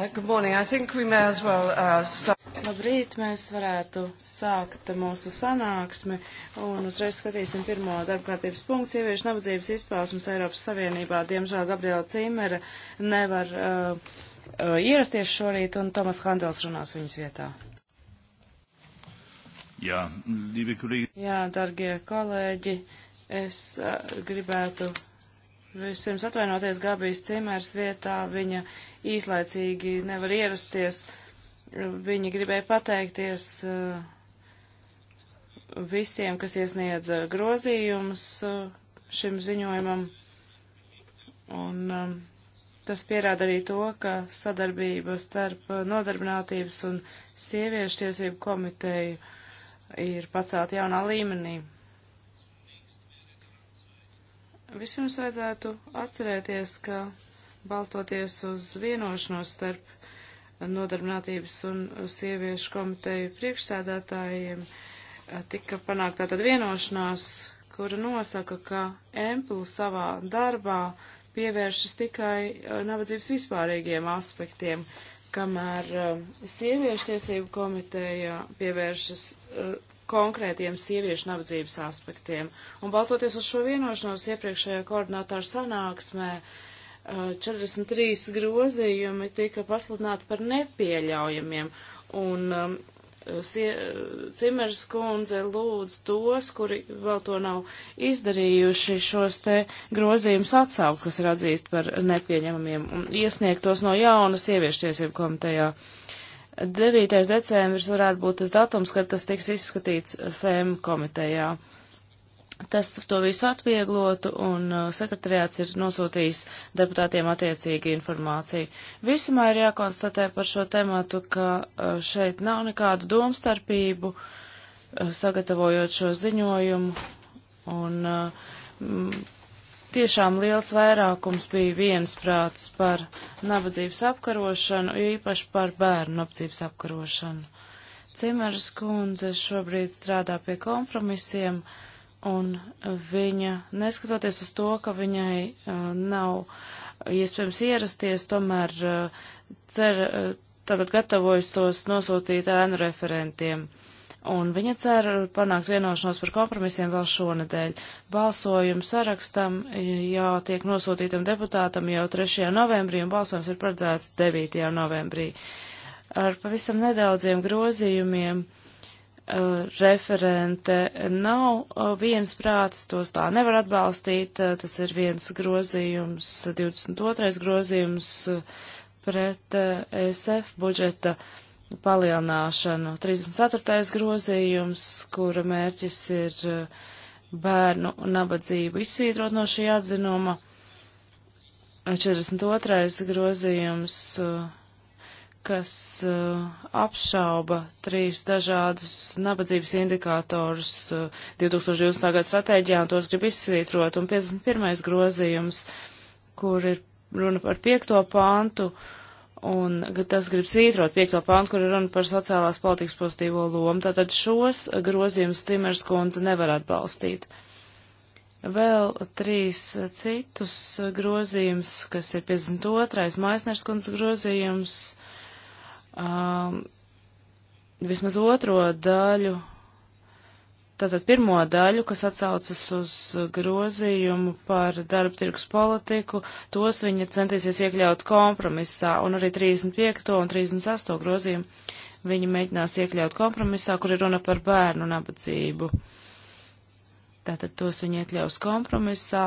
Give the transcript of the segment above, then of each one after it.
Uh, good morning. I think we may as well uh, start. Labrīt, mēs varētu sākt mūsu sanāksmi un uzreiz skatīsim pirmo darbkārtības punktu. Sieviešu nabadzības izpausmas Eiropas Savienībā. Diemžēl Gabriela Cīmera nevar uh, uh, ierasties šorīt un Tomas Handels runās viņas vietā. Jā, divi kolēģi. Jā, dargie kolēģi, es uh, gribētu Vispirms atvainoties Gabijas Cimērs vietā, viņa īslaicīgi nevar ierasties. Viņa gribēja pateikties uh, visiem, kas iesniedz uh, grozījumus uh, šim ziņojumam. Un um, tas pierāda arī to, ka sadarbība starp nodarbinātības un sieviešu tiesību komiteju ir pacēlta jaunā līmenī. Vispirms vajadzētu atcerēties, ka balstoties uz vienošanos starp nodarbinātības un sieviešu komiteju priekšsēdētājiem, tika panākta tad vienošanās, kura nosaka, ka Emplu savā darbā pievēršas tikai uh, nabadzības vispārīgiem aspektiem, kamēr uh, sieviešu tiesību komiteja pievēršas uh, konkrētiem sieviešu nabadzības aspektiem. Un balstoties uz šo vienošanos iepriekšējā koordinātāra sanāksmē, 43 grozījumi tika pasludināti par nepieļaujamiem. Un um, Cimers kundze lūdz tos, kuri vēl to nav izdarījuši, šos te grozījumus atsaukt, kas ir atzīst par nepieņemamiem, un iesniegt tos no jauna sieviešu tiesību komitejā. Uh, 9. decembris varētu būt tas datums, kad tas tiks izskatīts FEM komitejā. Tas to visu atvieglotu, un uh, sekretariāts ir nosūtījis deputātiem attiecīgi informāciju. Visumā ir jākonstatē par šo tematu, ka uh, šeit nav nekādu domstarpību, uh, sagatavojot šo ziņojumu, un Tiešām liels vairākums bija viensprāts par nabadzības apkarošanu, īpaši par bērnu nabadzības apkarošanu. Cimeras kundze šobrīd strādā pie kompromisiem, un viņa, neskatoties uz to, ka viņai uh, nav iespējams ierasties, tomēr uh, cer, uh, tātad gatavojas tos nosūtīt ēnu referentiem. Uh, un viņa cer panākt vienošanos par kompromisiem vēl šonadēļ. Balsojumu sarakstam jātiek nosūtītam deputātam jau 3. novembrī, un balsojums ir paredzēts 9. novembrī. Ar pavisam nedaudziem grozījumiem eh, referente nav eh, viens prāts, tos tā nevar atbalstīt. Eh, tas ir viens grozījums, 22. grozījums pret SF budžeta palielināšanu. 34. grozījums, kura mērķis ir eh, bērnu nabadzību izsvītrot no šī atzinuma. 42. grozījums, eh, kas eh, apšauba trīs dažādus nabadzības indikātorus 2020. gada stratēģijā un tos grib izsvītrot. Un 51. grozījums, kur ir runa par piekto pāntu, uh, Un tas grib svītrot piekto pantu, kur ir runa par sociālās politikas pozitīvo lomu. Tātad šos grozījumus Cimers kundze nevar atbalstīt. Vēl trīs citus grozījumus, kas ir 52. Maisners kundzes grozījums, um, vismaz otro daļu Tātad pirmo daļu, kas atsaucas uz grozījumu par darba tirgus politiku, tos viņa centīsies iekļaut kompromisā, un arī 35. un 38. grozījumu viņa mēģinās iekļaut kompromisā, kur ir runa par bērnu nabadzību. Tātad tos viņa iekļaus kompromisā,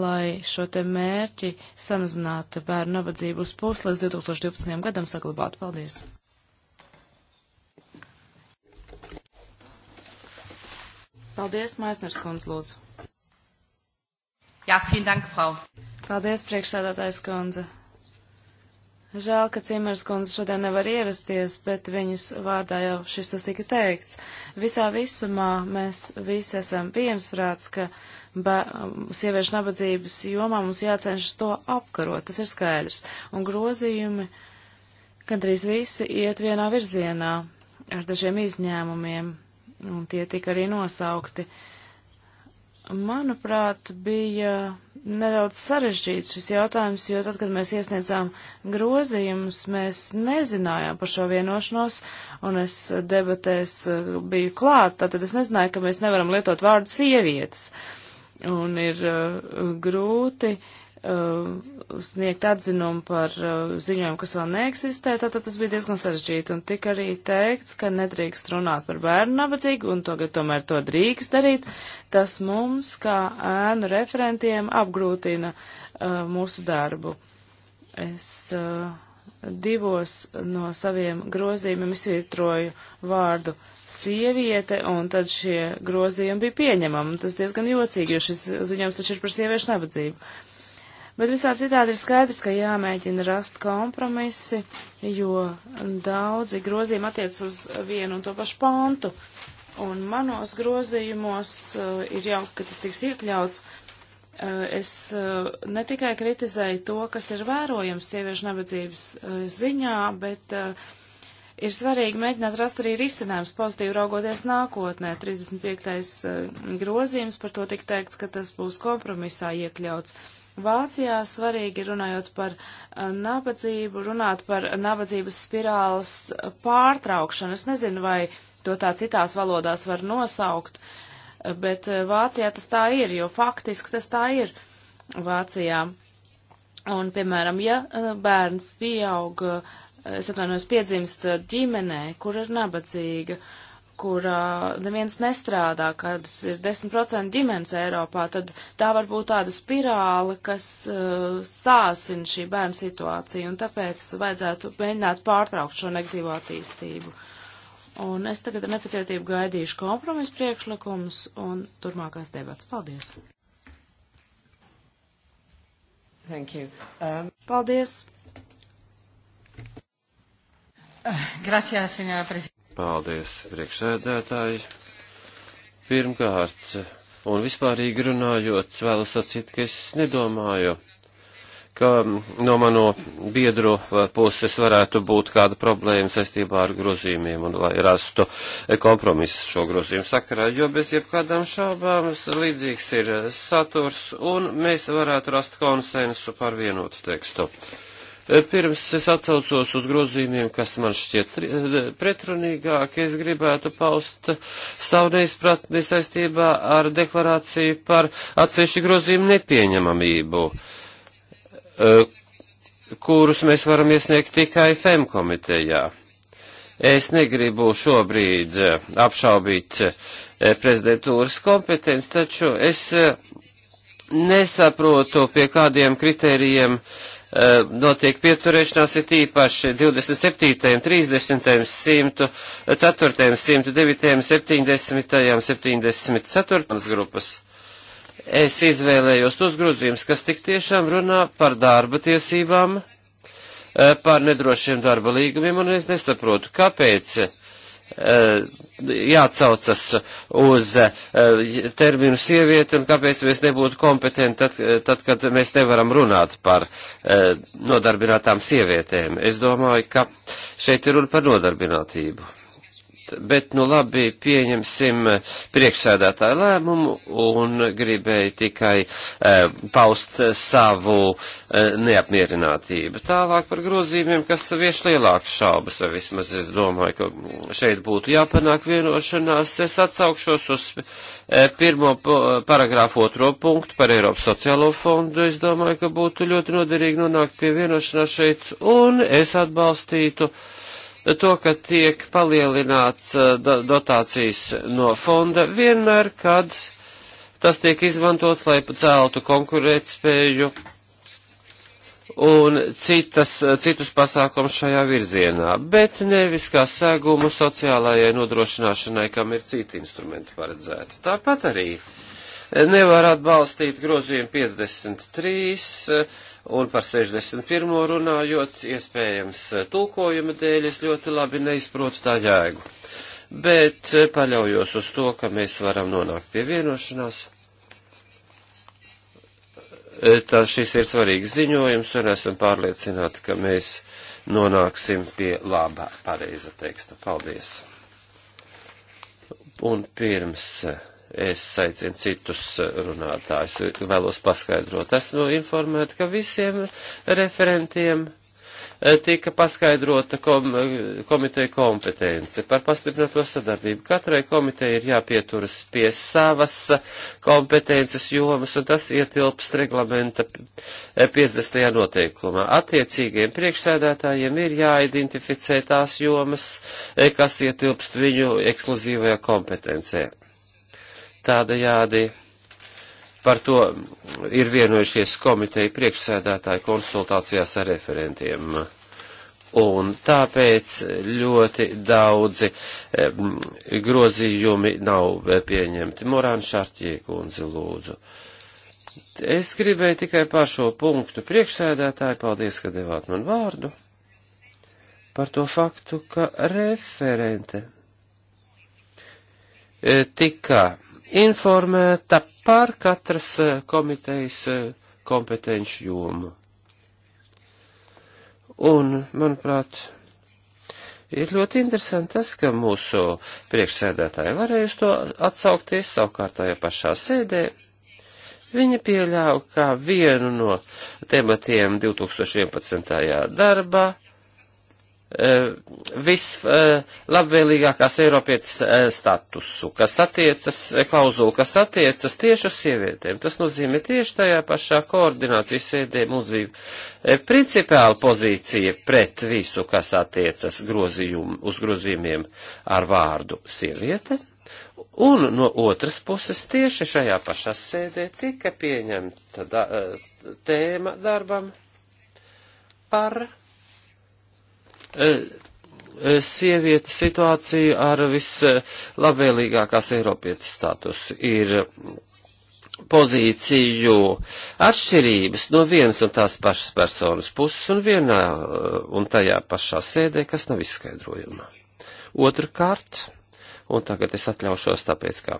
lai šo te mērķi samazinātu bērnu nabadzību uz puslēs 2012. gadam saglabātu. Paldies! Paldies, Maisners kundz, lūdzu. Jā, vielen dank, Frau. Paldies, priekšsēdātājs kundze. Žēl, ka Cimers kundze šodien nevar ierasties, bet viņas vārdā jau šis tas tika teikts. Visā visumā mēs visi esam viensprāts, ka ba sieviešu nabadzības jomā mums jācenšas to apkarot, tas ir skaidrs. Un grozījumi gandrīz visi iet vienā virzienā, ar dažiem izņēmumiem un tie tika arī nosaukti. Manuprāt, bija nedaudz sarežģīts šis jautājums, jo tad, kad mēs iesniedzām grozījumus, mēs nezinājām par šo vienošanos, un es debatēs uh, biju klāt, tātad es nezināju, ka mēs nevaram lietot vārdu sievietes. Un ir uh, grūti uh, Uh, sniegt atzinumu par uh, ziņojumu, kas vēl neeksistē, tātad tas bija diezgan sarežģīti. Un tika arī teikts, ka nedrīkst runāt par bērnu nabadzību, un tagad tomēr to drīkst darīt. Tas mums, kā ēnu referentiem, apgrūtina uh, mūsu darbu. Es uh, divos no saviem grozījumiem izvītroju vārdu sieviete, un tad šie grozījumi bija pieņemami. Tas diezgan jocīgi, jo šis ziņojums taču ir par sieviešu nabadzību. Uh, Bet visā citādi ir skaidrs, ka jāmēģina rast kompromisi, jo daudzi grozījumi attiec uz vienu un to pašu pantu. Un manos grozījumos uh, ir jau, ka tas tiks iekļauts. Uh, es uh, ne tikai kritizēju to, kas ir vērojams sieviešu nabadzības uh, ziņā, bet uh, ir svarīgi mēģināt rast arī risinājums pozitīvi raugoties nākotnē. 35. grozījums par to tik teikts, ka tas būs kompromisā iekļauts. Vācijā svarīgi runājot par eh, nabadzību, runāt par nabadzības spirāles eh, pārtraukšanu. Es nezinu, vai to tā citās valodās var nosaukt, eh, bet Vācijā tas tā ir, jo faktiski tas tā ir Vācijā. Un, piemēram, ja bērns pieaug, es atvainojos, piedzimst ģimenē, kur ir nabadzīga, uh, kurā neviens nestrādā, kad ir 10% ģimenes Eiropā, tad tā var būt tāda spirāle, kas uh, sāsina šī bērna situāciju, un tāpēc vajadzētu mēģināt pārtraukt šo negatīvo attīstību. Un es tagad ar nepacietību gaidīšu kompromisu priekšlikumus un turmākās debats. Paldies! Thank you. Um... Paldies! Gracias, señora presidenta. Paldies, priekšsēdētāji. Pirmkārt, un vispārīgi runājot, vēlos sacīt, ka es nedomāju, ka no mano biedru puses varētu būt kāda problēma saistībā ar grozījumiem un lai rastu kompromisu šo grozījumu sakarā, jo bez jebkādām šaubām līdzīgs ir saturs un mēs varētu rast konsensu par vienotu tekstu. Pirms es atcaucos uz grozījumiem, kas man šķiet pretrunīgāk, es gribētu paust savu neizpratni saistībā ar deklarāciju par atsevišķu grozījumu nepieņemamību, e, kurus mēs varam iesniegt tikai FEM komitejā. Es negribu šobrīd e, apšaubīt e, prezidentūras kompetenci, taču es nesaprotu, pie kādiem kritērijiem uh, Eh, notiek pieturēšanās, ir tīpaši 27., 30., 104., 109., 70., 74. grupas. Es izvēlējos tos grozījumus, kas tik tiešām runā par darba tiesībām, eh, par nedrošiem darba līgumiem, un es nesaprotu, kāpēc Eh, jācaucas uz eh, terminu sievieti un kāpēc mēs nebūtu kompetenti tad, eh, tad kad mēs nevaram runāt par nodarbinātām sievietēm. Es domāju, ka šeit ir runa par nodarbinātību bet nu labi, pieņemsim priekšsēdētāju lēmumu un gribēju tikai e, paust savu e, neapmierinātību. Tālāk par grozījumiem, kas vieš lielākas šaubas, vai vismaz es domāju, ka šeit būtu jāpanāk vienošanās. Es atsaukšos uz e, pirmo paragrāfu otro punktu par Eiropas sociālo fondu. Es domāju, ka būtu ļoti noderīgi nonākt pie vienošanās šeit un es atbalstītu. Thank you to, ka tiek palielināts eh, dotācijas no fonda vienmēr, kad tas tiek izmantots, lai celtu konkurētspēju un citas, citus pasākumus šajā virzienā, bet nevis kā sēgumu sociālajai nodrošināšanai, kam ir citi instrumenti paredzēti. Tāpat arī nevar atbalstīt grozījumu 53, Un par 61. runājot, iespējams, tulkojuma dēļ es ļoti labi neizprotu tā jēgu. Bet paļaujos uz to, ka mēs varam nonākt pie vienošanās. E, tā šis ir svarīgs ziņojums, un esam pārliecināti, ka mēs nonāksim pie labā, pareiza teksta. Paldies! Un pirms Es aicinu citus runātājus, vēlos paskaidrot. Esmu informēta, ka visiem referentiem eh, tika paskaidrota kom, eh, komiteja kompetence par pastiprināto sadarbību. Katrai komiteja ir jāpieturas pie savas kompetences jomas, un tas ietilpst reglamenta 50. Eh, noteikumā. Attiecīgiem priekšsēdētājiem ir jāidentificē tās jomas, kas ietilpst viņu ekskluzīvajā kompetencē. Tādējādi par to ir vienojušies komiteja priekšsēdētāji konsultācijās ar referentiem. Un tāpēc ļoti daudzi grozījumi nav pieņemti. Morāna Šarķie kundze lūdzu. Es gribēju tikai par šo punktu priekšsēdētāji, paldies, ka devāt man vārdu, par to faktu, ka referente e, tika informēta par katras eh, komitejas eh, kompetenci jomu. Un, manuprāt, ir ļoti interesanti tas, ka mūsu priekšsēdētāji varēja uz to atsaukties savukārt tajā pašā sēdē. Viņa pieļāva kā vienu no tematiem 2011. darbā Eh, vislabvēlīgākās eh, Eiropietas eh, statusu, kas attiecas, klauzulu, kas attiecas tieši uz sievietēm. Tas nozīmē tieši tajā pašā koordinācijas sēdē mums bija principāla pozīcija pret visu, kas attiecas grozījumu, uz grozījumiem ar vārdu sieviete. Un no otras puses tieši šajā pašā sēdē tika pieņemta da, tēma darbam par Eh, eh, sievietes situāciju ar vislabvēlīgākās Eiropietas statusu. Ir pozīciju atšķirības no vienas un tās pašas personas puses un vienā eh, un tajā pašā sēdē, kas nav izskaidrojama. Otrakārt, un tagad es atļaušos tāpēc, kā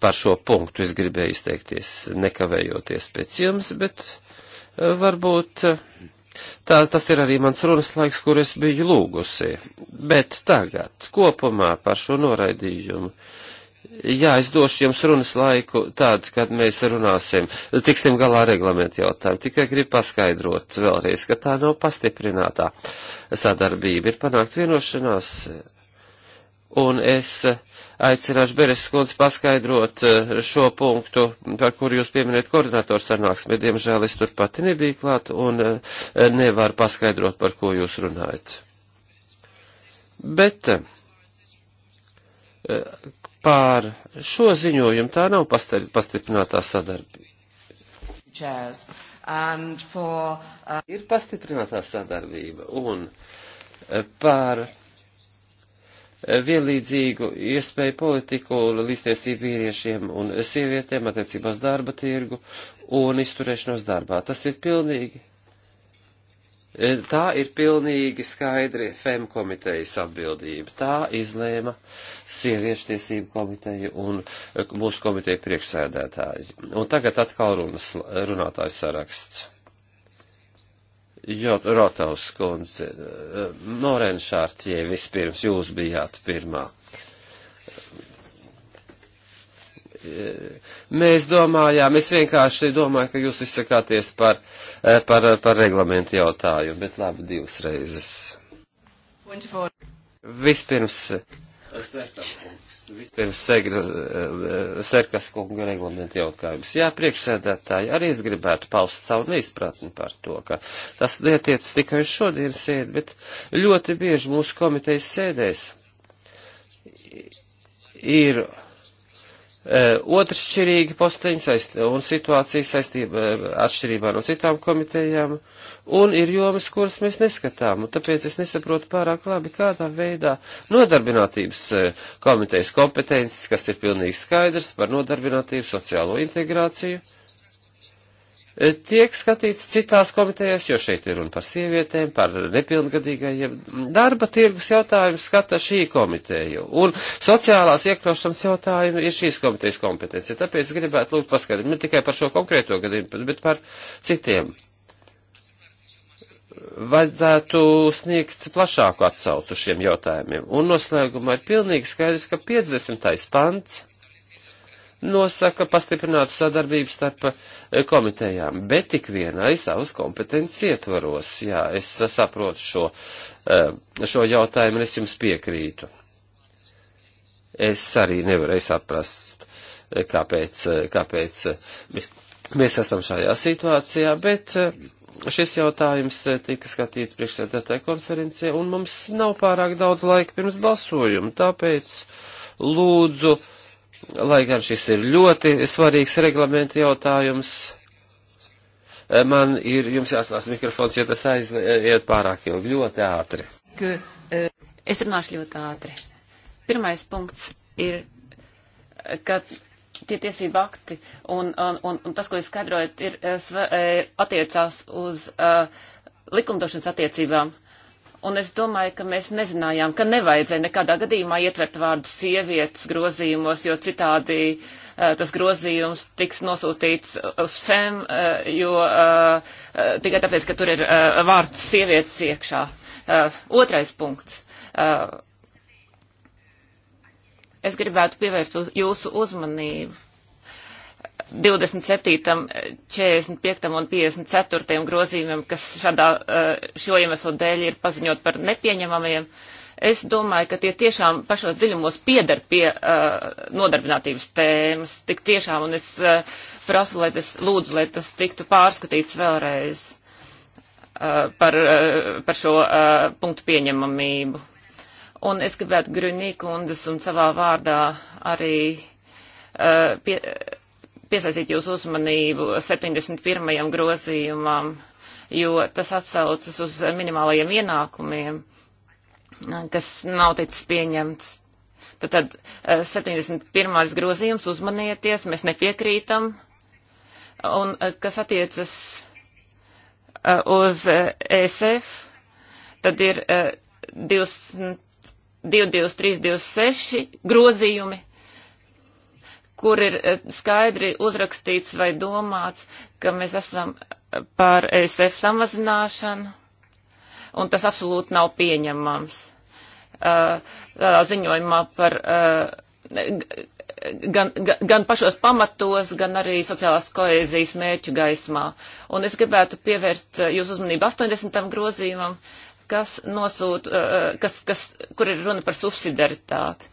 par šo punktu es gribēju izteikties nekavējoties pēc jums, bet varbūt Tā, tas ir arī mans runas laiks, kur es biju lūgusi. Bet tagad kopumā par šo noraidījumu. Jā, es došu jums runas laiku tāds, kad mēs runāsim, tiksim galā reglamentu jautājumu. Tikai gribu paskaidrot vēlreiz, ka tā nav pastiprinātā sadarbība. Ir panākt vienošanās Un es aicināšu Beres skundzi paskaidrot eh, šo punktu, par kuru jūs pieminēt koordinatoru sanāksmē. Diemžēl es tur pati nebiju klāt un eh, nevaru paskaidrot, par ko jūs runājat. Bet eh, pār šo ziņojumu tā nav pastiprinātā sadarbība. For, uh... Ir pastiprinātā sadarbība un pār vienlīdzīgu iespēju politiku līdztiesību vīriešiem un sievietēm attiecībās darba tirgu un izturēšanos darbā. Tas ir pilnīgi. E, tā ir pilnīgi skaidri FEM komitejas atbildība. Tā izlēma sieviešu tiesību komiteju un e, mūsu komiteju priekšsēdētāji. Un tagad atkal runas, runātājs saraksts. Rotovs kundze, Noren Šārķie vispirms jūs bijāt pirmā. Mēs domājām, es vienkārši domāju, ka jūs izsakāties par, par, par reglamentu jautājumu, bet labi divas reizes. Wonderful. Vispirms. Es vispirms eh, eh, Serkas kunga reglamenta jautājums. Jā, priekšsēdētāji, arī es gribētu paust savu neizpratni par to, ka tas netiec tikai uz šodienas sēdi, bet ļoti bieži mūsu komitejas sēdēs ir E, otršķirīgi posteņi saist, un situācijas saistība e, atšķirībā no citām komitejām, un ir jomas, kuras mēs neskatām, un tāpēc es nesaprotu pārāk labi, kādā veidā nodarbinātības e, komitejas kompetences, kas ir pilnīgi skaidrs par nodarbinātību, sociālo integrāciju, tiek skatīts citās komitejās, jo šeit ir runa par sievietēm, par nepilngadīgajiem. Darba tirgus jautājumu skata šī komiteja, un sociālās iekļaušanas jautājumi ir šīs komitejas kompetencija. Tāpēc gribētu lūgt paskatīt ne tikai par šo konkrēto gadījumu, bet par citiem. Vajadzētu sniegt plašāku atsaucu šiem jautājumiem. Un noslēgumā ir pilnīgi skaidrs, ka 50. pants nosaka pastiprinātu sadarbību starp e, komitejām, bet tik vienai savas kompetences ietvaros. Jā, es saprotu šo, e, šo jautājumu un es jums piekrītu. Es arī nevarēju saprast, e, kāpēc, kāpēc mēs, mēs esam šajā situācijā, bet šis jautājums tika skatīts priekšsēdētāja konferencē un mums nav pārāk daudz laika pirms balsojuma, tāpēc lūdzu, uh, lai gan šis ir ļoti svarīgs reglamenta jautājums. Eh, man ir, jums jāslās mikrofons, jo tas aiziet pārāk ilgi, ļoti ātri. Eh, es runāšu ļoti ātri. Pirmais punkts ir, eh, ka tie tiesība akti un, un, un, un tas, ko jūs skaidrojat, ir, attiecās uz uh, likumdošanas attiecībām. Uh, un es domāju, ka mēs nezinājām, ka nevajadzēja nekādā gadījumā ietvert vārdu sievietes grozījumos, jo citādi uh, tas grozījums tiks nosūtīts uz FEM, uh, eh, jo uh, tikai tāpēc, ka tur ir vārds sievietes iekšā. Otrais punkts. Es gribētu pievērst uz jūsu uzmanību 27, 45 un 54 grozījumiem, kas šādā, eh, šo iemeslu dēļ ir paziņot par nepieņemamiem, es domāju, ka tie tiešām pašos dziļumos piedar pie uh, nodarbinātības tēmas, tik tiešām, un es uh, prasu, lai tas lūdzu, lai tas tiktu pārskatīts vēlreiz uh, par, uh, par šo uh, punktu pieņemamību. Un es gribētu Grunīkundas un savā vārdā arī uh, pie, uh, piesaistīt jūsu uzmanību 71. grozījumam, jo tas atsaucas uz minimālajiem ienākumiem, kas nav ticis pieņemts. Tad, tad 71. Eh, grozījums uzmanieties, mēs nepiekrītam, un eh, kas attiecas eh, uz ESF, e tad ir 223, 26 grozījumi, kur ir eh, skaidri uzrakstīts vai domāts, ka mēs esam eh, par ESF samazināšanu, un tas absolūti nav pieņemams. Eh, tādā ziņojumā par gan, gan, gan pašos pamatos, gan arī sociālās koēzijas mērķu gaismā. Un es gribētu pievērst jūsu uzmanību 80. grozījumam, kas nosūta, kas, kas, kur ir runa par subsidiaritāti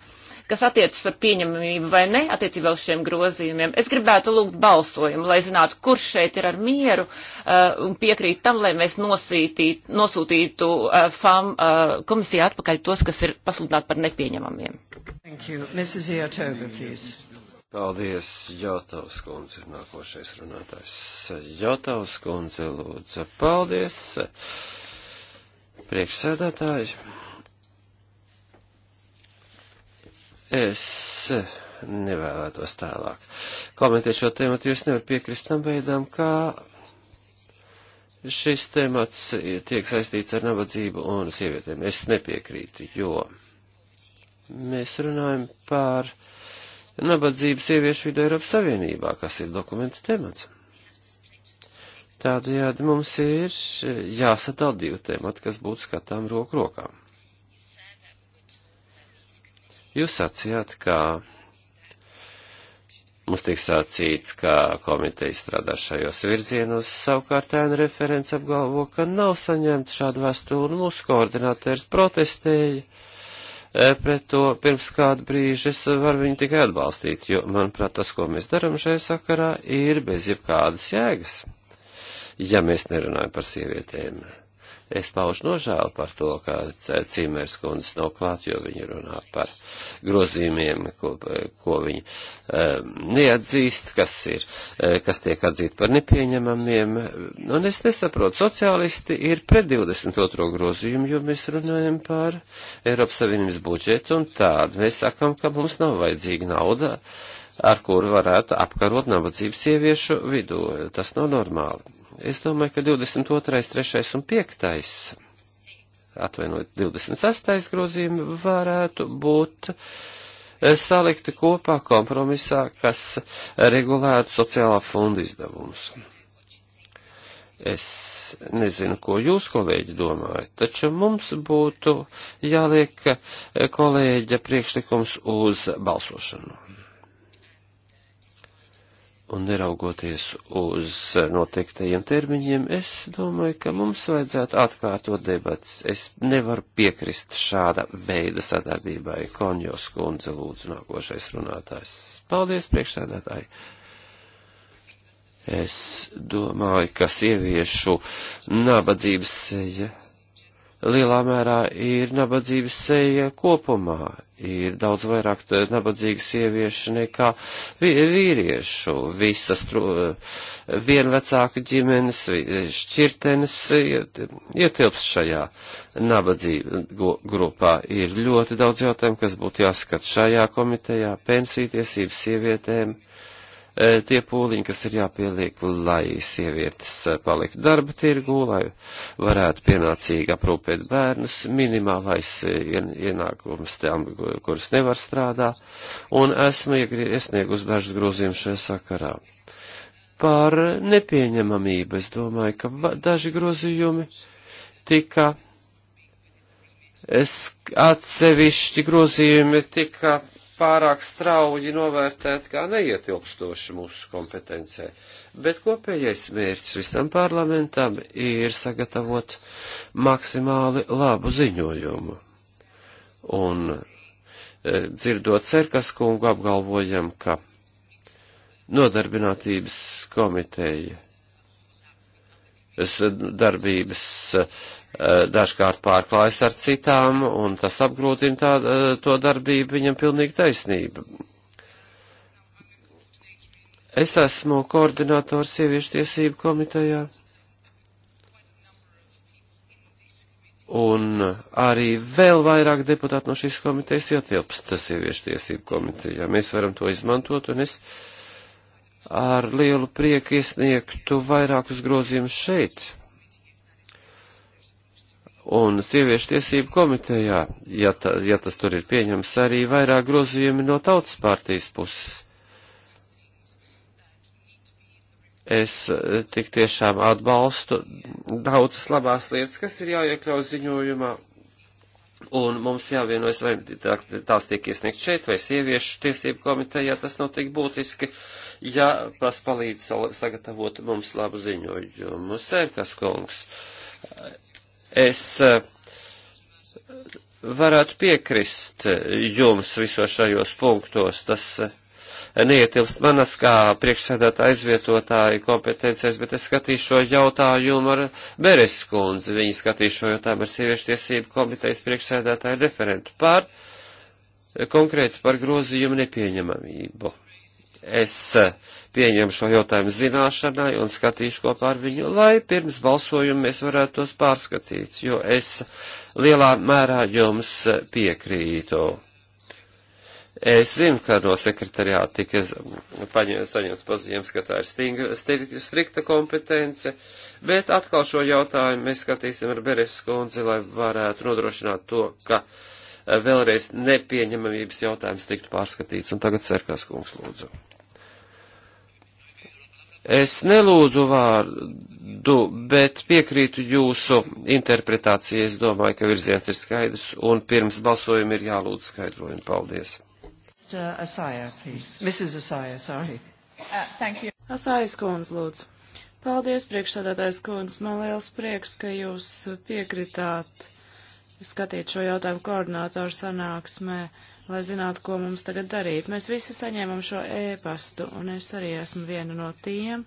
kas attiecas par pieņemamību vai ne attiecībā uz šiem grozījumiem. Es gribētu lūgt balsojumu, lai zinātu, kurš šeit ir ar mieru uh, un piekrīt tam, lai mēs nosītīt, nosūtītu uh, FAM uh, komisijā atpakaļ tos, kas ir pasludināti par nepieņemamiem. Thank you. Mrs. Iotova, please. Paldies, Jotavs kundze, nākošais runātājs. Jotavs kundze, lūdzu, paldies, priekšsēdētāji. Es nevēlētos tālāk komentēt šo tēmu, jo es nevaru piekrist tam veidām, kā šis temats tiek saistīts ar nabadzību un sievietēm. Es nepiekrītu, jo mēs runājam par nabadzību sieviešu vidē Eiropas Savienībā, kas ir dokumenta temats. Tādējādi mums ir jāsadala divi temati, kas būtu skatām roku rokām. Jūs sacījāt, ka mums tiek sacīts, ka komiteja strādā šajos virzienos, savukārt ēna referents apgalvo, ka nav saņemta šāda vēstule, un mūsu koordinātērs protestēja e, pret to pirms kādu brīžu. Es varu viņu tikai atbalstīt, jo, manuprāt, tas, ko mēs darām šajā sakarā, ir bez jebkādas jēgas, ja mēs nerunājam par sievietēm. Es paužu nožēlu par to, ka Cimers kundzes nav klāt, jo viņa runā par grozījumiem, ko, ko viņa um, neatzīst, kas ir, eh, kas tiek atzīt par nepieņemamiem. Un es nesaprotu, sociālisti ir pret 22. grozījumu, jo mēs runājam par Eiropas Savienības budžetu un tādu. Mēs sakam, ka mums nav vajadzīga nauda ar kuru varētu apkarot nabadzību sieviešu vidū. Tas nav normāli. Es domāju, ka 22., 3. un 5. atvainojiet, 26. grozījumi varētu būt eh, salikti kopā kompromisā, kas regulētu sociālā fonda izdevumus. Es nezinu, ko jūs, kolēģi, domājat, taču mums būtu jāliek eh, kolēģa priekšlikums uz balsošanu un neraugoties uz noteiktajiem termiņiem, es domāju, ka mums vajadzētu atkārtot debats. Es nevaru piekrist šāda veida sadarbībai. Konjos kundze lūdzu nākošais runātājs. Paldies, priekšsēdētāji! Es domāju, ka sieviešu nabadzības seja. Ja lielā mērā ir nabadzības seja kopumā. Ir daudz vairāk nabadzīgas sieviešu nekā vīriešu. Visas vienvecāku ģimenes, šķirtenes ietilps šajā nabadzību grupā. Ir ļoti daudz jautājumu, kas būtu jāskat šajā komitejā - pensiju tiesības sievietēm. Uh, E, tie pūliņi, kas ir jāpieliek, lai sievietes e, paliktu darba tirgū, lai varētu pienācīgi aprūpēt bērnus, minimālais e, ienākums tām, kuras nevar strādā, un esmu iesniegus dažus grozījumus šajā sakarā. Par nepieņemamību es domāju, ka daži grozījumi tika Es atsevišķi grozījumi tika pārāk strauji novērtēt kā neietilpstoši mūsu kompetencē. Bet kopējais mērķis visam parlamentam ir sagatavot maksimāli labu ziņojumu. Un e, dzirdot Cerkas kungu apgalvojam, ka nodarbinātības komiteja darbības eh, dažkārt pārklājas ar citām, un tas apgrūtina tā, eh, to darbību, viņam pilnīgi taisnība. Es esmu koordinators sieviešu tiesību komitejā, un arī vēl vairāk deputāti no šīs komitejas ietilpst sieviešu tiesību komitejā. Mēs varam to izmantot, un es. Uh, ar lielu prieku iesniegtu vairākus grozījumus šeit. Un sieviešu tiesību komitejā, ja, ta, ja tas tur ir pieņems, arī vairāk grozījumi no tautas partijas puses. Es eh, tik tiešām atbalstu daudzas labās lietas, kas ir jāiekļauj ziņojumā, Un mums jāvienojas, vai tās tiek iesniegt šeit, vai sieviešu tiesību komitejā, tas nav tik būtiski, ja tas palīdz sagatavot mums labu ziņojumu. Sērkas kungs, es eh, varētu piekrist jums visos šajos punktos. Tas, eh, neietilpst manas kā priekšsēdētāja aizvietotāja kompetencijas, bet es skatīšu šo jautājumu ar Beres kundzi. Viņa skatīšu šo jautājumu ar sieviešu tiesību komitejas priekšsēdētāju referentu par konkrēti par grozījumu nepieņemamību es eh, pieņemu šo jautājumu zināšanai un skatīšu kopā ar viņu, lai pirms balsojuma mēs varētu tos pārskatīt, jo es lielā mērā jums eh, piekrītu. Es zinu, ka no sekretariāta tika saņemts paziņojums, ka tā ir stingra, strikta kompetence, bet atkal šo jautājumu mēs skatīsim ar Beres kundzi, lai varētu nodrošināt to, ka eh, vēlreiz nepieņemamības jautājums tiktu pārskatīts. Un tagad Cerkas kungs lūdzu. Es nelūdzu vārdu, bet piekrītu jūsu interpretācijai. Es domāju, ka virziens ir skaidrs un pirms balsojuma ir jālūdz skaidrojumi. Paldies. Asājas uh, kundze, lūdzu. Paldies, priekšsādātājs kundze. Man liels prieks, ka jūs piekritāt skatīt šo jautājumu koordinātoru sanāksmē. Uh, lai zinātu, ko mums tagad darīt. Mēs visi saņēmām šo ēpastu, e un es arī esmu viena no tiem,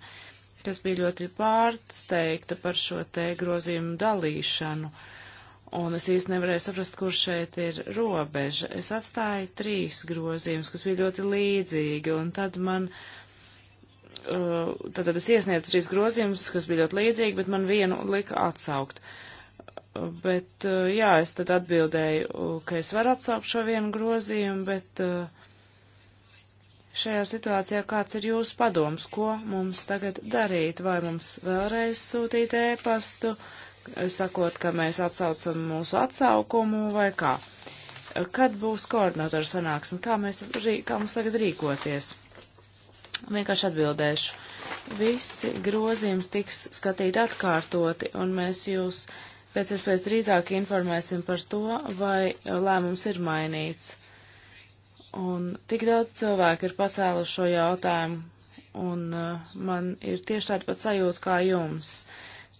kas bija ļoti pārsteigta par šo te grozījumu dalīšanu. Un es īsti nevarēju saprast, kur šeit ir robeža. Es atstāju trīs grozījumus, kas bija ļoti līdzīgi, un tad man uh, tad, tad es iesniedzu trīs grozījumus, kas bija ļoti līdzīgi, bet man vienu lika atsaukt. Uh, bet eh, jā, es tad atbildēju, ka es varu atsaukt šo vienu grozījumu, bet eh, šajā situācijā kāds ir jūsu padoms, ko mums tagad darīt, vai mums vēlreiz sūtīt ēpastu, sakot, ka mēs atsaucam mūsu atsaukumu vai kā. Kad būs koordinatora sanāksme, kā, mēs, kā mums tagad rīkoties? Vienkārši atbildēšu. Visi grozījums tiks skatīti atkārtoti, un mēs jūs uh, pēc iespējas drīzāk informēsim par to, vai lēmums ir mainīts. Un tik daudz cilvēku ir pacēluši šo jautājumu, un uh, man ir tieši tāda pat sajūta kā jums,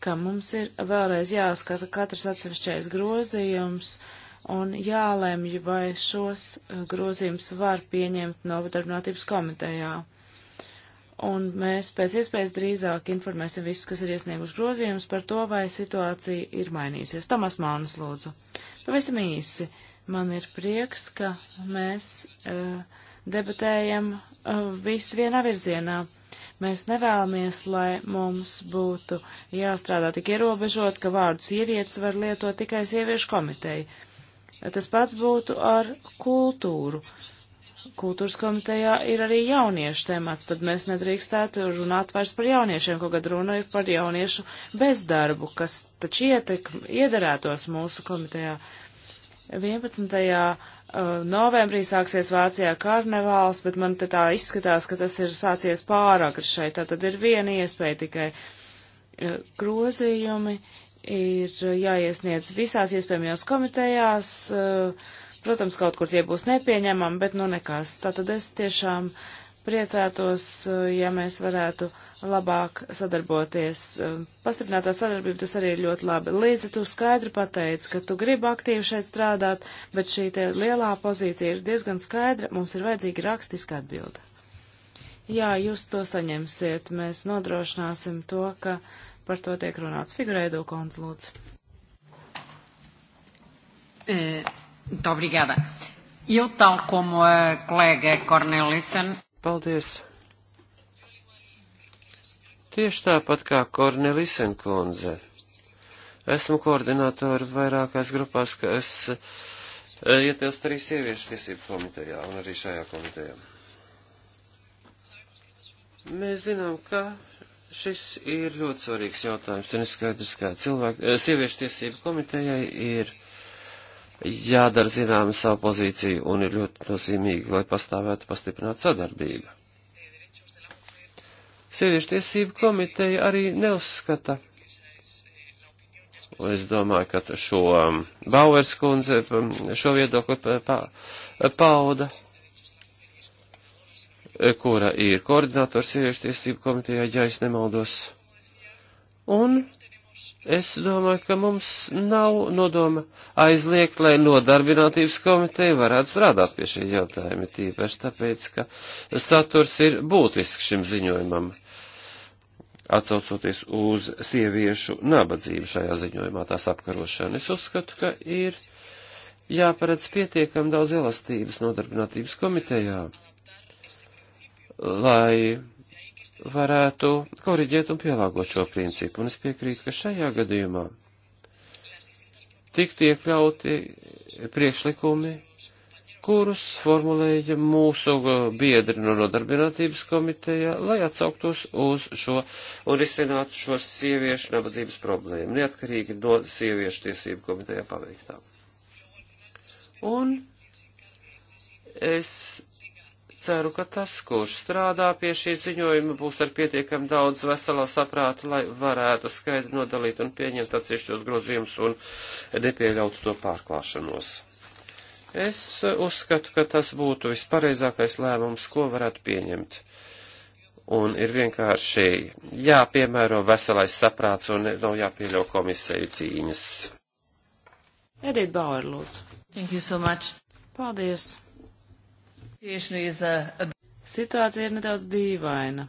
ka mums ir vēlreiz jāskata katrs atsevišķais grozījums un jālemj, vai šos uh, grozījumus var pieņemt novadarbinātības komitejā un mēs pēc iespējas drīzāk informēsim visus, kas ir iesnieguši grozījumus par to, vai situācija ir mainījusies. Tomas Mānis lūdzu. Pavisam īsi. Man ir prieks, ka mēs uh, debatējam uh, visi vienā virzienā. Mēs nevēlamies, lai mums būtu jāstrādā tik ierobežot, ka vārdu sievietes var lietot tikai sieviešu komiteju. Tas pats būtu ar kultūru. Uh, kultūras komitejā ir arī jauniešu temats, tad mēs nedrīkstētu runāt vairs par jauniešiem, kaut kad runa ir par jauniešu bezdarbu, kas taču ietek, iederētos mūsu komitejā. 11. Uh, novembrī sāksies Vācijā karnevāls, bet man te tā izskatās, ka tas ir sācies pāragri šeit, tā tad ir viena iespēja tikai uh, grozījumi ir uh, jāiesniedz visās iespējamajās komitejās, uh, Protams, kaut kur tie būs nepieņemami, bet nu nekas. Tātad es tiešām priecātos, eh, ja mēs varētu labāk sadarboties. Eh, pastiprinātā sadarbība tas arī ir ļoti labi. Līza, tu skaidri pateici, ka tu gribi aktīvi šeit strādāt, bet šī te lielā pozīcija ir diezgan skaidra, mums ir vajadzīga rakstiska atbilde. Jā, jūs to saņemsiet, mēs nodrošināsim to, ka par to tiek runāts. Figurēdo konsults. E Muito obrigada. E eu, tal como a colega Cornelissen. Paldies. Tieši tāpat kā Kornelisen kundze. Esmu koordinātori vairākās grupās, kas e, ietilst arī sieviešu tiesību komitejā un arī šajā komitejā. Mēs zinām, ka šis ir ļoti svarīgs jautājums, un ir skaidrs, ka cilvēku, e, sieviešu tiesību komitejai ir jādara zināma savu pozīciju un ir ļoti nozīmīgi, lai pastāvētu pastiprināta sadarbība. Sieviešu tiesību komiteja arī neuzskata. Un es domāju, ka šo um, Bauers kundze um, šo viedokli pa, pauda, kura ir koordinātors sieviešu tiesību komitejā, ja es nemaldos. Un Es domāju, ka mums nav nodoma aizliegt, lai nodarbinātības komiteja varētu strādāt pie šī jautājuma, tīpaši tāpēc, ka saturs ir būtisks šim ziņojumam, atsaucoties uz sieviešu nabadzību šajā ziņojumā, tās apkarošanu. Es uzskatu, ka ir jāparedz pietiekam daudz elastības nodarbinātības komitejā, lai varētu koriģēt un pielāgot šo principu. Un es piekrītu, ka šajā gadījumā tiktu iekļauti priekšlikumi, kurus formulēja mūsu biedri no nodarbinātības komiteja, lai atsauktos uz šo un risinātu šo sieviešu nabadzības problēmu, neatkarīgi no sieviešu tiesību komitejā paveiktā. Un es ceru, ka tas, kurš strādā pie šī ziņojuma, būs ar pietiekam daudz veselā saprāta, lai varētu skaidri nodalīt un pieņemt atsevišķos grozījumus un nepieļaut to pārklāšanos. Es uzskatu, ka tas būtu vispareizākais lēmums, ko varētu pieņemt un ir vienkārši jāpiemēro veselais saprāts un nav jāpieļau komisēju cīņas. Edita Bauer, lūdzu. Thank you so much. Paldies. Nu Situācija ir nedaudz dīvaina.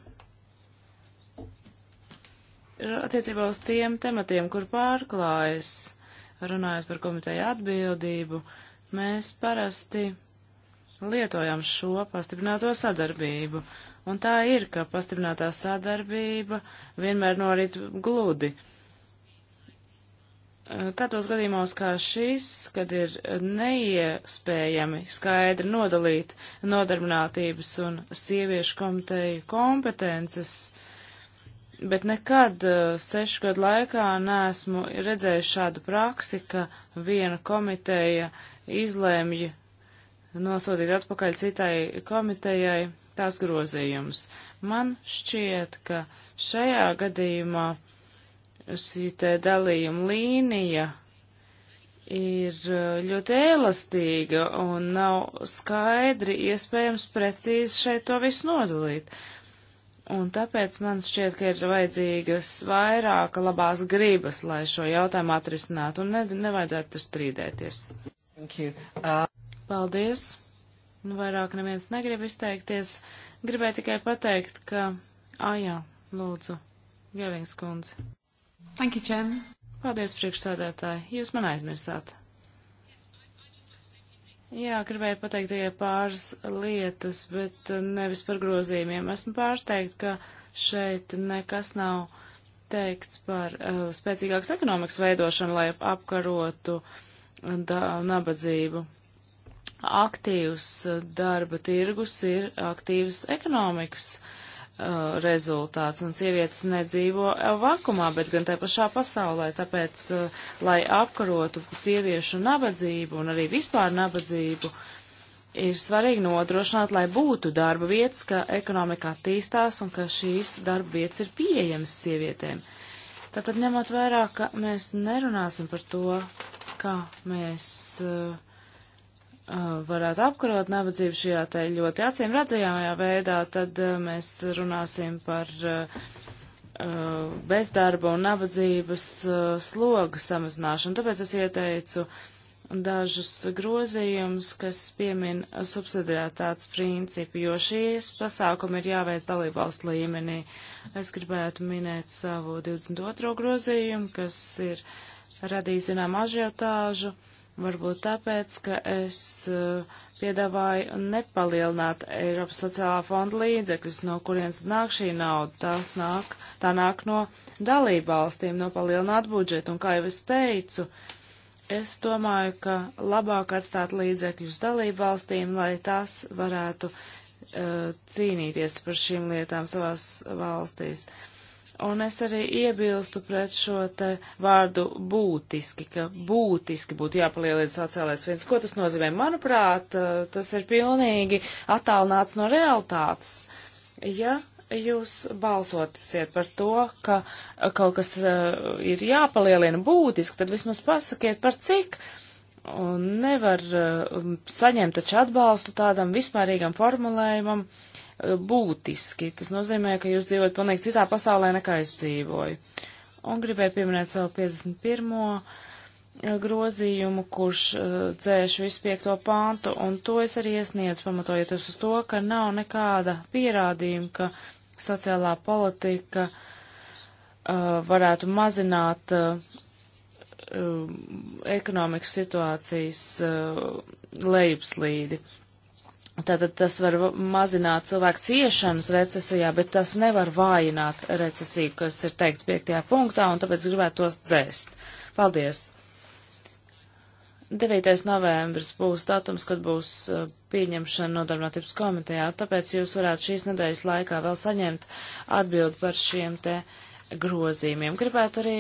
Attiecībā uz tiem tematiem, kur pārklājas, runājot par komiteju atbildību, mēs parasti lietojam šo pastiprināto sadarbību. Un tā ir, ka pastiprinātā sadarbība vienmēr norit gludi. Uh, Eh, tādos gadījumos kā šis, kad ir neiespējami skaidri nodalīt nodarbinātības un sieviešu komiteju kompetences, bet nekad eh, sešu gadu laikā neesmu redzējis šādu praksi, ka viena komiteja izlēmj nosūtīt atpakaļ citai komitejai tās grozījumus. Man šķiet, ka šajā gadījumā uh, šī te dalījuma līnija ir e, ļoti elastīga un nav skaidri iespējams precīzi šeit to visu nodalīt. Un tāpēc man šķiet, ka ir vajadzīgas vairāka labās gribas, lai šo jautājumu atrisinātu, un ne, nevajadzētu tur strīdēties. Uh... Paldies! Nu, vairāk neviens negrib izteikties. Gribēju tikai pateikt, ka. Ā, ah, jā, lūdzu, Gerings kundze. Thank you, Chair. Paldies, priekšsēdētāji. Jūs man aizmirsāt. Jā, gribēju pateikt tikai pāris lietas, bet uh, nevis par grozījumiem. Esmu pārsteigta, ka šeit nekas nav teikts par uh, spēcīgākas ekonomikas veidošanu, lai apkarotu uh, da, nabadzību. Aktīvs uh, darba tirgus ir aktīvs ekonomikas uh, uh, rezultāts, un sievietes nedzīvo uh, vakumā, bet gan tajā pašā pasaulē, tāpēc, uh, lai apkarotu sieviešu nabadzību un arī vispār nabadzību, ir svarīgi nodrošināt, lai būtu darba vietas, ka ekonomika attīstās un ka šīs darba vietas ir pieejamas sievietēm. Tātad ņemot vairāk, ka mēs nerunāsim par to, kā mēs uh, varētu apkarot nabadzību šajā te ļoti acīm redzējāmajā veidā, tad mēs runāsim par bezdarba un nabadzības slogu samazināšanu. Tāpēc es ieteicu dažus grozījumus, kas piemin subsidiātāts principu, jo šīs pasākumi ir jāveic dalībvalstu līmenī. Es gribētu minēt savu 22. grozījumu, kas ir radījis zinām ažiotāžu. Uh, Varbūt tāpēc, ka es eh, piedāvāju nepalielināt Eiropas sociālā fonda līdzekļus, no kurienes nāk šī nauda. Tās nāk, tā nāk no dalībvalstīm, no palielināt budžetu. Un kā jau es teicu, es domāju, ka labāk atstāt līdzekļus dalībvalstīm, lai tās varētu uh, cīnīties par šīm lietām savās valstīs. Uh, Un es arī iebilstu pret šo te vārdu būtiski, ka būtiski būtu jāpalielina sociālais viens. Ko tas nozīmē? Manuprāt, eh, tas ir pilnīgi attālināts no realitātes. Ja jūs balsotisiet par to, ka kaut kas uh, ir jāpalielina būtiski, tad vismaz pasakiet par cik. Un nevar uh, saņemt taču atbalstu tādam vispārīgam formulējumam, Eh, būtiski. Tas nozīmē, ka jūs dzīvojat pilnīgi citā pasaulē, nekā es dzīvoju. Un gribēju pieminēt savu 51 eh, grozījumu, kurš uh, dzēš visu piekto pāntu, un to es arī iesniedzu, pamatojoties uz to, ka nav nekāda pierādījuma, ka sociālā politika uh, varētu mazināt uh, ekonomikas situācijas lejupslīdi. Tātad tas var mazināt cilvēku ciešanas recesijā, bet tas nevar vājināt recesiju, kas ir teikts piektajā punktā, un tāpēc gribētu tos dzēst. Paldies! 9. novembris būs datums, kad būs uh, pieņemšana nodarbinātības komitejā, tāpēc jūs varētu šīs nedēļas laikā vēl saņemt atbildi par šiem te grozījumiem. Gribētu arī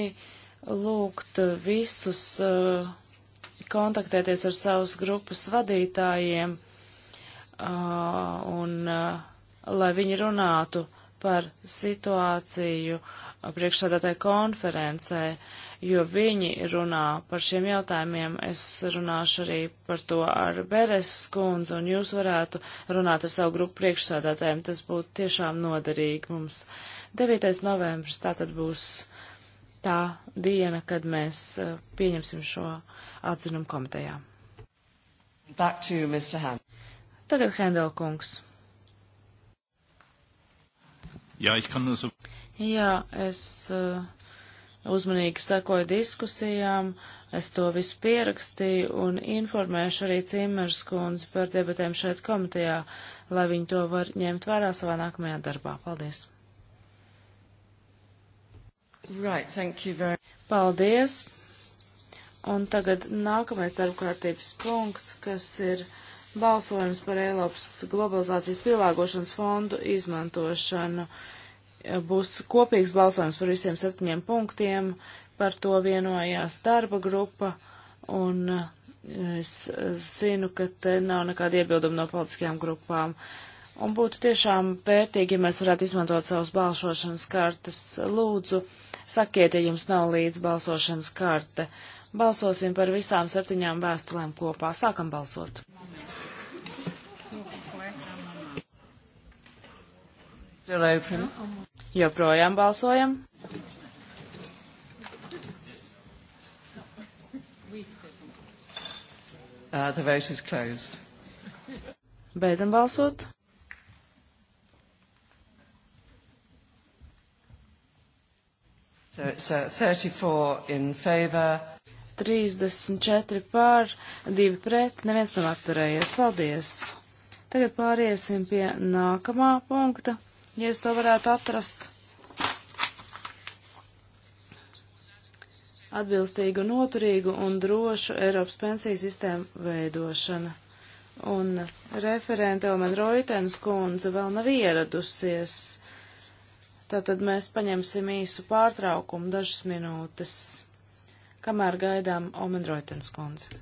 lūgt visus uh, kontaktēties ar savus grupas vadītājiem uh, un uh, lai viņi runātu par situāciju priekšsādātāju konferencē, jo viņi runā par šiem jautājumiem. Es runāšu arī par to ar Beres skundzi, un jūs varētu runāt ar savu grupu priekšsādātājiem. Tas būtu tiešām noderīgi mums. 9. novembris tā tad būs tā diena, kad mēs pieņemsim šo atzinumu komitejā. Back to Mr. Ham. Tagad Hendel kungs. Jā, uz... Jā es uh, uzmanīgi sekoju diskusijām, es to visu pierakstīju un informēšu arī Cimers kundzi par debatēm šeit komitejā, lai viņi to var ņemt vērā savā nākamajā darbā. Paldies! Right, thank you very much. Paldies! Un tagad nākamais darbkārtības punkts, kas ir balsojums par Eiropas globalizācijas pielāgošanas fondu izmantošanu. Būs kopīgs balsojums par visiem septiņiem punktiem, par to vienojās darba grupa, un es zinu, ka te nav nekāda iebilduma no politiskajām grupām. Un būtu tiešām vērtīgi, ja mēs varētu izmantot savas balsošanas kartes. Lūdzu, sakiet, ja jums nav līdz balsošanas karte. Balsosim par visām septiņām vēstulēm kopā. Sākam balsot! Joprojām balsojam. Uh, the vote is closed. Beidzam balsot. So it's uh, 34 in favor. 34 pār, 2 pret, neviens nav atturējies. Paldies! Tagad pāriesim pie nākamā punkta ja es to varētu atrast atbilstīgu, noturīgu un drošu Eiropas pensiju sistēmu veidošana. Un referente Omen Roitens kundze vēl nav ieradusies. Tātad mēs paņemsim īsu pārtraukumu dažas minūtes, kamēr gaidām Omen Roitens kundze.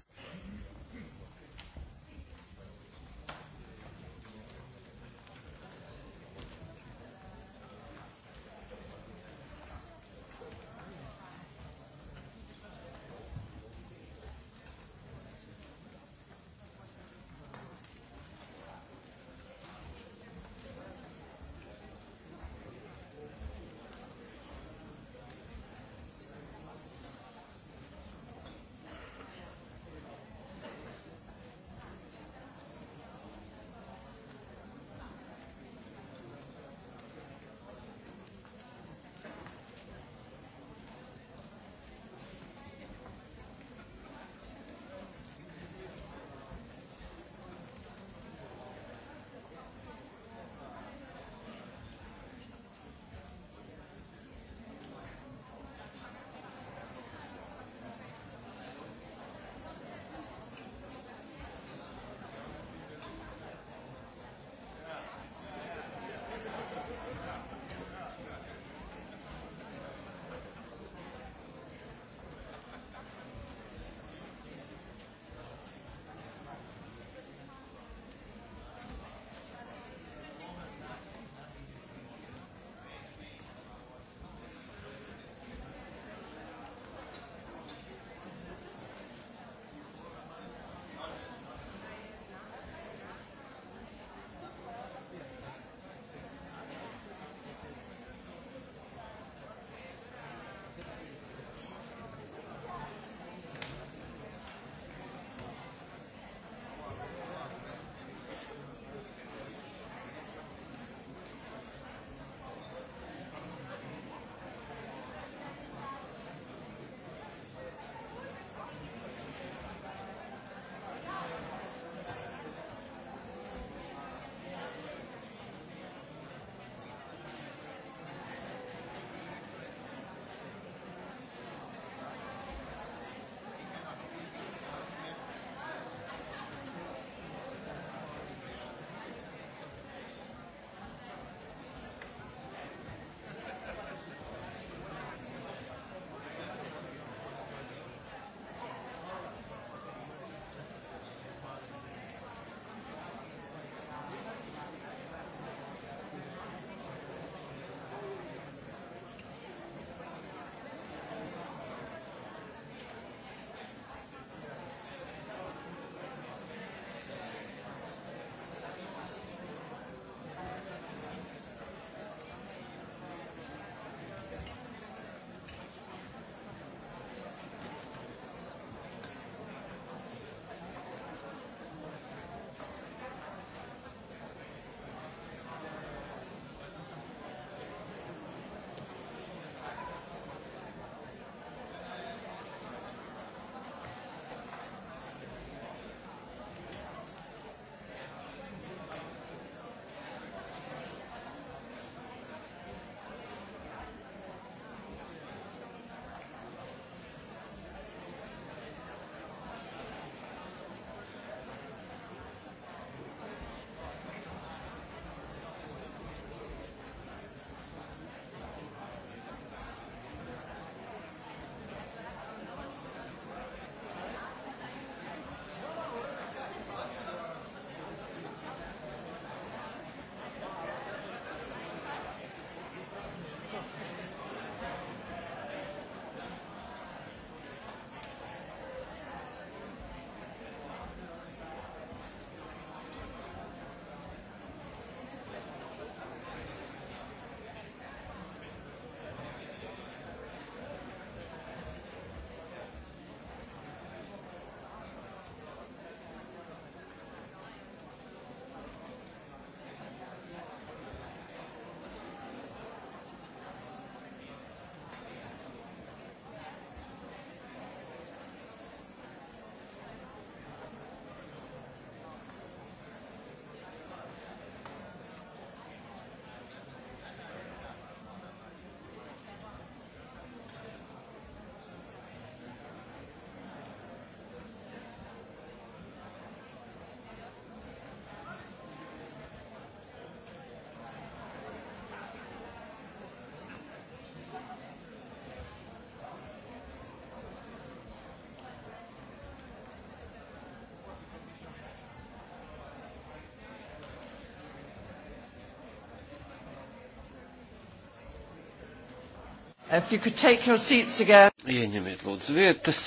Ieņemiet lūdzu vietas.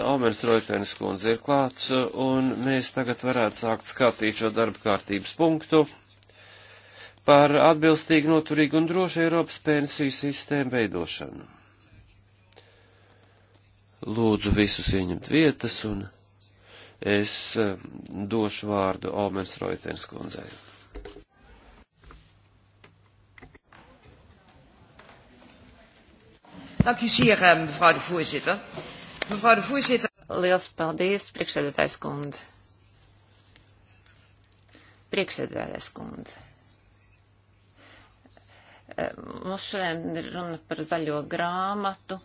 Almers Roitēnis kundze ir klāts, un mēs tagad varētu sākt skatīt šo darba kārtības punktu par atbilstīgu, noturīgu un drošu Eiropas pensiju sistēmu veidošanu. Lūdzu visus ieņemt vietas, un es eh, došu vārdu Almers Roitēnis kundzei. Dank u zeer, eh, mevrouw de voorzitter. Mevrouw de voorzitter. Liels paldies, priekšsēdētājs kundze. Priekšsēdētājs kundze. Eh, mums šodien ir runa par zaļo grāmatu,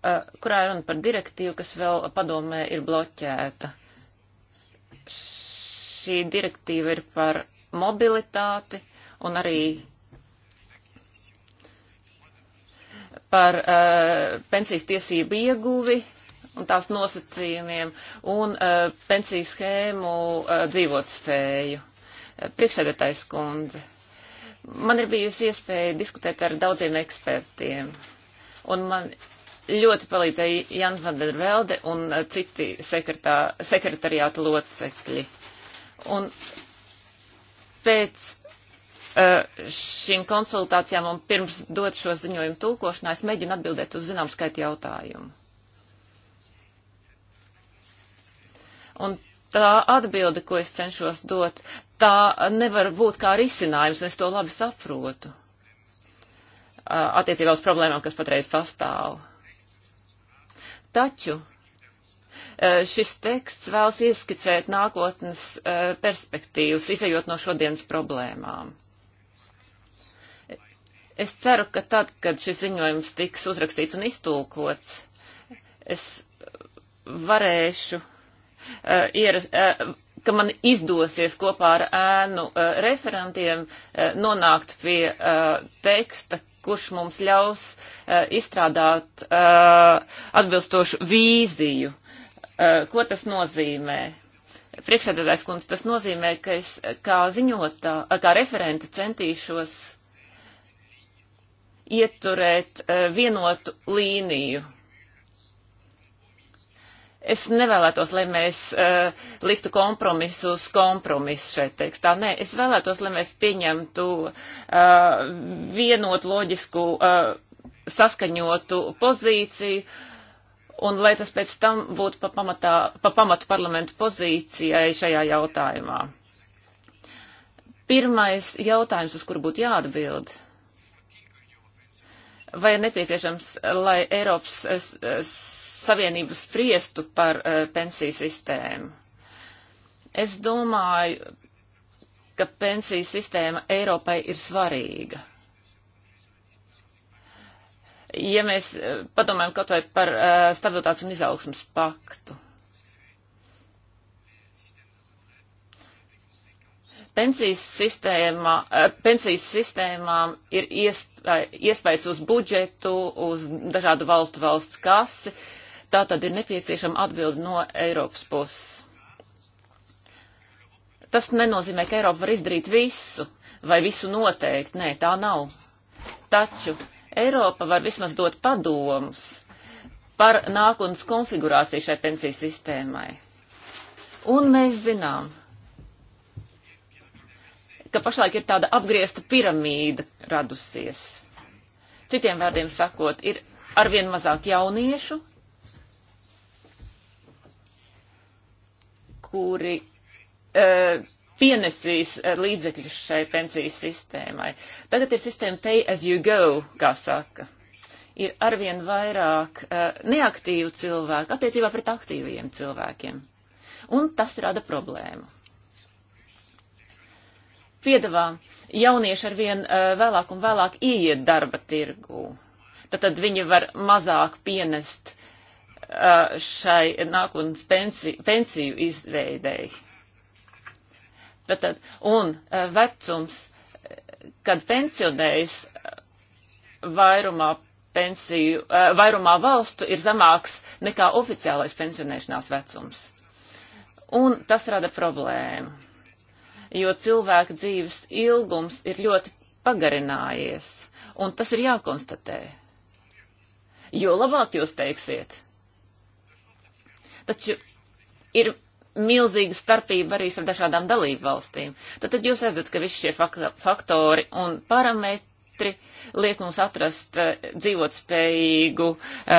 eh, kurā ir runa par direktīvu, kas vēl padomē ir bloķēta. Šī direktīva ir par mobilitāti un arī par uh, pensijas tiesību ieguvi un tās nosacījumiem un uh, eh, pensiju schēmu uh, eh, dzīvot spēju. Uh, Priekšsēdētājs kundze, man ir bijusi iespēja diskutēt ar daudziem ekspertiem, un man ļoti palīdzēja Jans Vandervelde un uh, citi sekretā, sekretariāta locekļi. Un pēc Eh, šīm konsultācijām un pirms dot šo ziņojumu tulkošanā es mēģinu atbildēt uz zinām skaitu jautājumu. Un tā atbilde, ko es cenšos dot, tā nevar būt kā risinājums, un es to labi saprotu eh, attiecībā uz problēmām, kas patreiz pastāv. Taču eh, šis teksts vēlas ieskicēt nākotnes perspektīvas, izējot no šodienas problēmām. Es ceru, ka tad, kad šis ziņojums tiks uzrakstīts un iztulkots, es varēšu uh, iera, uh, ka man izdosies kopā ar ēnu uh, referentiem uh, nonākt pie uh, teksta, kurš mums ļaus uh, izstrādāt uh, atbilstošu vīziju. Uh, ko tas nozīmē? Priekšsēdētājs kundze, tas nozīmē, ka es kā ziņotā, kā referente centīšos ieturēt eh, vienotu līniju. Es nevēlētos, lai mēs uh, liktu kompromisu uz kompromisu šeit tekstā. Nē, es vēlētos, lai mēs pieņemtu uh, vienotu loģisku uh, saskaņotu pozīciju un lai tas pēc tam būtu pa, pamatā, pa pamatu parlamentu pozīcijai šajā jautājumā. Pirmais jautājums, uz kuru būtu jāatbild. Uh, vai ir nepieciešams, lai Eiropas es, eh, es, eh, Savienība spriestu par uh, pensiju sistēmu. Es domāju, ka pensiju sistēma Eiropai ir svarīga. Ja mēs uh, padomājam kaut vai par uh, stabilitātes un izaugsmas paktu. Pensijas, sistēma, uh, pensijas sistēmām ir iespējams iespējas uz budžetu, uz dažādu valstu valsts kasi. Tā tad ir nepieciešama atbildi no Eiropas puses. Tas nenozīmē, ka Eiropa var izdarīt visu vai visu noteikti. Nē, tā nav. Taču Eiropa var vismaz dot padomus par nākotnes konfigurāciju šai pensiju sistēmai. Un mēs zinām, ka pašlaik ir tāda apgriezta piramīda radusies. Citiem vārdiem sakot, ir arvien mazāk jauniešu, kuri uh, pienesīs uh, līdzekļus šai pensijas sistēmai. Tagad ir sistēma pay as you go, kā saka. Ir arvien vairāk uh, neaktīvu cilvēku attiecībā pret aktīviem cilvēkiem. Un tas rada problēmu piedāvā jaunieši arvien eh, vēlāk un vēlāk ieiet darba tirgū. Tad, tad viņi var mazāk pienest eh, šai nākotnes pensiju, pensiju izveidēji. Tad, tad, un eh, vecums, kad pensionējas vairumā pensiju, vairumā valstu ir zemāks nekā oficiālais pensionēšanās vecums. Un tas rada problēmu jo cilvēka dzīves ilgums ir ļoti pagarinājies, un tas ir jākonstatē. Jo labāk jūs teiksiet. Taču ir milzīga starpība arī ar dažādām dalību valstīm. Tad, tad jūs redzat, ka visi šie faktori un parametri liek mums atrast uh, dzīvotspējīgu, uh,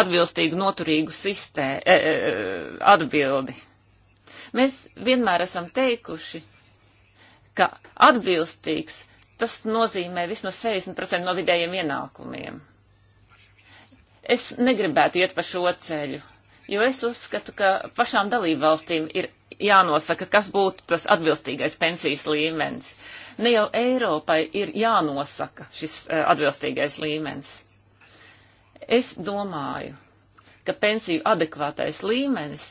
atbilstīgu, noturīgu sistē, uh, atbildi. Mēs vienmēr esam teikuši, ka atbilstīgs tas nozīmē vismaz 60% no vidējiem ienākumiem. Es negribētu iet pa šo ceļu, jo es uzskatu, ka pašām dalību valstīm ir jānosaka, kas būtu tas atbilstīgais pensijas līmenis. Ne jau Eiropai ir jānosaka šis uh, atbilstīgais līmenis. Es domāju, ka pensiju adekvātais līmenis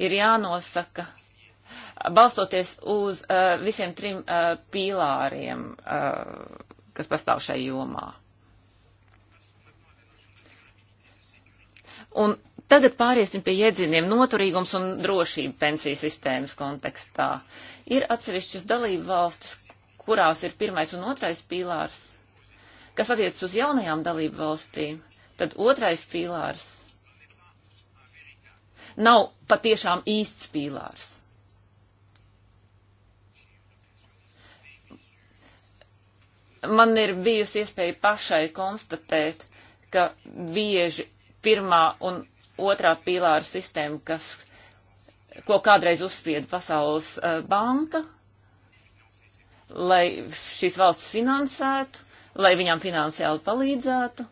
ir jānosaka balstoties uz uh, visiem trim uh, pīlāriem, uh, kas pastāv šai jomā. Un tagad pāriesim pie iedzīviem noturīgums un drošība pensiju sistēmas kontekstā. Ir atsevišķas dalība valstis, kurās ir pirmais un otrais pīlārs, kas attiecas uz jaunajām dalību valstīm, tad otrais pīlārs nav patiešām īsts pīlārs. Man ir bijusi iespēja pašai konstatēt, ka bieži pirmā un otrā pīlāra sistēma, kas, ko kādreiz uzspieda Pasaules eh, banka, lai šīs valsts finansētu, lai viņām finansiāli palīdzētu.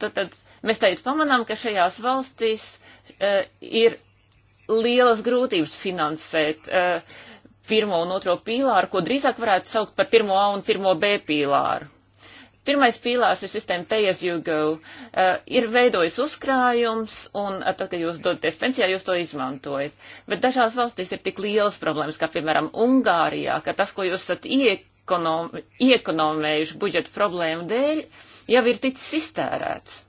Tad, tad mēs tagad pamanām, ka šajās valstīs Eh, ir lielas grūtības finansēt eh, pirmo un otro pīlāru, ko drīzāk varētu saukt par pirmo A un pirmo B pīlāru. Pirmais pīlārs ir sistēma pay as you go. Uh, ir veidojis uzkrājums, un uh, tad, kad jūs dodaties pensijā, jūs to izmantojat. Bet dažās valstīs ir tik lielas problēmas, kā piemēram Ungārijā, ka tas, ko jūs esat iekonom, iekonomējuši budžeta problēmu dēļ, jau ir ticis iztērēts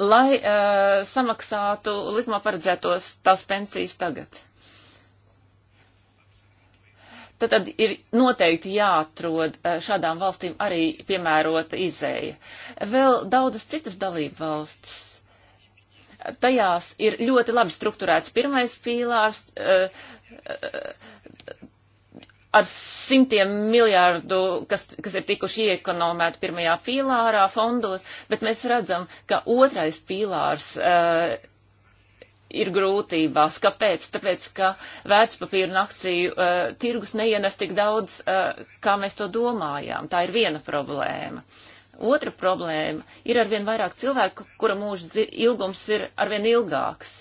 lai uh, samaksātu likumā paredzētos tās pensijas tagad. Tad, tad ir noteikti jāatrod eh, šādām valstīm arī piemērota izēja. Vēl daudzas citas dalību valstis. Tajās ir ļoti labi strukturēts pirmais pīlārs, uh, uh, ar simtiem miljārdu, kas, kas ir tikuši iekonomēti pirmajā pīlārā fondos, bet mēs redzam, ka otrais pīlārs uh, ir grūtībās. Kāpēc? Tāpēc, ka vērtspapīru un akciju uh, tirgus neienes tik daudz, uh, kā mēs to domājām. Tā ir viena problēma. Otra problēma ir arvien vairāk cilvēku, kura mūža ilgums ir arvien ilgāks.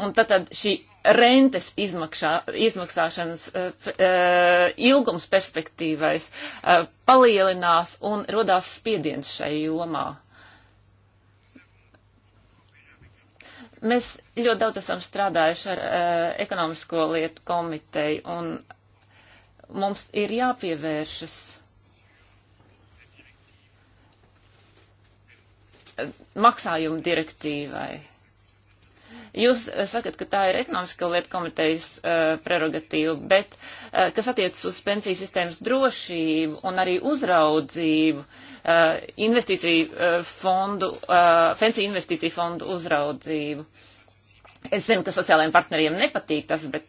Un tad šī rentes izmaksā, izmaksāšanas uh, ilgums perspektīvais uh, palielinās un rodās spiediens šai jomā. Mēs ļoti daudz esam strādājuši ar uh, ekonomisko lietu komiteju un mums ir jāpievēršas maksājumu direktīvai Jūs eh, sakat, ka tā ir ekonomiskā lieta komitejas uh, prerogatīva, bet uh, kas attiecas uz pensiju sistēmas drošību un arī uzraudzību, uh, investīciju fondu, pensiju investīciju fondu uzraudzību. Es zinu, ka sociālajiem partneriem nepatīk tas, bet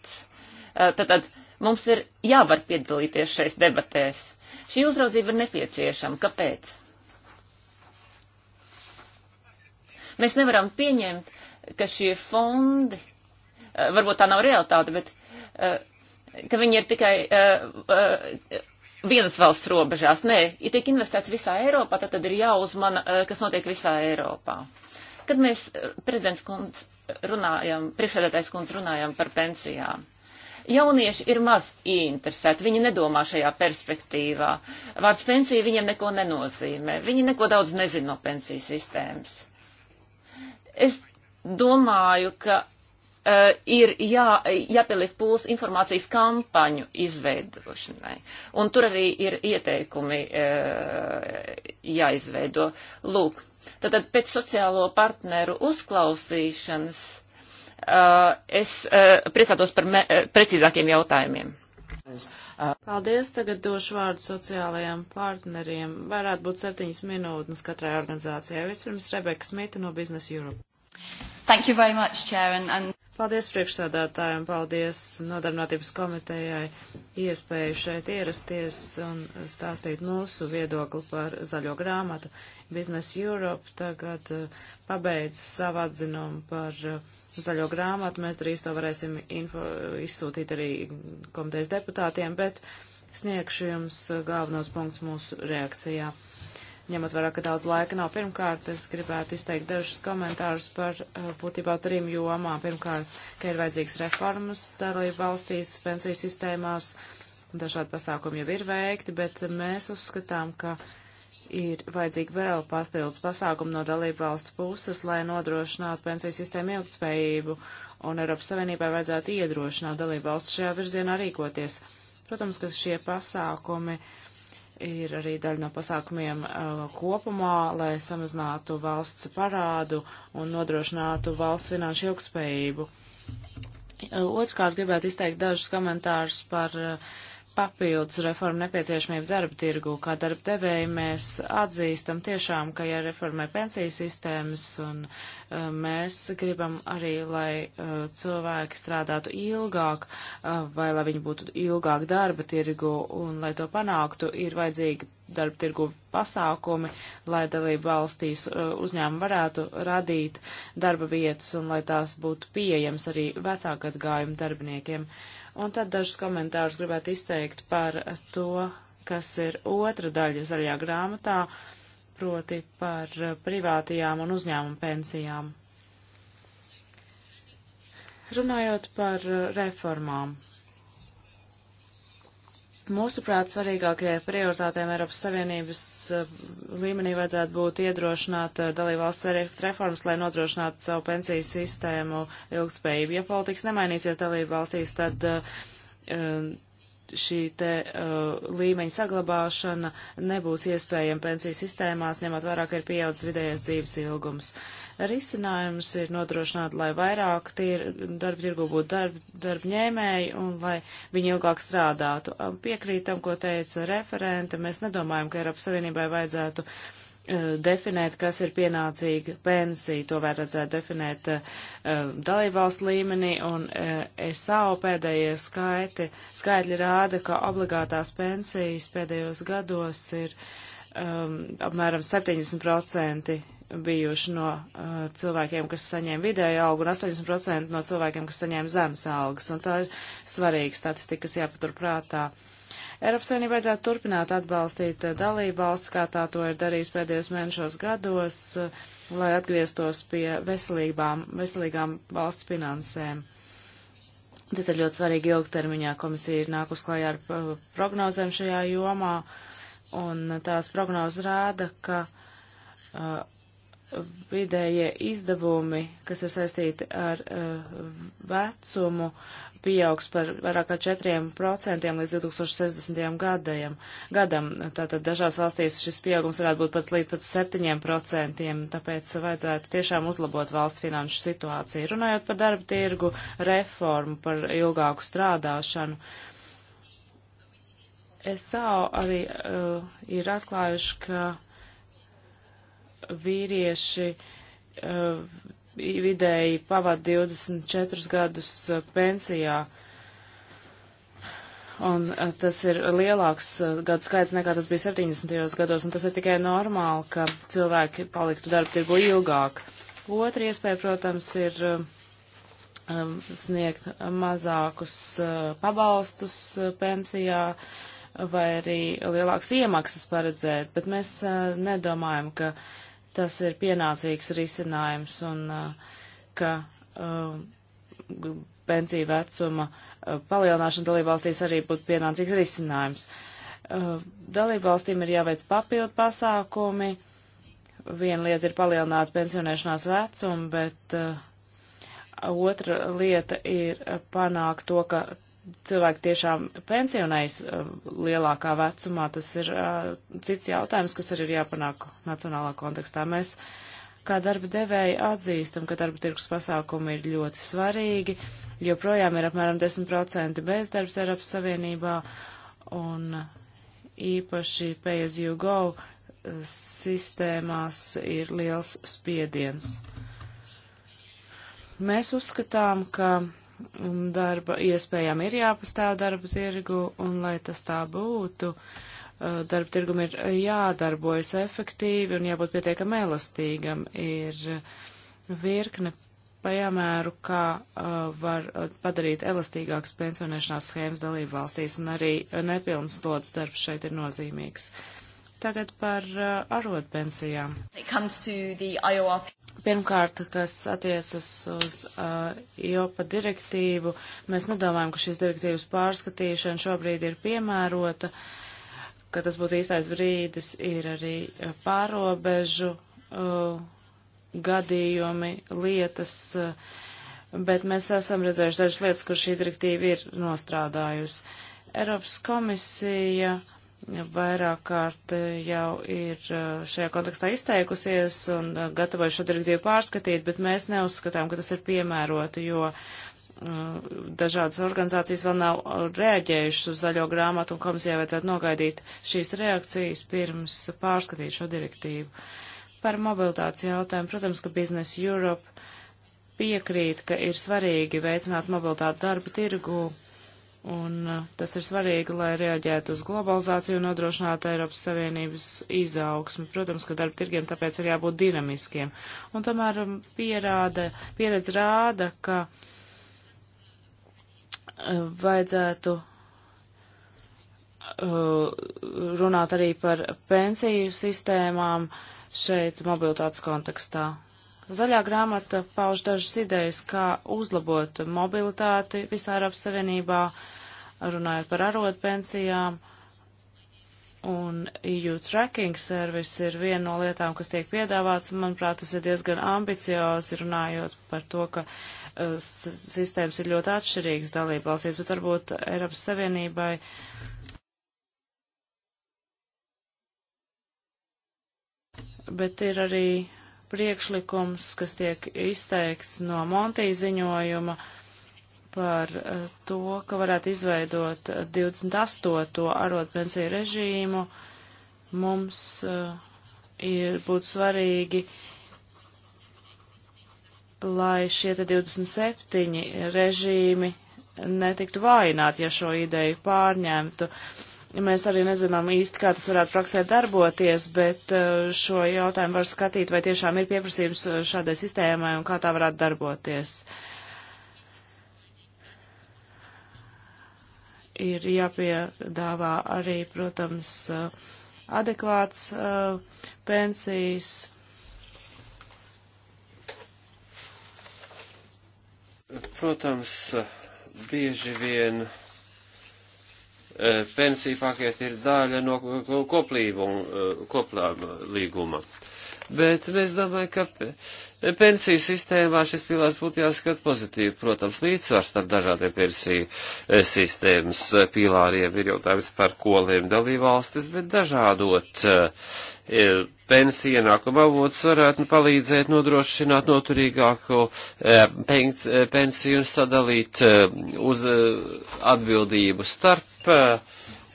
tad, tad mums ir jāvar piedalīties šais debatēs. Šī uzraudzība ir nepieciešama. Kāpēc? Mēs nevaram pieņemt, ka šie fondi, eh, varbūt tā nav realitāte, bet eh, ka viņi ir tikai eh, vienas valsts robežās. Nē, ja tiek investēts visā Eiropā, tad, tad ir jāuzmana, kas notiek visā Eiropā. Kad mēs prezidents kundz runājam, priekšsēdētājs kundz runājam par pensijām. Jaunieši ir maz ieinteresēti, viņi nedomā šajā perspektīvā. Vārds pensija viņiem neko nenozīmē, viņi neko daudz nezina no pensijas sistēmas. Es domāju, ka uh, ir jā, jāpieliek pūles informācijas kampaņu izveidošanai. Un tur arī ir ieteikumi uh, jāizveido. Lūk, tātad pēc sociālo partneru uzklausīšanas uh, es uh, priecātos par me, uh, precīzākiem jautājumiem. Paldies, tagad došu vārdu sociālajiem partneriem. Varētu būt septiņas minūtes katrai organizācijai. Vispirms Rebeka Smita no Business Europe. Thank you very much, Chair. And, and... Paldies priekšsādātājiem, paldies Nodarbinātības komitejai iespēju šeit ierasties un stāstīt mūsu viedokli par zaļo grāmatu. Business Europe tagad uh, pabeidz savu atzinumu par uh, zaļo grāmatu. Mēs drīz to varēsim info, izsūtīt arī komitejas deputātiem, bet sniegšu jums eh, galvenos punktus mūsu reakcijā. Uh, ņemot vērā, ka daudz laika nav. Pirmkārt, es gribētu izteikt dažus komentārus par uh, būtībā trim jomām. Pirmkārt, ka ir vajadzīgs reformas dalība valstīs, pensiju sistēmās, dažādi pasākumi jau ir veikti, bet mēs uzskatām, ka ir vajadzīgi vēl papildus pasākumi no dalību valstu puses, lai nodrošinātu pensiju sistēmu ilgtspējību, un Eiropas Savienībai vajadzētu iedrošināt dalību valstu šajā virzienā rīkoties. Protams, ka šie pasākumi uh, ir arī daļa no pasākumiem uh, kopumā, lai samazinātu valsts parādu un nodrošinātu valsts finanšu ilgspējību. Uh, otrkārt, gribētu izteikt dažus komentārus par uh, papildus reformu nepieciešamību darba tirgu. Kā darba devēji mēs atzīstam tiešām, ka jāreformē ja pensijas sistēmas, un uh, mēs gribam arī, lai uh, cilvēki strādātu ilgāk, uh, vai lai viņi būtu ilgāk darba tirgu, un lai to panāktu, ir vajadzīga darba tirgu pasākumi, lai dalību valstīs uh, uzņēmumi varētu radīt darba vietas un lai tās būtu pieejams arī vecākatgājumu darbiniekiem. Un tad dažus komentārus gribētu izteikt par to, kas ir otra daļa zaļajā grāmatā, proti par uh, privātajām un uzņēmumu pensijām. Runājot par uh, reformām Mūsuprāt, svarīgākajai prioritātēm Eiropas Savienības eh, līmenī vajadzētu būt iedrošināt eh, dalībvalsts reformas, lai nodrošinātu savu pensiju sistēmu ilgspējību. Ja politikas nemainīsies dalībvalstīs, tad uh, šī te uh, līmeņa saglabāšana nebūs iespējama pensiju sistēmās, ņemot vērā, ka ir pieaudzis vidējais dzīves ilgums. Risinājums ir nodrošināt, lai vairāk tir, darba tirgu būtu darb, darbņēmēji un lai viņi ilgāk strādātu. Piekrītam, ko teica referente, mēs nedomājam, ka Eiropas Savienībai vajadzētu uh, Eh, definēt, kas ir pienācīga pensija. To vajadzētu definēt uh, eh, dalībvalstu līmenī, un uh, eh, SAO pēdējie skaiti, skaitļi rāda, ka obligātās pensijas pēdējos gados ir um, apmēram 70% bijuši no uh, cilvēkiem, kas saņēma vidēju algu, un 80% no cilvēkiem, kas saņēma zemes algas, un tā ir svarīga statistika, kas jāpatur prātā. Uh, Eiropas Savienība vajadzētu turpināt atbalstīt eh, dalību valsts, kā tā to ir darījis pēdējos mēnešos gados, eh, lai atgrieztos pie veselībām, veselīgām valsts finansēm. Tas ir ļoti svarīgi ilgtermiņā. Komisija ir nākus klajā ar eh, prognozēm šajā jomā, un tās prognozes rāda, ka uh, vidējie izdevumi, kas ir saistīti ar uh, vecumu, pieaugs par vairāk kā 4% līdz 2060. Gadajam. gadam. Tātad dažās valstīs šis pieaugums varētu būt pat līdz pat 7%, tāpēc vajadzētu tiešām uzlabot valsts finanšu situāciju. Runājot par darba tirgu reformu, par ilgāku strādāšanu. SAO arī uh, ir atklājuši, ka vīrieši uh, vidēji pavad 24 gadus uh, pensijā. Un uh, tas ir lielāks uh, gadu skaits nekā tas bija 70. gados, un tas ir tikai normāli, ka cilvēki paliktu darba tirgu ilgāk. Otra iespēja, protams, ir um, um sniegt mazākus uh, pabalstus uh, pensijā vai arī lielākas iemaksas paredzēt, bet mēs uh, nedomājam, ka uh, tas ir pienācīgs risinājums un uh, ka uh, pensiju vecuma uh, palielināšana dalībvalstīs arī būtu pienācīgs risinājums. Dalībvalstīm ir jāveic papildu pasākumi. Viena lieta ir palielināt pensionēšanās vecumu, bet uh, otra lieta ir panākt to, ka cilvēki tiešām pensionējas um, lielākā vecumā, tas ir uh, cits jautājums, kas arī ir jāpanāk nacionālā kontekstā. Mēs kā darba devēji atzīstam, ka darba tirgus pasākumi ir ļoti svarīgi, jo projām ir apmēram 10% bezdarbs Eiropas Savienībā un īpaši pay as you go uh, sistēmās ir liels spiediens. Mēs uzskatām, ka darba iespējām ir jāpastāv darba tirgu, un lai tas tā būtu, uh, darba tirgum ir jādarbojas efektīvi un jābūt pietiekam elastīgam. Ir virkne piemēru, kā uh, var uh, padarīt elastīgākas pensionēšanās schēmas dalību valstīs, un arī nepilnas slodzes darbs šeit ir nozīmīgs. Tagad par arotpensijām. Pirmkārt, kas attiecas uz uh, JOPA direktīvu, mēs nedomājam, ka šīs direktīvas pārskatīšana šobrīd ir piemērota, ka tas būtu īstais brīdis, ir arī uh, pārobežu uh, gadījumi, lietas, uh, bet mēs esam redzējuši dažas lietas, kur šī direktīva ir nostrādājusi. Eiropas komisija uh, vairāk kārt eh, jau ir eh, šajā kontekstā izteikusies un eh, gatavoju šo direktīvu pārskatīt, bet mēs neuzskatām, ka tas ir piemēroti, jo dažādas organizācijas vēl nav rēģējušas uz zaļo grāmatu un komisijai vajadzētu nogaidīt šīs reakcijas pirms pārskatīt šo direktīvu. Par mobilitātes jautājumu, protams, ka Business Europe piekrīt, ka ir svarīgi veicināt mobilitāti darba tirgu Un eh, tas ir svarīgi, lai reaģētu uz globalizāciju un nodrošinātu Eiropas Savienības izaugsmu. Protams, ka darba tirgiem tāpēc ir jābūt dinamiskiem. Un tomēr um, pierāda, pieredze rāda, ka eh, vajadzētu eh, runāt arī par pensiju sistēmām šeit mobilitātes kontekstā. Zaļā grāmata pauž dažas idejas, kā uzlabot mobilitāti visā Eiropas Savienībā, runājot par arotpensijām, un EU tracking servis ir viena no lietām, kas tiek piedāvāts, un manuprāt, tas ir diezgan ambiciozi, runājot par to, ka uh, sistēmas ir ļoti atšķirīgas dalībvalstīs, bet varbūt Eiropas Savienībai. Bet ir arī priekšlikums, kas tiek izteikts no Montī ziņojuma par eh, to, ka varētu izveidot 28. Eh, arotpensiju režīmu, mums eh, ir būtu svarīgi, lai šie 27 režīmi netiktu vājināti, ja šo ideju pārņemtu. Uh, Mēs arī nezinām īsti, kā tas varētu praksē darboties, bet eh, šo jautājumu var skatīt, vai tiešām ir pieprasījums eh, šādai sistēmai un kā tā varētu darboties. Ir jāpiedāvā arī, protams, eh, adekvāts pensijas. Protams, bieži vien E, pensiju paketi ir daļa no koplīguma bet es domāju, ka pensiju sistēmā šis pilārs būtu jāskat pozitīvi. Protams, līdzsvars starp dažādiem pensiju e, sistēmas e, pilāriem ir jautājums par koliem dalībvalstis, bet dažādot e, pensiju ienākuma avots varētu palīdzēt nodrošināt noturīgāku pensiju un sadalīt uz atbildību starp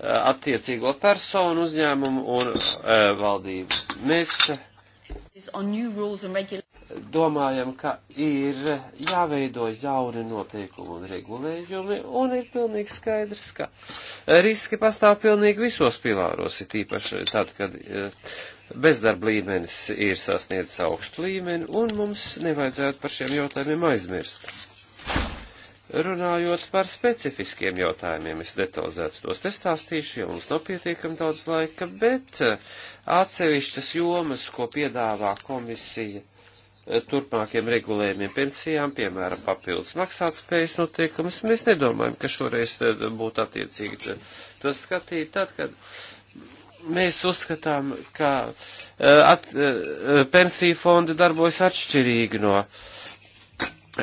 attiecīgo personu uzņēmumu un valdību. Mēs Domājam, ka ir jāveido jauni noteikumi un regulējumi, un ir pilnīgi skaidrs, ka riski pastāv pilnīgi visos pilāros, ir tīpaši tad, kad eh, bezdarba līmenis ir sasniedzis augstu līmeni, un mums nevajadzētu par šiem jautājumiem aizmirst. Runājot par specifiskiem jautājumiem, es detalizētu tos nestāstīšu, jo mums nav pietiekami daudz laika, bet eh, atsevišķas jomas, ko piedāvā komisija eh, turpmākiem regulējumiem pensijām, piemēram, papildus maksātspējas notiekumus, mēs nedomājam, ka šoreiz eh, būtu attiecīgi to skatīt tad, kad mēs uzskatām, ka at, pensiju fondi darbojas atšķirīgi no uh,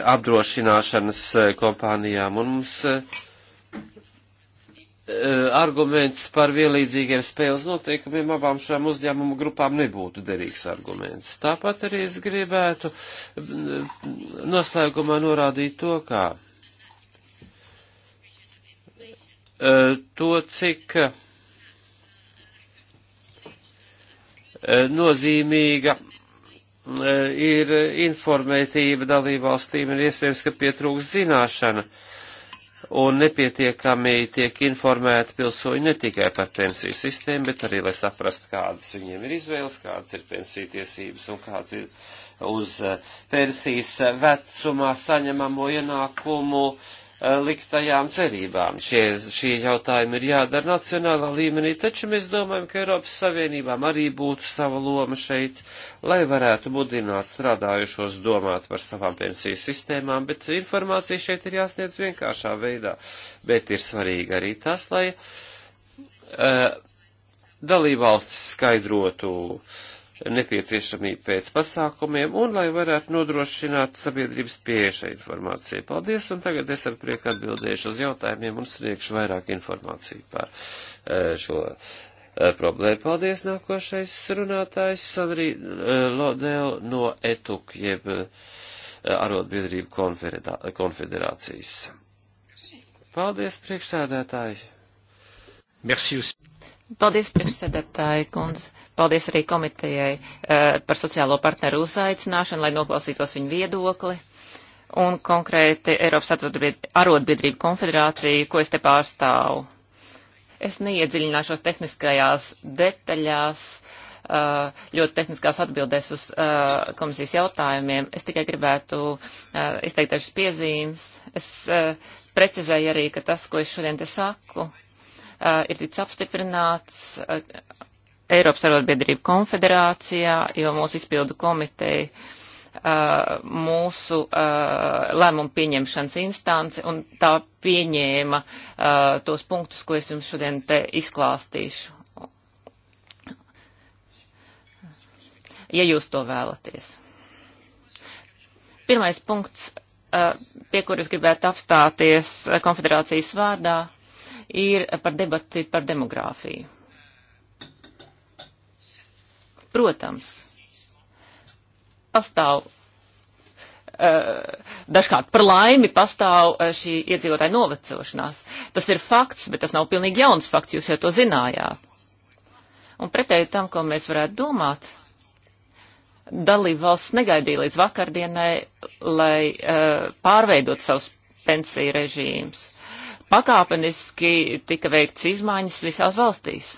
apdrošināšanas eh, kompānijām. Un mums eh, eh, arguments par vienlīdzīgiem spēles noteikumiem abām šām uzņēmumu grupām nebūtu derīgs arguments. Tāpat arī es gribētu mm, noslēgumā norādīt to, kā to, cik nozīmīga E, ir informētība dalībvalstīm, ir iespējams, ka pietrūks zināšana un nepietiekami tiek informēti pilsoņi ne tikai par pensiju sistēmu, bet arī, lai saprastu, kādas viņiem ir izvēles, kādas ir pensiju tiesības un kāds ir uz e, pensijas vecumā saņemamo ienākumu uh, Eh, liktajām cerībām. Šie, šie jautājumi ir jādara nacionālā līmenī, taču mēs domājam, ka Eiropas Savienībām arī būtu sava loma šeit, lai varētu mudināt strādājušos domāt par savām pensiju sistēmām, bet informācija šeit ir jāsniedz vienkāršā veidā. Bet ir svarīgi arī tas, lai uh, dalībvalstis skaidrotu uh, nepieciešamību pēc pasākumiem un lai varētu nodrošināt sabiedrības pieeja informācijai. Paldies, un tagad es ar prieku atbildēšu uz jautājumiem un sniegšu vairāk informāciju par eh, šo eh, problēmu. Paldies, nākošais runātājs Sandri eh, Lodel no ETUK, jeb Arotbiedrību konfederācijas. Paldies, priekšsēdētāji! Merci. Paldies, priekšsēdētāji, kundze. Paldies arī komitejai eh, par sociālo partneru uzaicināšanu, lai noklausītos viņu viedokli un konkrēti Eiropas arotbiedrību konfederāciju, ko es te pārstāvu. Es neiedziļināšos tehniskajās detaļās, eh, ļoti tehniskās atbildēs uz eh, komisijas jautājumiem. Es tikai gribētu izteikt dažas piezīmes. Es precizēju arī, ka tas, ko es šodien te saku, ir ticis apstiprināts Eiropas Arotbiedrību konfederācijā, jo mūsu izpildu komiteja uh, mūsu uh, lēmumu pieņemšanas instance un tā pieņēma uh, tos punktus, ko es jums šodien te izklāstīšu. Ja jūs to vēlaties. Pirmais punkts, pie kuras gribētu apstāties konfederācijas vārdā, ir par debati par demogrāfiju. Protams, pastāv eh, dažkārt par laimi pastāv eh, šī iedzīvotāja novecošanās. Tas ir fakts, bet tas nav pilnīgi jauns fakts, jūs jau to zinājāt. Un pretēji tam, ko mēs varētu domāt, dalība valsts negaidīja līdz vakardienai, lai uh, pārveidot savus pensiju režīmus. Pakāpeniski tika veikts izmaiņas visās valstīs.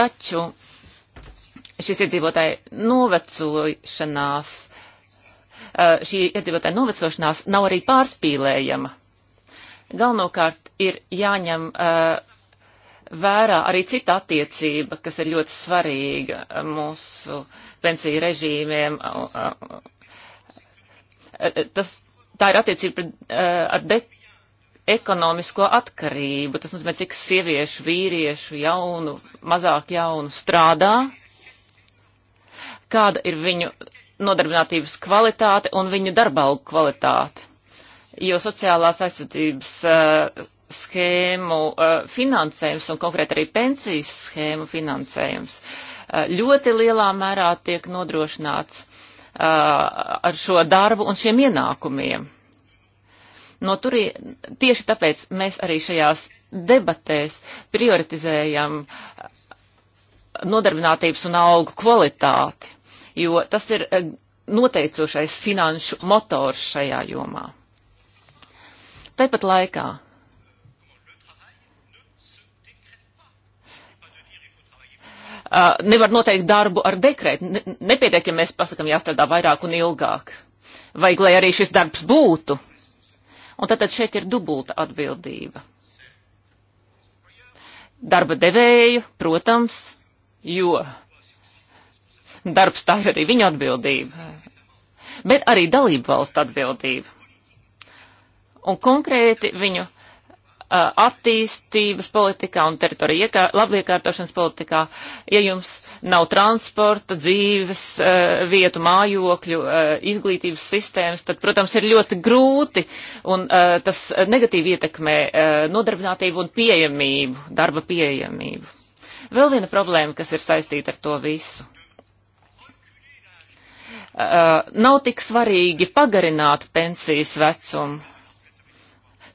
Taču šis iedzīvotāji novecošanās, šī iedzīvotāja novecošanās nav arī pārspīlējama. Galvenokārt ir jāņem vērā arī cita attiecība, kas ir ļoti svarīga mūsu pensiju režīmiem. Tas, tā ir attiecība pret, ar dek ekonomisko atkarību. Tas nozīmē, cik sieviešu, vīriešu, jaunu, mazāk jaunu strādā, kāda ir viņu nodarbinātības kvalitāte un viņu darbalgu kvalitāte. Jo sociālās aizsardzības uh, schēmu uh, finansējums un konkrēti arī pensijas schēmu finansējums uh, ļoti lielā mērā tiek nodrošināts uh, ar šo darbu un šiem ienākumiem. No turie, tieši tāpēc mēs arī šajās debatēs prioritizējam eh, nodarbinātības un augu kvalitāti, jo tas ir eh, noteicošais finanšu motors šajā jomā. Tāpat laikā Uh, nevar noteikt darbu ar dekrētu. Ne, nepietiek, ja mēs pasakam jāstrādā vairāk un ilgāk. Vajag, lai arī šis darbs būtu. Un tātad šeit ir dubulta atbildība. Darba devēju, protams, jo darbs tā ir arī viņa atbildība, bet arī dalību valstu atbildība. Un konkrēti viņu Uh, attīstības politikā un teritorija iekār, labiekārtošanas politikā, ja jums nav transporta, dzīves uh, vietu, mājokļu, uh, izglītības sistēmas, tad, protams, ir ļoti grūti un tas negatīvi ietekmē nodarbinātību un pieejamību, darba pieejamību. Vēl viena problēma, kas ir saistīta ar to visu. Uh, nav tik svarīgi pagarināt pensijas vecumu,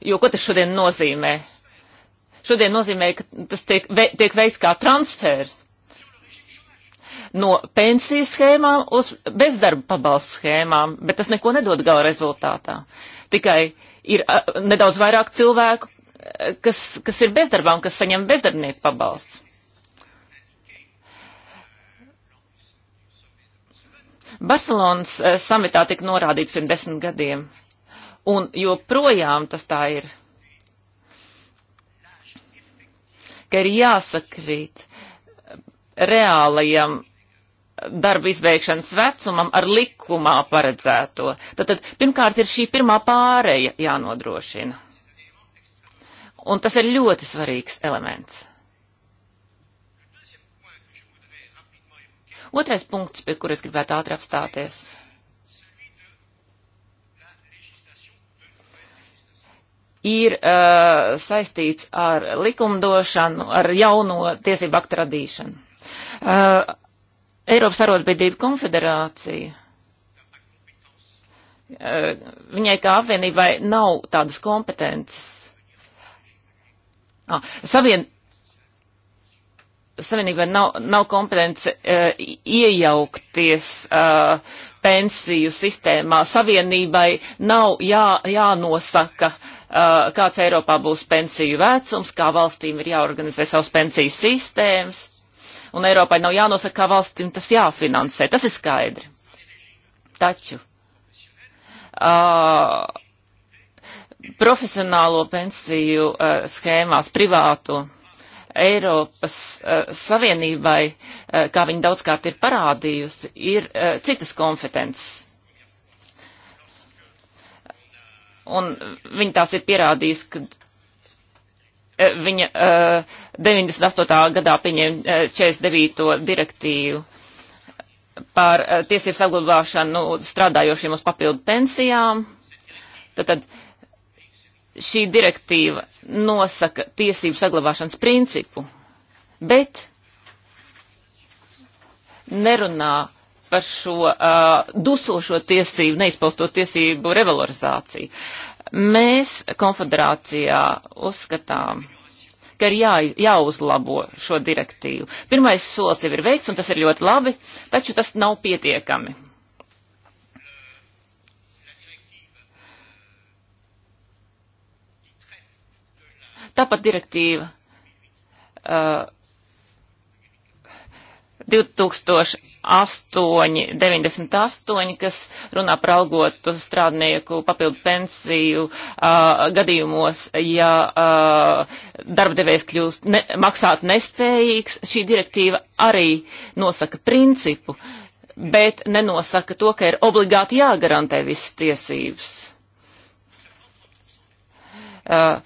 Jo ko tas šodien nozīmē? Šodien nozīmē, ka tas tiek, ve, tiek veikts kā transfers no pensiju schēmām uz bezdarba pabalstu schēmām, bet tas neko nedod gala rezultātā. Tikai ir a, nedaudz vairāk cilvēku, e, kas, kas ir bezdarbā un kas saņem bezdarbnieku pabalstu. Barcelonas e, samitā tika norādīts pirms desmit gadiem, Un joprojām tas tā ir, ka ir jāsakrīt reālajam darba izbeigšanas vecumam ar likumā paredzēto. Tātad pirmkārt ir šī pirmā pāreja jānodrošina. Un tas ir ļoti svarīgs elements. Otrais punkts, pie kuras gribētu ātri apstāties. ir uh, saistīts ar likumdošanu, ar jauno tiesību aktu radīšanu. Uh, Eiropas arotbiedrība konfederācija. Uh, viņai kā apvienībai nav tādas kompetences. Ah, savien, savienībai nav, nav kompetence uh, iejaukties uh, pensiju sistēmā. Savienībai nav jā, jānosaka uh, Uh, kāds Eiropā būs pensiju vecums, kā valstīm ir jāorganizē savas pensiju sistēmas, un Eiropai nav jānosaka, kā valstīm tas jāfinansē. Tas ir skaidri. Taču uh, profesionālo pensiju uh, schēmās privāto Eiropas uh, Savienībai, uh, kā viņi daudzkārt ir parādījusi, ir uh, citas kompetences un viņa tās ir pierādījusi, ka eh, viņa uh, eh, 98. gadā pieņēma 49. Eh, direktīvu par uh, tiesību saglabāšanu strādājošiem uz papildu pensijām. Tātad šī direktīva nosaka tiesību saglabāšanas principu, bet nerunā par šo uh, dusošo tiesību, neizpausto tiesību revalorizāciju. Mēs konfederācijā uzskatām, ka ir jā, jāuzlabo šo direktīvu. Pirmais solis jau ir veikts, un tas ir ļoti labi, taču tas nav pietiekami. Tāpat direktīva uh, 2000. 8, 98, kas runā par algotu strādnieku papildu pensiju uh, gadījumos, ja uh, darbdevējs kļūst ne, maksāt nespējīgs. Šī direktīva arī nosaka principu, bet nenosaka to, ka ir obligāti jāgarantē visas tiesības. Uh,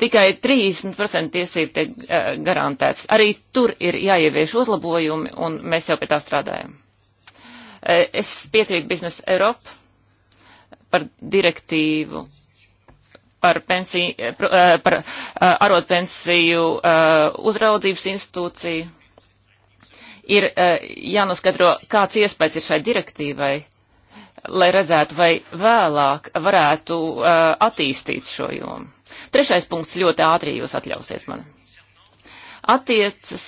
tikai 30% tiesību tiek eh, garantēts. Arī tur ir jāievieš uzlabojumi, un mēs jau pie tā strādājam. Eh, es piekrītu biznesa Eiropa par direktīvu par, pensiju, eh, par arotpensiju uzraudzības institūciju. Ir jānoskatro, kāds iespējas ir šai direktīvai, lai redzētu, vai vēlāk varētu attīstīt šo jomu. Trešais punkts ļoti ātri jūs atļausiet man. Attiecas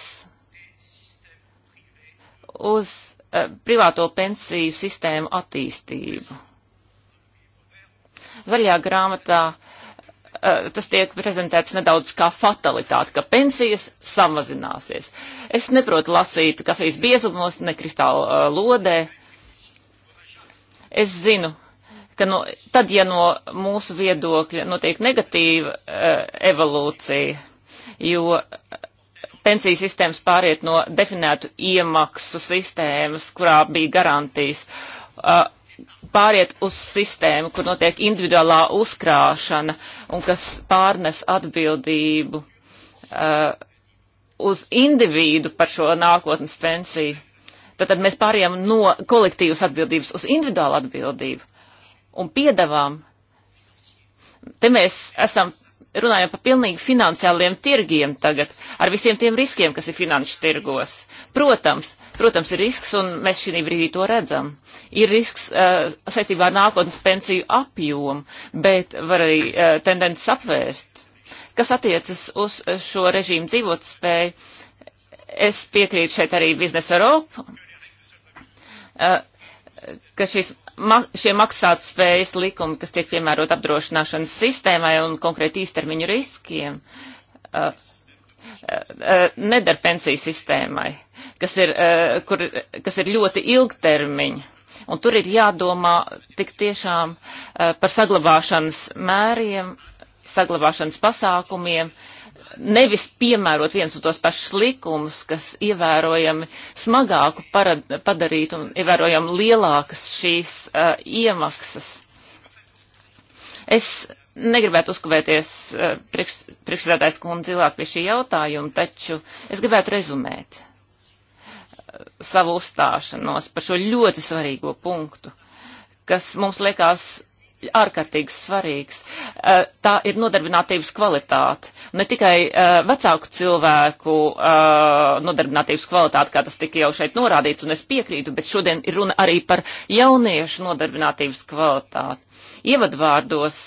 uz uh, privāto pensiju sistēmu attīstību. Zaļā grāmatā uh, tas tiek prezentēts nedaudz kā fatalitāte, ka pensijas samazināsies. Es neprotu lasīt kafijas biezumos, ne kristāla uh, lodē. Es zinu, ka no, tad, ja no mūsu viedokļa notiek negatīva uh, evolūcija, jo pensiju sistēmas pāriet no definētu iemaksu sistēmas, kurā bija garantijas, uh, pāriet uz sistēmu, kur notiek individuālā uzkrāšana un kas pārnes atbildību uh, uz individu par šo nākotnes pensiju. Tātad mēs pārējām no kolektīvas atbildības uz individuālu atbildību un piedavām, te mēs esam runājam par pilnīgi finansiāliem tirgiem tagad, ar visiem tiem riskiem, kas ir finanšu tirgos. Protams, protams, ir risks, un mēs šī brīdī to redzam. Ir risks uh, saistībā ar nākotnes pensiju apjomu, bet var arī uh, tendences apvērst. Kas attiecas uz šo režīmu dzīvotspēju, es piekrītu šeit arī Biznes Europe, uh, ka šīs ma šie maksātspējas likumi, kas tiek piemērot apdrošināšanas sistēmai un konkrēti īstermiņu riskiem, uh, uh, uh, nedar pensiju sistēmai, kas ir, uh, kur, kas ir ļoti ilgtermiņa. Un tur ir jādomā tik tiešām uh, par saglabāšanas mēriem, saglabāšanas pasākumiem, uh, nevis piemērot viens un tos pašus likumus, kas ievērojami smagāku parad, padarītu un ievērojami lielākas šīs uh, iemaksas. Es negribētu uzkavēties uh, priekš, priekšsēdētājs kundze ilgāk pie šī jautājuma, taču es gribētu rezumēt uh, savu uzstāšanos par šo ļoti svarīgo punktu, kas mums liekas ārkārtīgi svarīgs. Eh, tā ir nodarbinātības kvalitāte. Ne tikai eh, vecāku cilvēku eh, nodarbinātības kvalitāte, kā tas tika jau šeit norādīts, un es piekrītu, bet šodien ir runa arī par jauniešu nodarbinātības kvalitāti. Ievadvārdos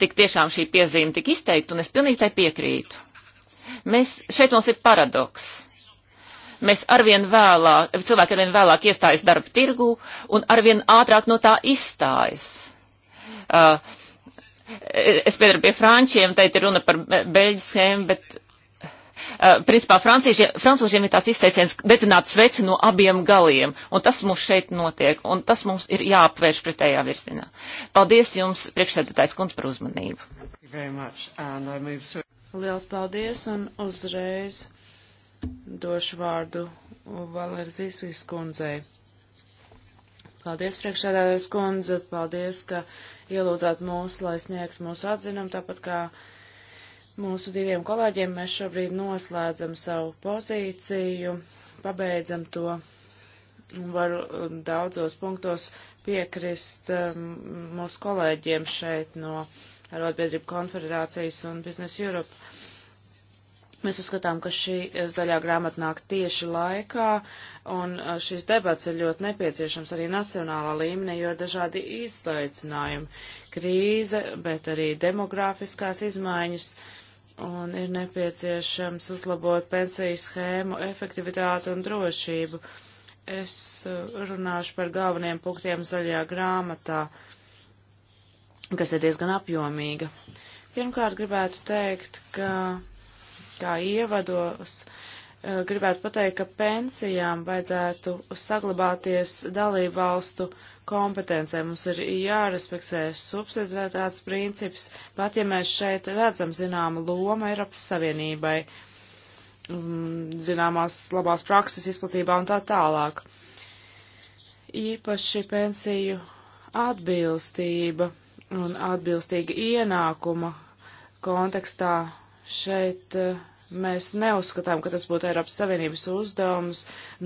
tik tiešām šī piezīme tik izteikta, un es pilnīgi tai piekrītu. Mēs, šeit mums ir paradoks mēs arvien vēlāk, cilvēki arvien vēlāk iestājas darba tirgu un arvien ātrāk no tā izstājas. Uh, es piedaru pie frančiem, te ir runa par beļģiskiem, bet. Uh, principā francūžiem ir tāds izteiciens dedzināt sveci no abiem galiem, un tas mums šeit notiek, un tas mums ir jāapvērš pretējā virzienā. Paldies jums, priekšsēdētājs kundz, par uzmanību. Liels paldies, un uzreiz došu vārdu Valerzijas kundzei. Paldies, priekšsēdājas kundze, paldies, ka ielūdzāt mūs, lai sniegt mūsu atzinumu, tāpat kā mūsu diviem kolēģiem mēs šobrīd noslēdzam savu pozīciju, pabeidzam to un varu um, daudzos punktos piekrist um, mūsu kolēģiem šeit no Arotbiedrību konfederācijas un Biznes Europe Mēs uzskatām, ka šī eh, zaļā grāmata nāk tieši laikā, un eh, šis debats ir ļoti nepieciešams arī nacionālā līmenī, jo ir dažādi izaicinājumi - krīze, bet arī demografiskās izmaiņas, un ir nepieciešams uzlabot pensiju schēmu, efektivitātu un drošību. Es eh, runāšu par galveniem punktiem zaļajā grāmatā, kas ir diezgan apjomīga. Pirmkārt, gribētu teikt, ka kā ievados e, gribētu pateikt, ka pensijām vajadzētu saglabāties dalību valstu kompetencē. Mums ir jārespektē subsidētāts princips, pat ja mēs šeit redzam zināmu lomu Eiropas Savienībai, mm, zināmās labās prakses izplatībā un tā tālāk. Īpaši pensiju atbilstība un atbilstīga ienākuma kontekstā Šeit eh, mēs neuzskatām, ka tas būtu Eiropas Savienības uzdevums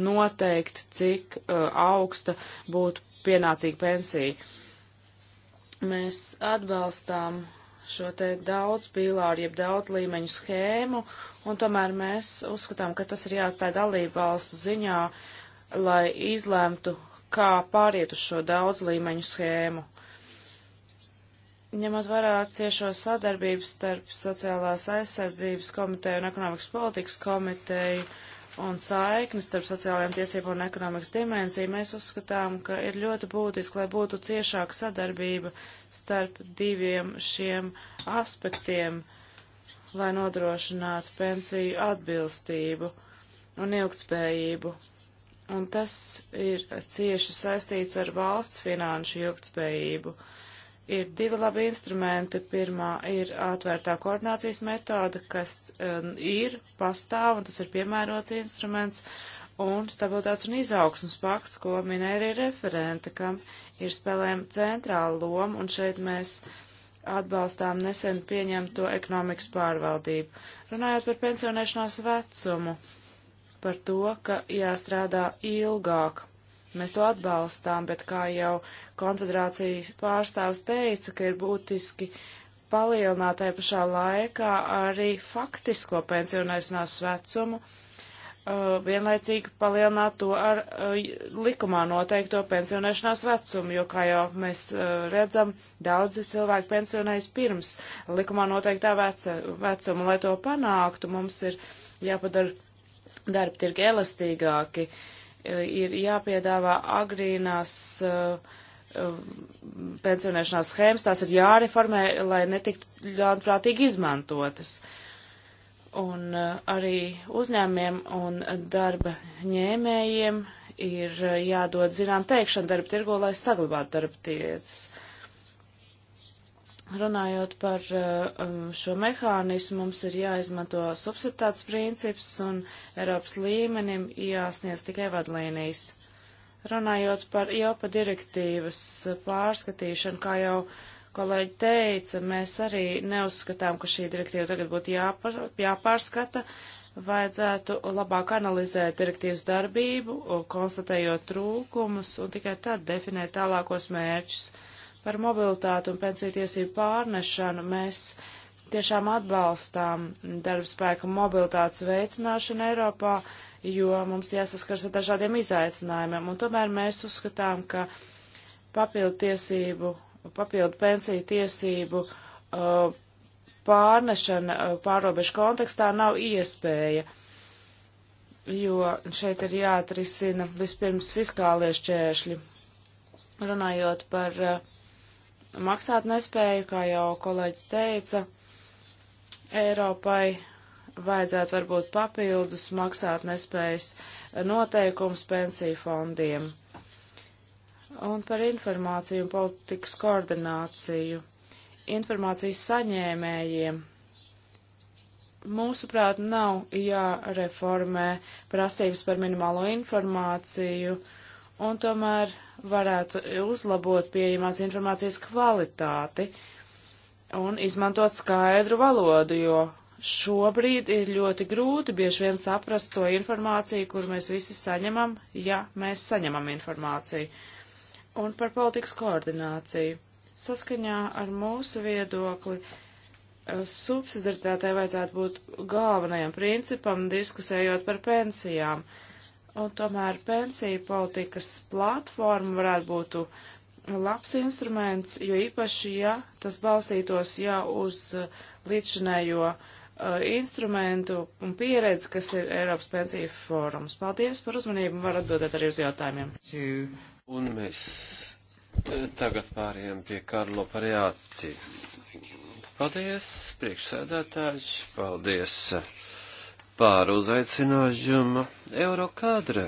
noteikt, cik eh, augsta būtu pienācīga pensija. Mēs atbalstām šo te daudz pīlāru, jeb daudz līmeņu schēmu, un tomēr mēs uzskatām, ka tas ir jāatstāja dalību valstu ziņā, lai izlemtu, kā pāriet uz šo daudz līmeņu schēmu. Ņemot vērā ciešo sadarbību starp sociālās aizsardzības komiteju un ekonomikas politikas komiteju un saikni starp sociālajām tiesībām un ekonomikas dimensiju, mēs uzskatām, ka ir ļoti būtiski, lai būtu ciešāka sadarbība starp diviem šiem aspektiem, lai nodrošinātu pensiju atbilstību un ilgtspējību. Un tas ir cieši saistīts ar valsts finanšu ilgtspējību ir divi labi instrumenti. Pirmā ir atvērtā koordinācijas metode, kas um, ir pastāv un tas ir piemērots instruments, un stabilitātes un izaugsmas pakts, ko minēja arī referente, kam ir spēlējama centrāla loma, un šeit mēs atbalstām nesen pieņemto ekonomikas pārvaldību. Runājot par pensionēšanās vecumu, par to, ka jāstrādā ilgāk Mēs to atbalstām, bet kā jau konfederācijas pārstāvs teica, ka ir būtiski palielināt tajā pašā laikā arī faktisko pensionēšanās vecumu, uh, vienlaicīgi palielināt to ar uh, likumā noteikto pensionēšanās vecumu, jo, kā jau mēs uh, redzam, daudzi cilvēki pensionējas pirms likumā noteiktā veca, vecuma. Lai to panāktu, mums ir jāpadara darba tirgi elastīgāki. Uh, ir jāpiedāvā agrīnās eh, eh, pensionēšanās schēmas, tās ir jāreformē, lai netiktu ļaunprātīgi izmantotas. Un eh, arī uzņēmiem un darba ņēmējiem ir jādod zinām teikšana darba tirgo, lai saglabātu darba tiesas. Runājot par eh, um, šo mehānismu, mums ir jāizmanto subsidētas princips un Eiropas līmenim jāsniedz tikai vadlīnijas. Runājot par IOPA direktīvas pārskatīšanu, kā jau kolēģi teica, mēs arī neuzskatām, ka šī direktīva tagad būtu jāpār, jāpārskata. Vajadzētu labāk analizēt direktīvas darbību, konstatējot trūkumus un tikai tad definēt tālākos mērķus Par mobilitātu un pensiju tiesību pārnešanu mēs tiešām atbalstām darbspēka mobilitātes veicināšanu Eiropā, jo mums jāsaskars ar dažādiem izaicinājumiem. Un tomēr mēs uzskatām, ka papildu tiesību, papildu pensiju tiesību uh, pārnešana uh, pārobežu kontekstā nav iespēja, jo šeit ir jāatrisina vispirms fiskālie šķēršļi. Runājot par uh, maksāt nespēju, kā jau kolēģis teica, Eiropai vajadzētu varbūt papildus maksāt nespējas noteikums pensiju fondiem. Un par informāciju un politikas koordināciju. Informācijas saņēmējiem. Mūsuprāt, nav jāreformē prasības par minimālo informāciju uh, un tomēr varētu uzlabot pieejamās informācijas kvalitāti un izmantot skaidru valodu, jo šobrīd ir ļoti grūti bieži vien saprast to informāciju, kur mēs visi saņemam, ja mēs saņemam informāciju. Un par politikas koordināciju. Saskaņā ar mūsu viedokli eh, subsidaritātei vajadzētu būt galvenajam principam diskusējot par pensijām. Uh, Un tomēr pensiju politikas platforma varētu būt labs instruments, jo īpaši, ja tas balstītos jau uz uh, līdzinējo uh, instrumentu un pieredzi, kas ir Eiropas pensiju fórums. Paldies par uzmanību un var atbildēt arī uz jautājumiem. Un mēs uh, tagad pāriem pie Karlo Parjāti. Paldies, priekšsēdētāji, paldies uh, par uzaicinājumu Eurokadre.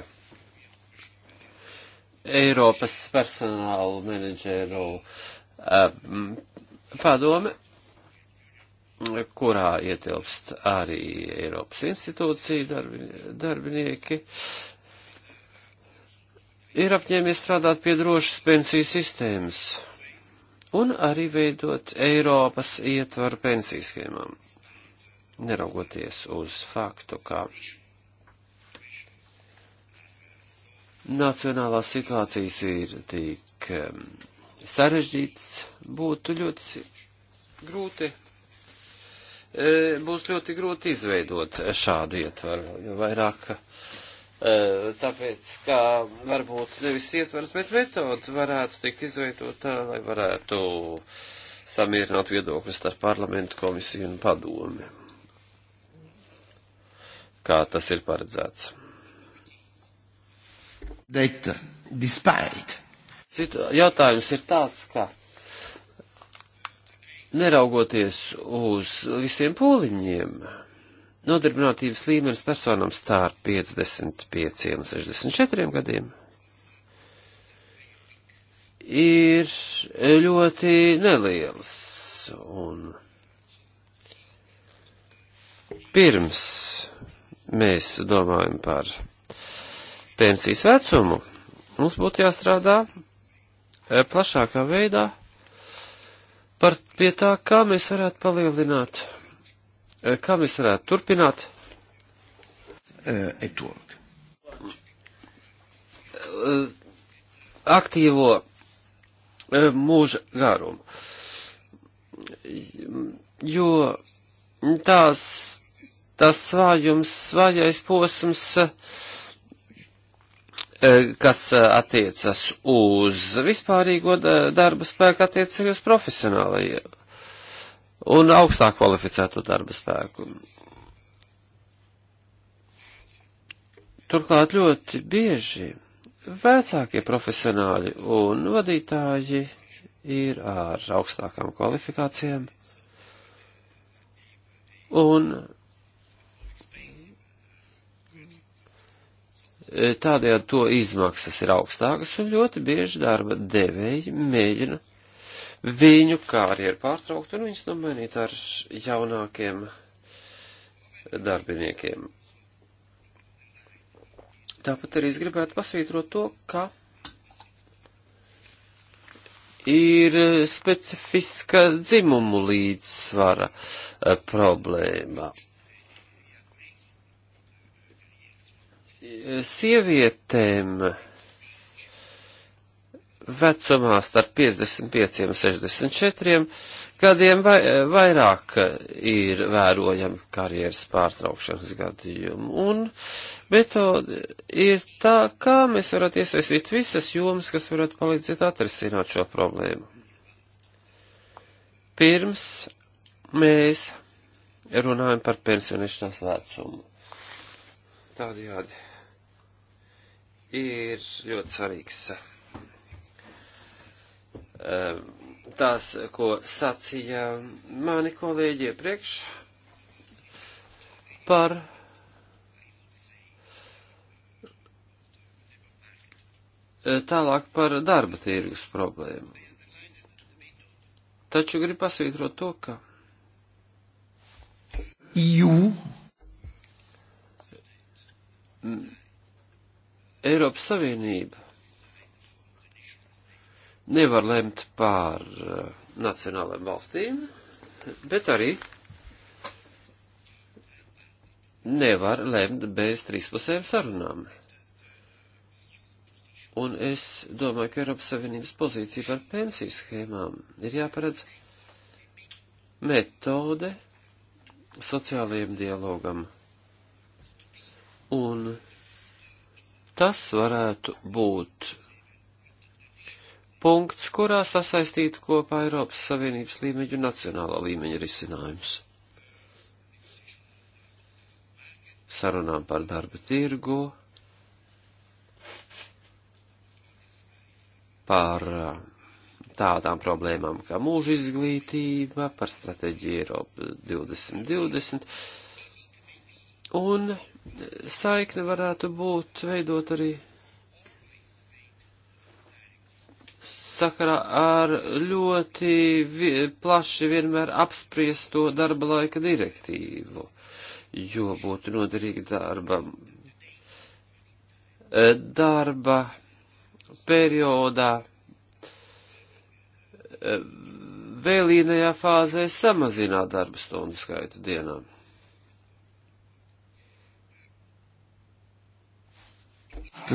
Eiropas personālu menedžeru um, padome, kurā ietilpst arī Eiropas institūcija darbi, darbinieki, ir apņēmies strādāt pie drošas pensiju sistēmas un arī veidot Eiropas ietvaru pensiju schēmām neraugoties uz faktu, ka nacionālās situācijas ir tik sarežģītas, būtu ļoti grūti, e, būs ļoti grūti izveidot šādu ietvaru, jo vairāk, e, tāpēc, kā varbūt nevis ietvars, bet metodu varētu tikt izveidot tā, lai varētu samierināt viedokļus starp parlamentu komisiju un padomi kā tas ir paredzēts. That, Citu, jautājums ir tāds, ka neraugoties uz visiem pūliņiem, nodarbinātības līmenis personam stāv 55 un 64 gadiem ir ļoti neliels. Un pirms mēs domājam par pensijas vecumu, mums būtu jāstrādā e, plašākā veidā par pie tā, kā mēs varētu palielināt, e, kā mēs varētu turpināt. E, aktīvo mūža garumu. Jo tās tas vājums, vājais posms, eh, kas eh, attiecas uz vispārīgo darba spēku, attiecas arī uz profesionālajiem un augstāk kvalificēto darba spēku. Turklāt ļoti bieži vecākie profesionāļi un vadītāji ir ar augstākām kvalifikācijām, un E, tādējādi to izmaksas ir augstākas un ļoti bieži darba devēji mēģina viņu karjeru pārtraukt un viņus nomainīt ar jaunākiem darbiniekiem. Tāpat arī es gribētu pasvītrot to, ka ir specifiska dzimumu līdzsvara e, problēma. sievietēm vecumā starp 55 un 64 gadiem vai, vairāk ir vērojami karjeras pārtraukšanas gadījumi. Un metode ir tā, kā mēs varētu iesaistīt visas jomas, kas varētu palīdzēt atrisināt šo problēmu. Pirms mēs runājam par pensionēšanās vecumu. Tādējādi ir ļoti svarīgs. Ehm, Tās, ko sacīja mani kolēģi iepriekš par tālāk par darba tirgus problēmu. Taču grib pasvītrot to, ka Jū. Eiropas Savienība nevar lemt pār eh, nacionālajām valstīm, bet arī nevar lemt bez trīspusējām sarunām. Un es domāju, ka Eiropas Savienības pozīcija par pensiju schēmām ir jāparedz metode sociālajiem dialogam. Un Tas varētu būt punkts, kurā sasaistītu kopā Eiropas Savienības līmeņu un nacionālā līmeņa risinājums. Sarunām par darba tirgu, par uh, tādām problēmām kā mūža izglītība, par stratēģiju Eiropa 2020 un saikne varētu būt veidot arī sakarā ar ļoti vi plaši vienmēr apspriesto darba laika direktīvu, jo būtu noderīgi darba, e, darba periodā e, vēlīnajā fāzē samazināt darba stundu skaitu dienām.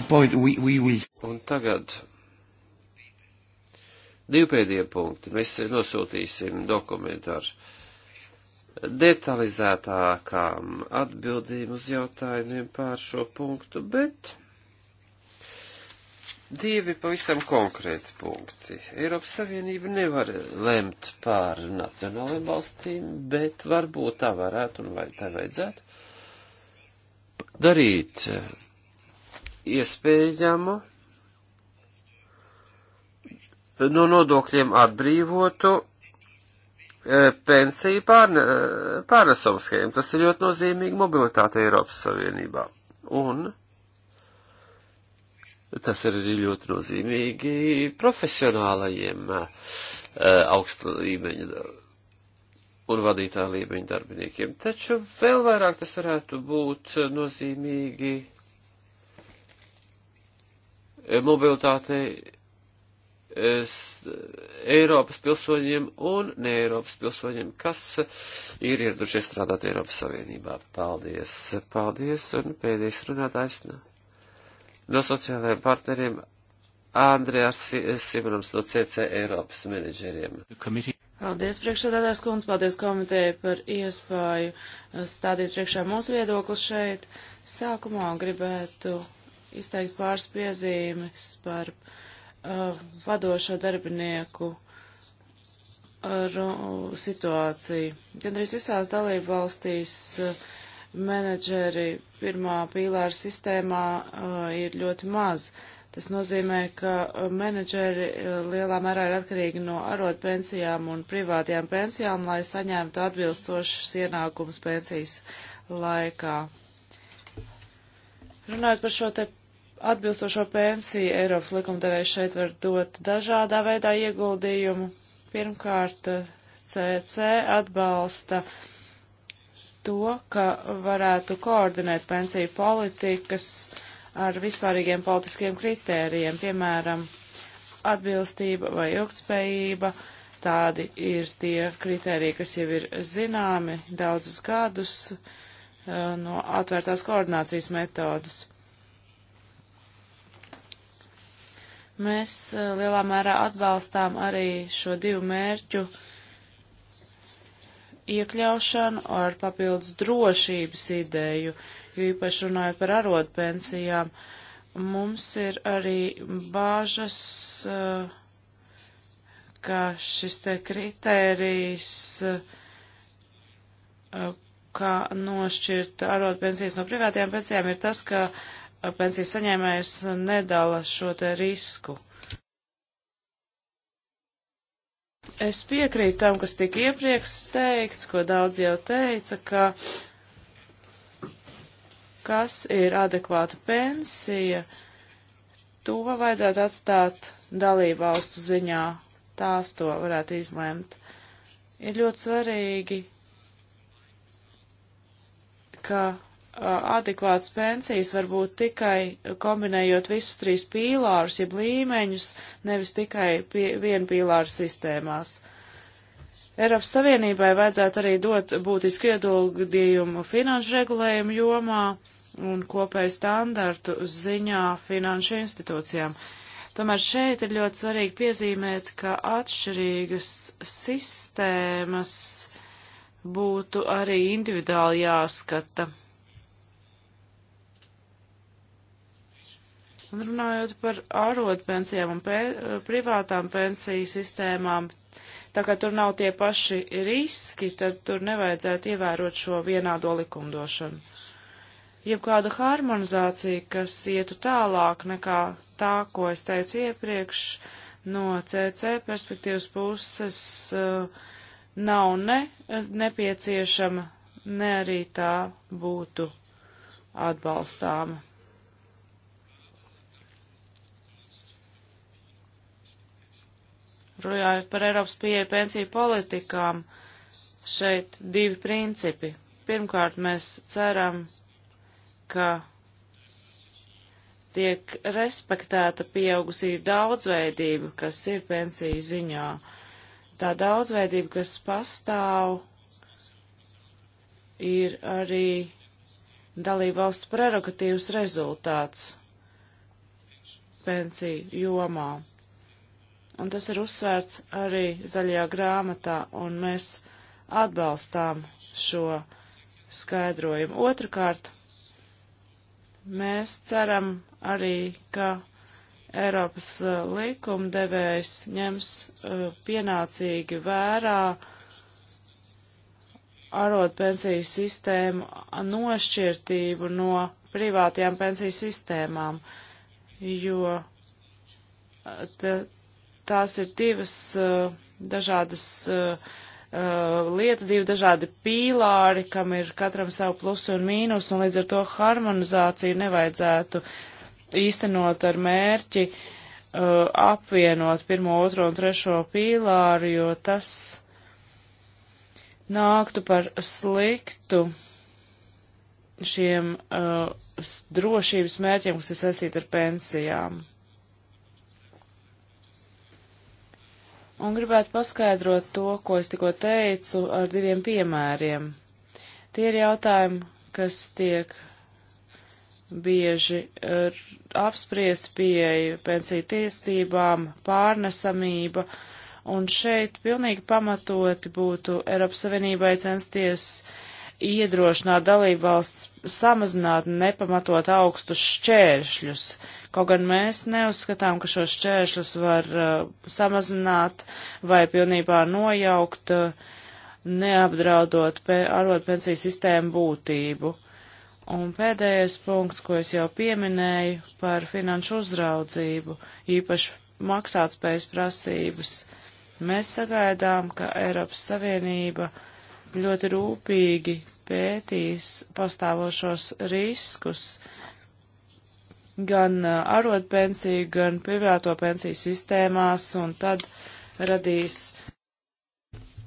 We, we will... Un tagad divi pēdējie punkti. Mēs nosūtīsim dokumentu ar detalizētākām atbildīm uz jautājumiem pār šo punktu, bet divi pavisam konkrēti punkti. Eiropas Savienība nevar lemt pār nacionālajiem valstīm, bet varbūt tā varētu un vai tā vajadzētu darīt iespējamu no nodokļiem atbrīvotu e, pensiju pārne, e, pārnesumu schēmu. Tas ir ļoti nozīmīgi mobilitāte Eiropas Savienībā. Un tas ir arī ļoti nozīmīgi profesionālajiem e, augsta līmeņa un vadītā līmeņa darbiniekiem. Taču vēl vairāk tas varētu būt nozīmīgi mobilitātei Es, Eiropas pilsoņiem un ne Eiropas pilsoņiem, kas ir ieradušies strādāt Eiropas Savienībā. Paldies, paldies, un pēdējais runātājs no, no sociālajiem partneriem Andrejs Simonams no CC Eiropas menedžeriem. Paldies, priekšsēdētājs kundze, paldies komiteja par iespēju stādīt priekšā mūsu viedokli šeit. Sākumā gribētu izteikt pāris piezīmes par uh, vadošo darbinieku ar, uh, situāciju. Gan arī visās dalību valstīs uh, menedžeri pirmā pīlāra sistēmā uh, ir ļoti maz. Tas nozīmē, ka uh, menedžeri uh, lielā mērā ir atkarīgi no arotpensijām un privātajām pensijām, lai saņemtu atbilstošas ienākums pensijas laikā. Runājot par šo te atbilstošo pensiju Eiropas likumdevējs šeit var dot dažādā veidā ieguldījumu. Pirmkārt, CC atbalsta to, ka varētu koordinēt pensiju politikas ar vispārīgiem politiskiem kritērijiem, piemēram, atbilstība vai ilgtspējība. Tādi ir tie kritēriji, kas jau ir zināmi daudzus gadus uh, no atvērtās koordinācijas metodas. Mēs e, lielā mērā atbalstām arī šo divu mērķu iekļaušanu ar papildus drošības ideju, jo īpaši runājot par arotpensijām, mums ir arī bāžas. Uh, ka šis te kritērijs, e, kā nošķirt arotpensijas no privātajām pensijām, ir tas, ka pensijas saņēmējs nedala šo te risku. Es piekrītu tam, kas tika iepriekš teikts, ko daudz jau teica, ka kas ir adekvāta pensija, to vajadzētu atstāt dalību valstu ziņā. Tās to varētu izlemt. Ir ļoti svarīgi, ka adekvātas pensijas var būt tikai kombinējot visus trīs pīlārus, jeb līmeņus, nevis tikai pie, vienu pīlāru sistēmās. Eiropas Savienībai vajadzētu arī dot būtisku ieguldījumu finanšu regulējumu jomā un kopēju standartu ziņā finanšu institūcijām. Tomēr šeit ir ļoti svarīgi piezīmēt, ka atšķirīgas sistēmas būtu arī individuāli jāskata Un runājot par ārotpensijām un pē, eh, privātām pensiju sistēmām, tā kā tur nav tie paši riski, tad tur nevajadzētu ievērot šo vienādo likumdošanu. Jebkāda harmonizācija, kas ietu tālāk nekā tā, ko es teicu iepriekš, no CC perspektīvas puses eh, nav ne eh, nepieciešama, ne arī tā būtu atbalstāma. runājot par Eiropas pieeju pensiju politikām, šeit divi principi. Pirmkārt, mēs ceram, ka tiek respektēta pieaugusī daudzveidība, kas ir pensiju ziņā. Tā daudzveidība, kas pastāv, ir arī dalību valstu prerogatīvas rezultāts pensiju jomā. Un tas ir uzsvērts arī zaļajā grāmatā, un mēs atbalstām šo skaidrojumu. Otrakārt, mēs ceram arī, ka Eiropas uh, likumdevējs ņems uh, pienācīgi vērā arotpensiju sistēmu nošķirtību no privātajām pensiju sistēmām, jo uh, te, tās ir divas uh, dažādas uh, lietas, divi dažādi pīlāri, kam ir katram savu plusu un mīnus, un līdz ar to harmonizāciju nevajadzētu īstenot ar mērķi uh, apvienot pirmo, otro un trešo pīlāru, jo tas nāktu par sliktu šiem uh, drošības mērķiem, kas ir saistīti ar pensijām. un gribētu paskaidrot to, ko es tikko teicu, ar diviem piemēriem. Tie ir jautājumi, kas tiek bieži er, apspriesti pieeja pensiju tiesībām, pārnesamība, un šeit pilnīgi pamatoti būtu Eiropas Savienībai censties iedrošināt dalībvalsts samazināt nepamatot augstus šķēršļus, Kaut gan mēs neuzskatām, ka šos šķēršļus var uh, samazināt vai pilnībā nojaukt, uh, neapdraudot pe arotpensiju sistēmu būtību. Un pēdējais punkts, ko es jau pieminēju par finanšu uzraudzību, īpaši maksātspējas prasības. Mēs sagaidām, ka Eiropas Savienība ļoti rūpīgi pētīs pastāvošos riskus, uh, gan arotpensiju, gan privāto pensiju sistēmās, un tad radīs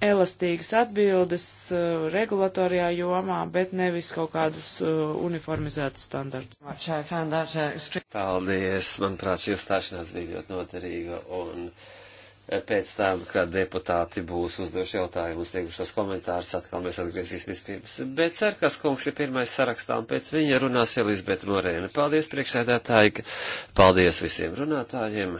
elastīgas atbildes uh, regulatorijā jomā, bet nevis kaut kādus uh, uniformizētus standartus. Uh, Paldies, manuprāt, šī uzstāšanās bija ļoti noderīga un. Uh, pēc tam, kad deputāti būs uzdevuši jautājumus, tiegušas komentārus, atkal mēs atgriezīsimies pirms. Bet Cerkas kungs ir pirmais sarakstā, un pēc viņa runās Elizabete Morēna. Paldies priekšsēdētāji, paldies visiem runātājiem,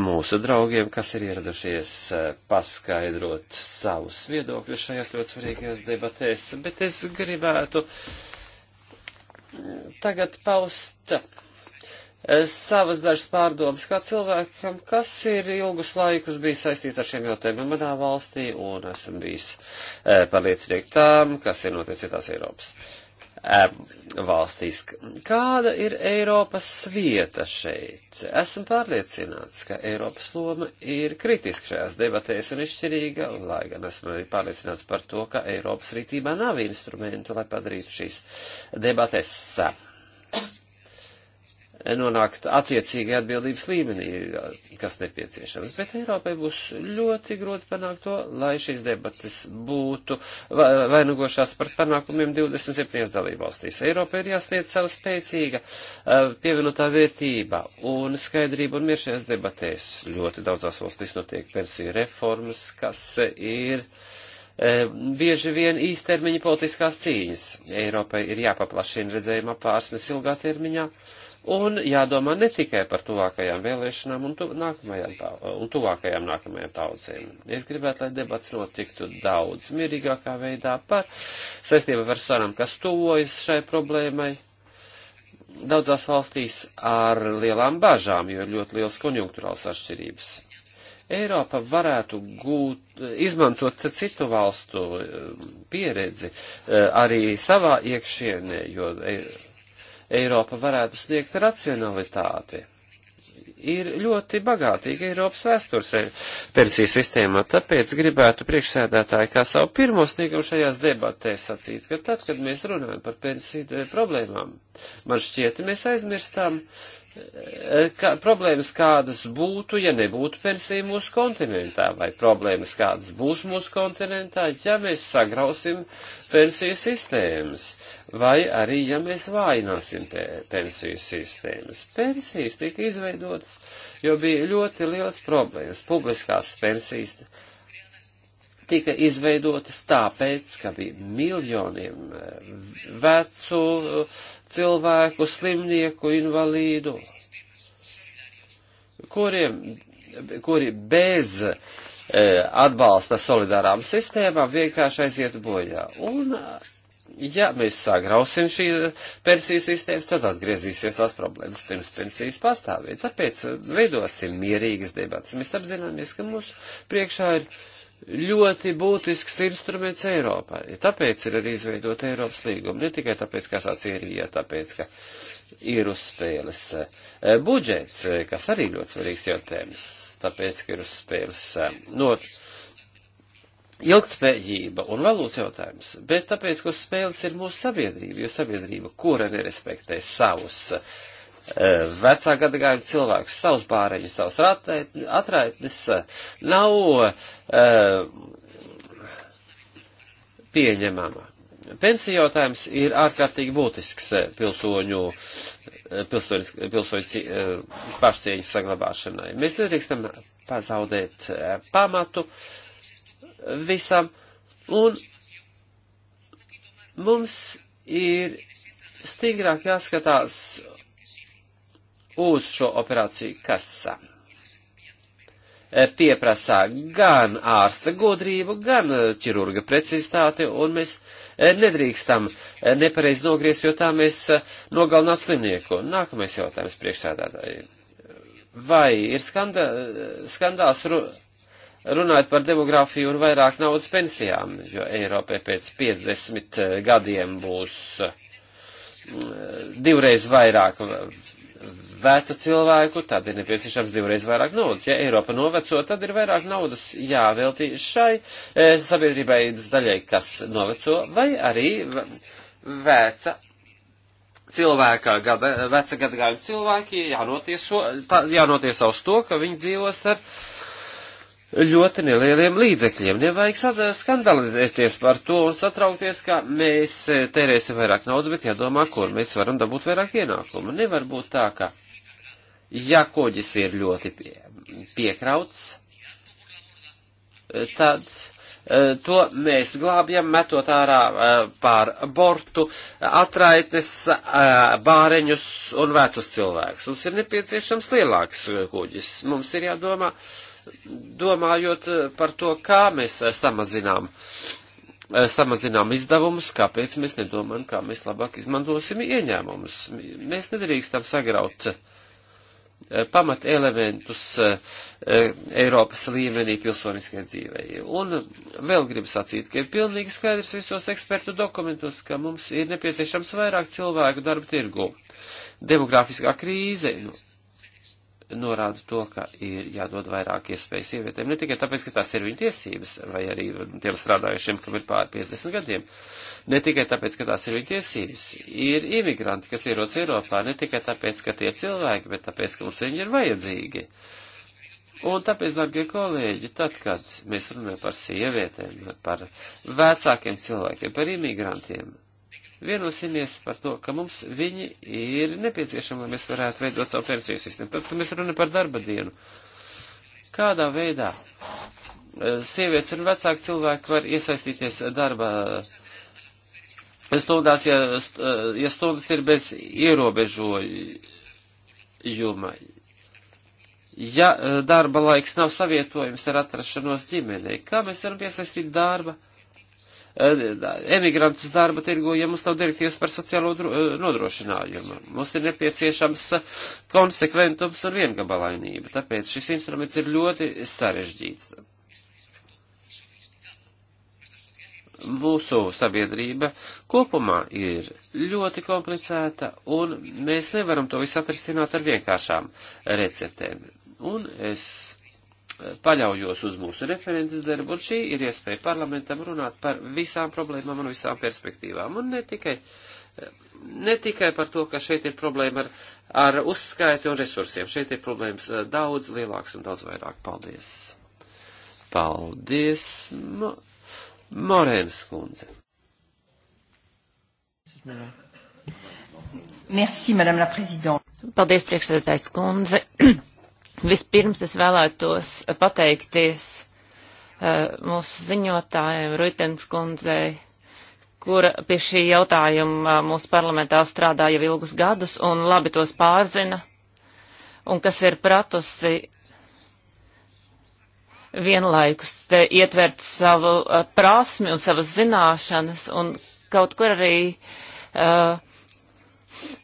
mūsu draugiem, kas ir ieradušies eh, paskaidrot savus viedokļus šajās ļoti svarīgajās debatēs, bet es gribētu eh, tagad paust savas dažas pārdomas kā cilvēkam, kas ir ilgus laikus bijis saistīts ar šiem jautājumiem manā valstī un esmu bijis e, pārliecinieki tam, kas ir noticis citās Eiropas e, valstīs. Kāda ir Eiropas vieta šeit? Esmu pārliecināts, ka Eiropas loma ir kritiska šajās debatēs un izšķirīga, un lai gan esmu arī pārliecināts par to, ka Eiropas rīcībā nav instrumentu, lai padarītu šīs debates nonākt attiecīgi atbildības līmenī, kas nepieciešams. Bet Eiropai būs ļoti grūti panākt to, lai šīs debatas būtu vainagošās par panākumiem 27 dalībvalstīs. Eiropa ir jāsniedz savu spēcīga eh, pievienotā vērtība un skaidrība un miršajās debatēs. Ļoti daudzās valstīs notiek pensiju reformas, kas ir eh, bieži vien īstermiņa politiskās cīņas. Eiropai ir jāpaplašina redzējuma pārsnes ilgā termiņā un jādomā ne tikai par tuvākajām vēlēšanām un, tu, nākamajām, un tuvākajām nākamajām paudzēm. Es gribētu, lai debats notiktu daudz mierīgākā veidā par saistību ar sarām, kas tuvojas šai problēmai. Daudzās valstīs ar lielām bažām, jo ir ļoti liels konjunkturāls atšķirības. Eiropa varētu gūt, izmantot citu valstu um, pieredzi uh, arī savā iekšienē, jo e, Eiropa varētu sniegt racionalitāti. Ir ļoti bagātīga Eiropas vēstures e, pensiju sistēmā, tāpēc gribētu priekšsēdētāji kā savu pirmo sniegumu šajās debatēs sacīt, ka tad, kad mēs runājam par pensiju e, problēmām, man šķiet, mēs aizmirstam uh, kā, problēmas kādas būtu, ja nebūtu pensija mūsu kontinentā, vai problēmas kādas būs mūsu kontinentā, ja mēs sagrausim pensiju sistēmas, vai arī ja mēs vājināsim pensiju sistēmas. Pensijas tika izveidotas, jo bija ļoti liels problēmas. Publiskās pensijas tika izveidotas tāpēc, ka bija miljoniem eh, vecu eh, cilvēku, slimnieku, invalīdu, kuriem, kuri bez eh, atbalsta solidārām sistēmām vienkārši aizietu bojā. Un, ja mēs sagrausim šī pensiju sistēmas, tad atgriezīsies tās problēmas pirms pensijas pastāvīja. Tāpēc veidosim mierīgas debatas. Mēs apzināmies, ka mūsu priekšā ir ļoti būtisks instruments Eiropai. Tāpēc ir arī izveidot Eiropas līgumu, ne tikai tāpēc, ka sācija ir, ja tāpēc, ka ir uz spēles eh, budžets, eh, kas arī ļoti svarīgs jautājums, tāpēc, ka ir uz spēles eh, no ilgtspējība un valūtas jautājums, bet tāpēc, ka uz spēles ir mūsu sabiedrība, jo sabiedrība, kura nerespektē savus uh, vecā gadagājuma cilvēkus, savus bāreņus, savus atraitnes, nav pieņemama. Pensija jautājums ir ārkārtīgi būtisks pilsoņu, pilsoņu, pilsoņu pašcieņas saglabāšanai. Mēs nedrīkstam pazaudēt pamatu visam, un mums ir stingrāk jāskatās uz šo operāciju kasa e, pieprasā gan ārsta gudrību, gan e, ķirurga precizitāti, un mēs e, nedrīkstam nepareiz nogriezt, jo tā mēs nogalināt slimnieku. Nākamais jautājums priekšsēdētāji. Vai ir skanda, skandāls ru, runāt par demogrāfiju un vairāk naudas pensijām, jo Eiropai pēc 50 gadiem būs divreiz vairāk vecu cilvēku, tad ir nepieciešams divreiz vairāk naudas. Ja Eiropa noveco, tad ir vairāk naudas jāveltī šai e, sabiedrībai daļai, kas noveco, vai arī veca cilvēka, gada, veca gadagājuma cilvēki jānotieso, tā, jānotieso uz to, ka viņi dzīvos ar ļoti nelieliem līdzekļiem. Nevajag skandalizēties par to un satraukties, ka mēs e, tērēsim vairāk naudas, bet jādomā, kur mēs varam dabūt vairāk ienākumu. Nevar būt tā, ka ja koģis ir ļoti pie, piekrauts, e, tad e, to mēs glābjam, metot ārā pār bortu, atraitnes, bāreņus un vecus cilvēkus. Mums ir nepieciešams lielāks kuģis. Mums ir jādomā. Uh, domājot eh, par to, kā mēs eh, samazinām, eh, samazinām izdevumus, kāpēc mēs nedomājam, kā mēs labāk izmantosim ieņēmumus. Mēs nedrīkstam sagraut pamat elementus Eiropas līmenī pilsoniskajai dzīvei. Un vēl gribu sacīt, ka ir pilnīgi skaidrs visos ekspertu dokumentos, ka mums ir nepieciešams vairāk cilvēku darba tirgu. Demografiskā krīze, nu, norāda to, ka ir jādod vairāk iespēju sievietēm, ne tikai tāpēc, ka tās ir viņu tiesības, vai arī tiem strādājušiem, kam ir pār 50 gadiem, ne tikai tāpēc, ka tās ir viņu tiesības, ir imigranti, kas ierodas Eiropā, ne tikai tāpēc, ka tie ir cilvēki, bet tāpēc, ka mums viņi ir vajadzīgi. Un tāpēc, darbie kolēģi, tad, kad mēs runājam par sievietēm, par vecākiem cilvēkiem, par imigrantiem, vienosimies par to, ka mums viņi ir nepieciešami, lai mēs varētu veidot savu pensiju sistēmu. Tad, kad mēs runājam par darba dienu, kādā veidā e, sievietes un vecāki cilvēki var iesaistīties darba stundās, ja, e, ja stundas ir bez ierobežojuma. Ja e, darba laiks nav savietojams ar atrašanos ģimenei, kā mēs varam piesaistīt darba? emigrantus darba tirgu, ja mums nav direktīvas par sociālo eh, nodrošinājumu. Mums ir nepieciešams konsekventums un viengabalainība, tāpēc šis instruments ir ļoti sarežģīts. Mūsu sabiedrība kopumā ir ļoti komplicēta, un mēs nevaram to visu atrisināt ar vienkāršām receptēm. Un es paļaujos uz mūsu references darbu, un šī ir iespēja parlamentam runāt par visām problēmām un visām perspektīvām, un ne tikai, ne tikai par to, ka šeit ir problēma ar, ar uzskaiti un resursiem, šeit ir problēmas eh, daudz lielāks un daudz vairāk. Paldies! Paldies, Mo Morēnas kundze! Merci, Madame la Présidente. Paldies, priekšsēdētājs kundze. Vispirms es vēlētos pateikties uh, mūsu ziņotājiem Ruitens kundzei, kura pie šī jautājuma uh, mūsu parlamentā strādā jau ilgus gadus un labi tos pārzina, un kas ir pratusi vienlaikus te ietvert savu uh, prasmi un savas zināšanas, un kaut kur arī uh,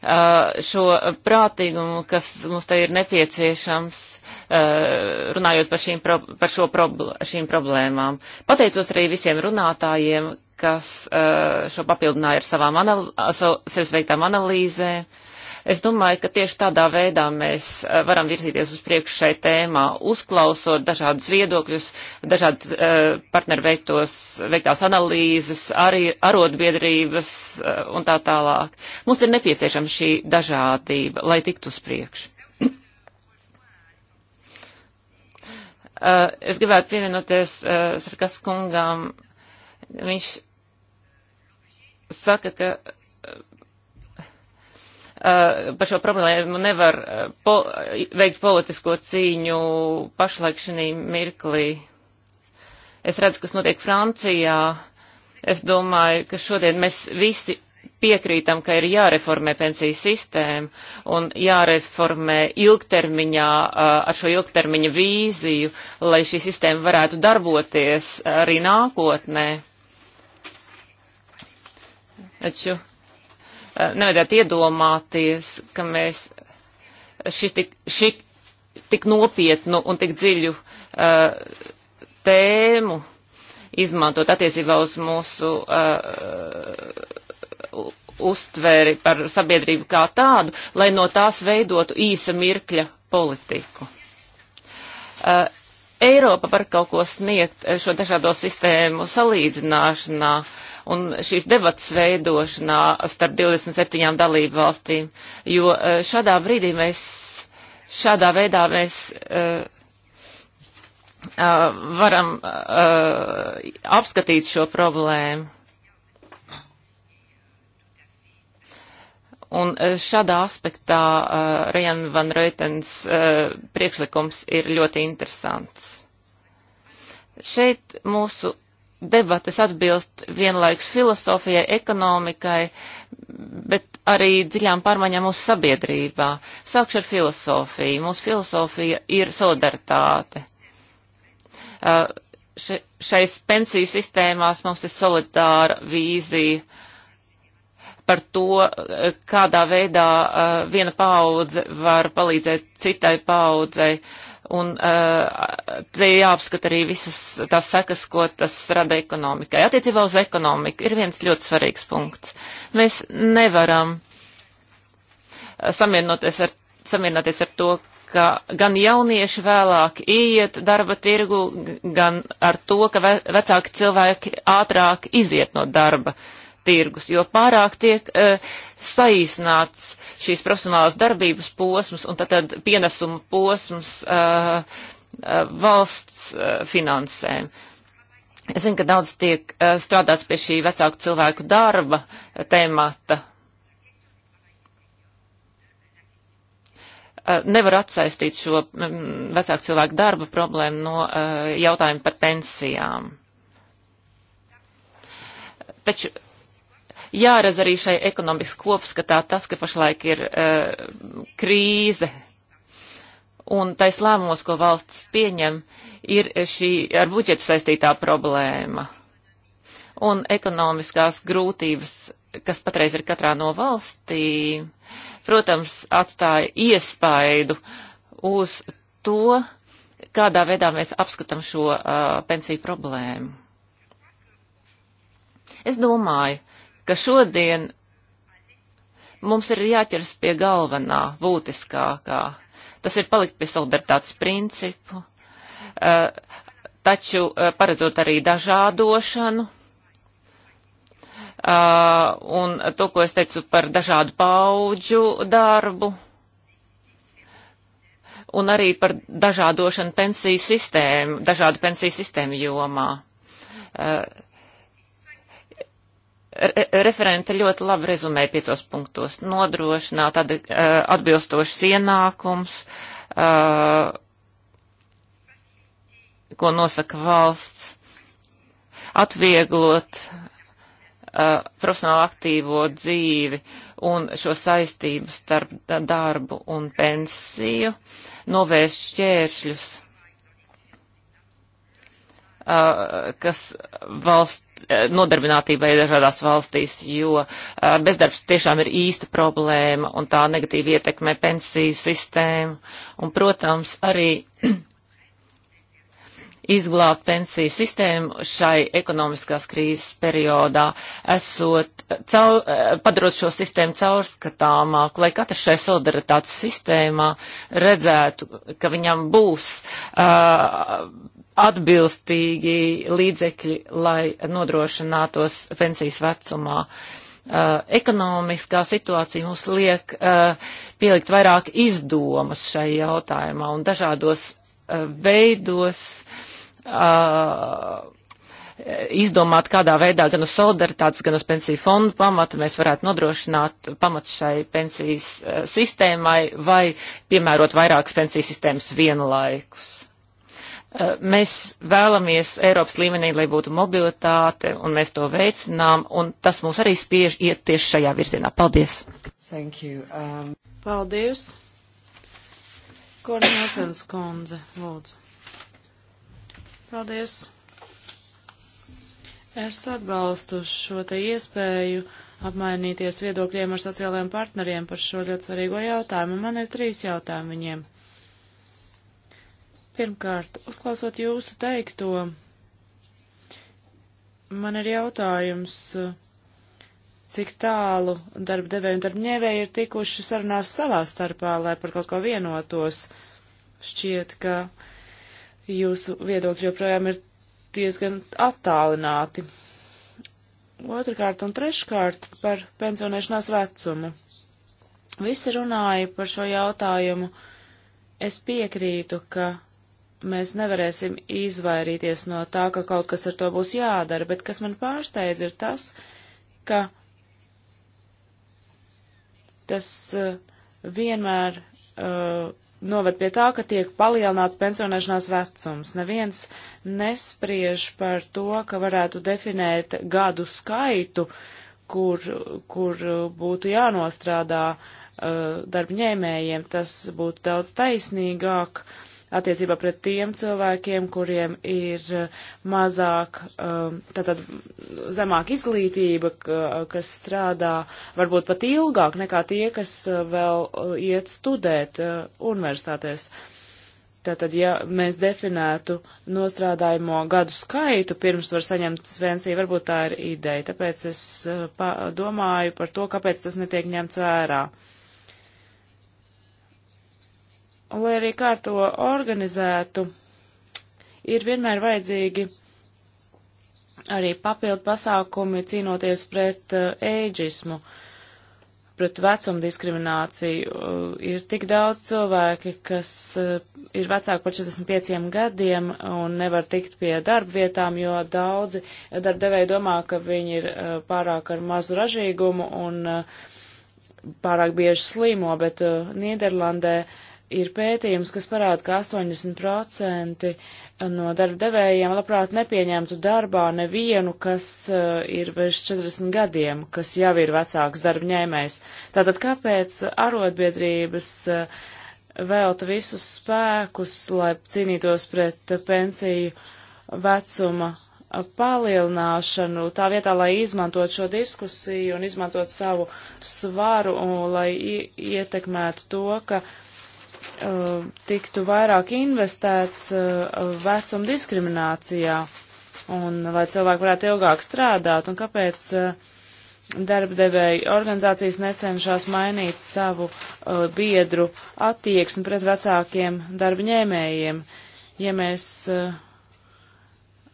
Uh, šo prātīgumu, kas mums te ir nepieciešams, uh, runājot par, šīm, pro, par šo probl šīm problēmām. Pateicos arī visiem runātājiem, kas uh, šo papildināja ar savām anal savas veiktām analīzēm Es domāju, ka tieši tādā veidā mēs eh, varam virzīties uz priekšu šai tēmā, uzklausot dažādus viedokļus, dažādas uh, eh, partneru veiktos, veiktās analīzes, arī arotbiedrības uh, un tā tālāk. Mums ir nepieciešama šī dažādība, lai tiktu uz priekšu. Uh, es gribētu pievienoties uh, Sarkas kungām. Viņš saka, ka Eh, par šo problēmu nevar eh, po, veikt politisko cīņu pašlaikšanī mirklī. Es redzu, kas notiek Francijā. Es domāju, ka šodien mēs visi piekrītam, ka ir jāreformē pensiju sistēma un jāreformē ilgtermiņā eh, ar šo ilgtermiņa vīziju, lai šī sistēma varētu darboties arī nākotnē. Taču Eh, nevajadzētu iedomāties, ka mēs šī tik, šī tik nopietnu un tik dziļu uh, tēmu izmantot attiecībā uz mūsu uh, uztveri par sabiedrību kā tādu, lai no tās veidotu īsa mirkļa politiku. Uh, Eiropa var kaut ko sniegt šo dažādo sistēmu salīdzināšanā. Uh, un šīs debatas veidošanā starp 27 dalību valstīm, jo e, šādā brīdī mēs, šādā veidā mēs uh, uh, varam uh, apskatīt šo problēmu. Un šādā aspektā uh, Rajan Van Reutens uh, priekšlikums ir ļoti interesants. Šeit mūsu debates atbilst vienlaiks filozofijai, ekonomikai, bet arī dziļām pārmaiņām mūsu sabiedrībā. Sākšu ar filozofiju. Mūsu filozofija ir solidaritāte. Uh, še, šais pensiju sistēmās mums ir solidāra vīzija par to, kādā veidā uh, viena paudze var palīdzēt citai paudzei. Uh, un uh, te jāapskata arī visas tās sekas, ko tas rada ekonomikai. Attiecībā uz ekonomiku ir viens ļoti svarīgs punkts. Mēs nevaram eh, samierinoties ar, samierināties ar to, ka gan jaunieši vēlāk iet darba tirgu, gan ar to, ka ve vecāki cilvēki ātrāk iziet no darba. Uh, tirgus, jo pārāk tiek uh, e, saīsnāts šīs profesionālās darbības posms un tad pienesuma posms uh, uh, valsts uh, finansēm. Es zinu, ka daudz tiek uh, strādāts pie šī vecāku cilvēku darba uh, tēmata. Uh, nevar atsaistīt šo um, vecāku cilvēku darba problēmu no uh, jautājuma par pensijām. Taču jāredz arī šai ekonomikas kopskatā tas, ka pašlaik ir uh, krīze. Un tais lēmumos, ko valsts pieņem, ir šī ar budžetu saistītā problēma. Un ekonomiskās grūtības, kas patreiz ir katrā no valstī, protams, atstāja iespaidu uz to, kādā veidā mēs apskatām šo uh, pensiju problēmu. Es domāju, ka šodien mums ir jāķers pie galvenā, būtiskākā. Tas ir palikt pie solidaritātes principu, eh, taču eh, paredzot arī dažādošanu. Eh, un to, ko es teicu par dažādu paudžu darbu un arī par dažādošanu pensiju sistēmu, dažādu pensiju sistēmu jomā. Uh, Re referente ļoti labi rezumēja piecos punktos. Nodrošināt ad, eh, atbilstošs ienākums, eh, ko nosaka valsts, atvieglot eh, profesionāli aktīvo dzīvi un šo saistību starp darbu un pensiju, novērst šķēršļus, kas valsts Eh, nodarbinātībai dažādās valstīs, jo eh, bezdarbs tiešām ir īsta problēma un tā negatīvi ietekmē pensiju sistēmu. Un, protams, arī izglābt pensiju sistēmu šai ekonomiskās krīzes periodā, esot eh, caur, padarot šo sistēmu caurskatāmāku, lai katrs šai solidaritātes sistēmā redzētu, ka viņam būs uh, atbilstīgi līdzekļi, lai nodrošinātos pensijas vecumā. Uh, ekonomiskā situācija mums liek uh, pielikt vairāk izdomas šai jautājumā un dažādos uh, veidos uh, izdomāt, kādā veidā gan uz solidaritātes, gan uz pensiju fondu pamatu mēs varētu nodrošināt pamatu šai pensijas uh, sistēmai vai piemērot vairākas pensijas sistēmas vienlaikus. Eh, mēs vēlamies Eiropas līmenī, lai būtu mobilitāte, un mēs to veicinām, un tas mūs arī spiež iet tieši šajā virzienā. Paldies! Thank you. Um... Paldies! Kornelsens kundze, lūdzu. Paldies! Es atbalstu šo te iespēju apmainīties viedokļiem ar sociālajiem partneriem par šo ļoti svarīgo jautājumu. Man ir trīs jautājumi viņiem. Pirmkārt, uzklausot jūsu teikto, man ir jautājums, cik tālu darba devēja un darba ņēvēja ir tikuši sarunās savā starpā, lai par kaut ko vienotos. Šķiet, ka jūsu viedokļi joprojām ir diezgan attālināti. Otrakārt un treškārt par pensionēšanās vecumu. Visi runāja par šo jautājumu. Es piekrītu, ka mēs nevarēsim izvairīties no tā, ka kaut kas ar to būs jādara, bet kas man pārsteidz ir tas, ka tas eh, vienmēr uh, noved pie tā, ka tiek palielināts pensionēšanās vecums. Neviens nespriež par to, ka varētu definēt gadu skaitu, kur, kur būtu jānostrādā uh, darbņēmējiem. Tas būtu daudz taisnīgāk. Uh, attiecībā pret tiem cilvēkiem, kuriem ir uh, mazāk, um, tātad zemāk izglītība, uh, kas strādā varbūt pat ilgāk nekā tie, kas uh, vēl iet studēt universitātēs. Tātad, ja mēs definētu nostrādājumu gadu skaitu, pirms var saņemt svensiju, varbūt tā ir ideja. Tāpēc es domāju par to, kāpēc tas netiek ņemts vērā. Uh, Un, lai arī kā to organizētu, ir vienmēr vajadzīgi arī papildu pasākumi cīnoties pret uh, ēģismu, pret vecumdiskrimināciju. Uh, ir tik daudz cilvēki, kas uh, ir vecāki par 45 gadiem un nevar tikt pie darba vietām, jo daudzi darbdevēji domā, ka viņi ir uh, pārāk ar mazu ražīgumu un uh, pārāk bieži slīmo, bet uh, Nīderlandē uh, ir pētījums, kas parāda, ka 80% no darba devējiem labprāt nepieņemtu darbā nevienu, kas uh, ir bez 40 gadiem, kas jau ir vecāks darba ņēmējs. Tātad kāpēc arotbiedrības uh, velta visus spēkus, lai cīnītos pret uh, pensiju vecuma palielināšanu, tā vietā, lai izmantot šo diskusiju un izmantot savu svaru, un lai ietekmētu to, ka uh, uh, tiktu vairāk investēts uh, vecuma diskriminācijā un lai cilvēki varētu ilgāk strādāt un kāpēc uh, darba devēja organizācijas necenšas mainīt savu uh, biedru attieksmi pret vecākiem darba ņēmējiem. Ja mēs uh,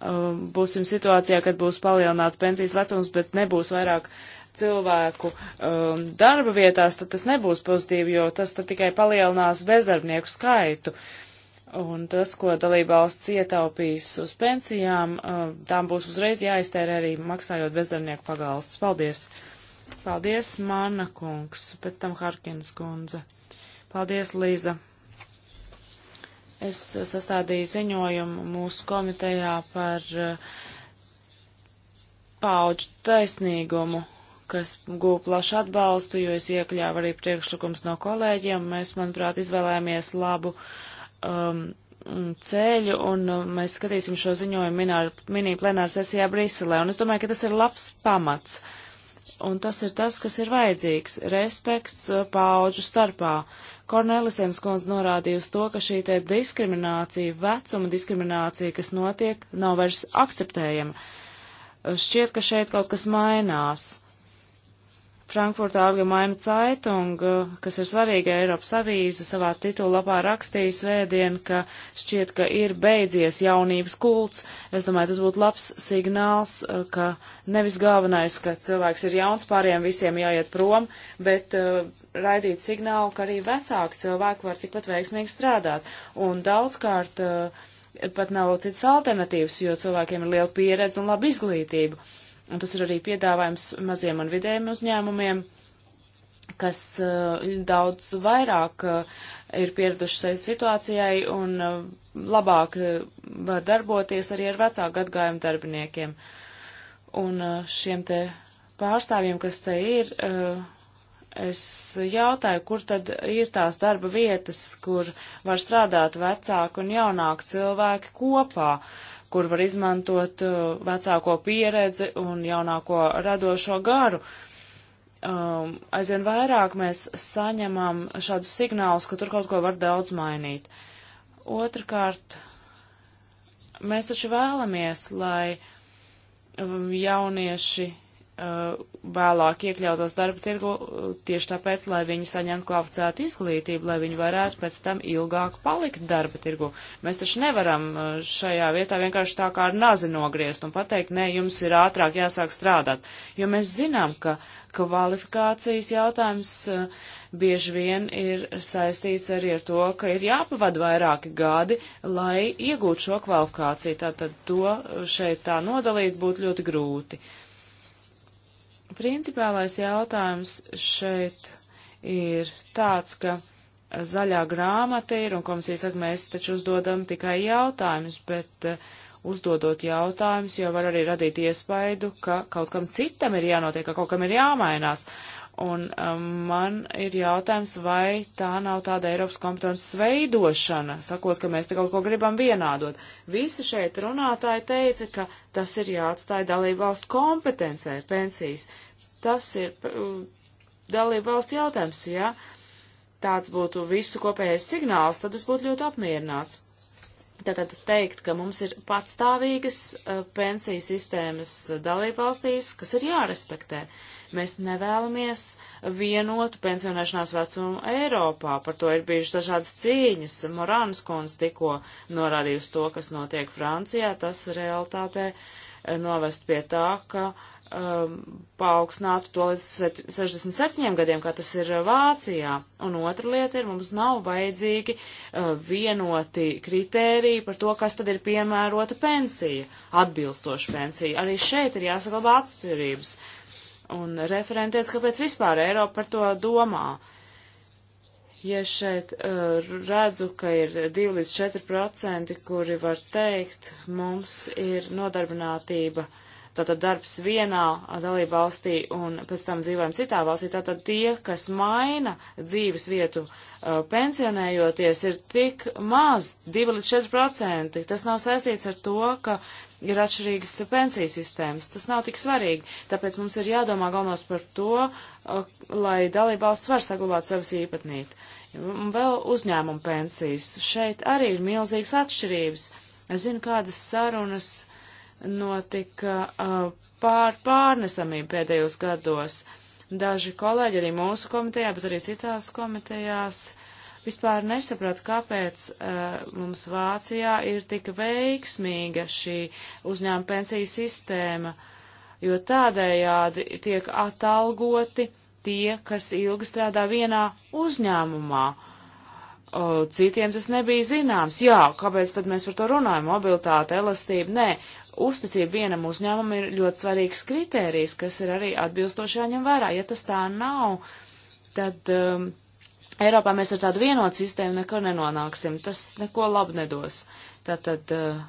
uh, būsim situācijā, kad būs palielināts pensijas vecums, bet nebūs vairāk uh, cilvēku um, darba vietās, tad tas nebūs pozitīvi, jo tas tad tikai palielinās bezdarbnieku skaitu. Un tas, ko dalībvalsts ietaupīs uz pensijām, um, tām būs uzreiz jāiztērē arī maksājot bezdarbnieku pagalstus. Paldies! Paldies, Mana kungs, pēc tam Harkins kundze. Paldies, Līza! Es sastādīju ziņojumu mūsu komitejā par uh, paauģu taisnīgumu kas guva plašu atbalstu, jo es iekļāvu arī priekšlikums no kolēģiem. Mēs, manuprāt, izvēlējāmies labu um, ceļu, un uh, mēs skatīsim šo ziņojumu mini plenāra sesijā Briselē. Un es domāju, ka tas ir labs pamats. Un tas ir tas, kas ir vajadzīgs - respekts uh, paauģu starpā. Kornelisens kundze norādīja uz to, ka šī te diskriminācija, vecuma diskriminācija, kas notiek, nav vairs akceptējama. Šķiet, ka šeit kaut kas mainās. Frankfurta Allgemeine Zeitung, kas ir svarīga Eiropas avīze, savā titulapā rakstīja svētdien, ka šķiet, ka ir beidzies jaunības kults. Es domāju, tas būtu labs signāls, ka nevis galvenais, ka cilvēks ir jauns, pāriem visiem jāiet prom, bet uh, raidīt signālu, ka arī vecāki cilvēki var tikpat veiksmīgi strādāt. Un daudzkārt uh, pat nav citas alternatīvas, jo cilvēkiem ir liela pieredze un laba izglītība. Uh, Un tas ir arī piedāvājums maziem un vidējiem uzņēmumiem, kas uh, daudz vairāk uh, ir pieradušai situācijai un uh, labāk var darboties arī ar vecāku atgājumu darbiniekiem. Un šiem te pārstāvjiem, kas te ir, es jautāju, kur tad ir tās darba vietas, kur var strādāt vecāki un jaunāki cilvēki kopā. Uh, kur var izmantot uh, vecāko pieredzi un jaunāko radošo garu. Um, aizvien vairāk mēs saņemam šādus signālus, ka tur kaut ko var daudz mainīt. Otrakārt, mēs taču vēlamies, lai um, jaunieši Uh, vēlāk iekļautos darba tirgu uh, tieši tāpēc, lai viņi saņemtu kvalificētu izglītību, lai viņi varētu pēc tam ilgāk palikt darba tirgu. Mēs taču nevaram uh, šajā vietā vienkārši tā kā ar nazi nogriezt un pateikt, nē, jums ir ātrāk jāsāk strādāt, jo mēs zinām, ka kvalifikācijas jautājums bieži vien ir saistīts arī ar to, ka ir jāpavada vairāki gadi, lai iegūtu šo kvalifikāciju. Tātad to šeit tā nodalīt būtu ļoti grūti. Uh, Principālais jautājums šeit ir tāds, ka zaļā grāmata ir, un komisija saka, mēs taču uzdodam tikai jautājumus, bet uh, uzdodot jautājumus, jau var arī radīt iespaidu, ka kaut kam citam ir jānotiek, ka kaut kam ir jāmainās. Un um, man ir jautājums, vai tā nav tāda Eiropas kompetences veidošana, sakot, ka mēs te kaut ko gribam vienādot. Visi šeit runātāji teica, ka tas ir jāatstāja dalību valstu kompetencē pensijas. Tas ir um, dalību valstu jautājums, ja tāds būtu visu kopējais signāls, tad es būtu ļoti apmierināts. Tātad teikt, ka mums ir patstāvīgas eh, pensiju sistēmas eh, dalībvalstīs, kas ir jārespektē. Mēs nevēlamies vienotu pensionēšanās vecumu Eiropā. Par to ir bijušas dažādas cīņas. Morānas kundze tikko norādījusi to, kas notiek Francijā. Tas realitātē eh, novest pie tā, ka uh, um, paaugstinātu to līdz 67 gadiem, kā tas ir uh, Vācijā. Un otra lieta ir, mums nav vajadzīgi uh, vienoti kritēriji par to, kas tad ir piemērota pensija, atbilstoša pensija. Arī šeit ir jāsaglabā atšķirības. Un referentiets, kāpēc vispār Eiropa par to domā. Ja šeit uh, redzu, ka ir 2 līdz 4 procenti, kuri var teikt, mums ir nodarbinātība uh, tātad darbs vienā dalība valstī un pēc tam dzīvojam citā valstī, tātad tie, kas maina dzīves vietu uh, pensionējoties, ir tik maz, 2 līdz 4 procenti. Tas nav saistīts ar to, ka ir atšķirīgas pensijas sistēmas. Tas nav tik svarīgi, tāpēc mums ir jādomā galvenos par to, uh, lai dalība valsts var saglabāt savas īpatnīt. Un vēl uzņēmuma pensijas. Šeit arī ir milzīgas atšķirības. Es zinu, kādas sarunas notika uh, pār, pārnesamība pēdējos gados. Daži kolēģi arī mūsu komitejā, bet arī citās komitejās vispār nesaprata, kāpēc uh, mums Vācijā ir tik veiksmīga šī uzņēma pensiju sistēma, jo tādējādi tiek atalgoti tie, kas ilgi strādā vienā uzņēmumā. Uh, citiem tas nebija zināms. Jā, kāpēc tad mēs par to runājam? Mobilitāte, elastība, nē uzticība vienam uzņēmumam ir ļoti svarīgs kritērijs, kas ir arī atbilstoši jāņem vērā. Ja tas tā nav, tad um, Eiropā mēs ar tādu vienotu sistēmu nekur nenonāksim. Tas neko labu nedos. Tātad uh,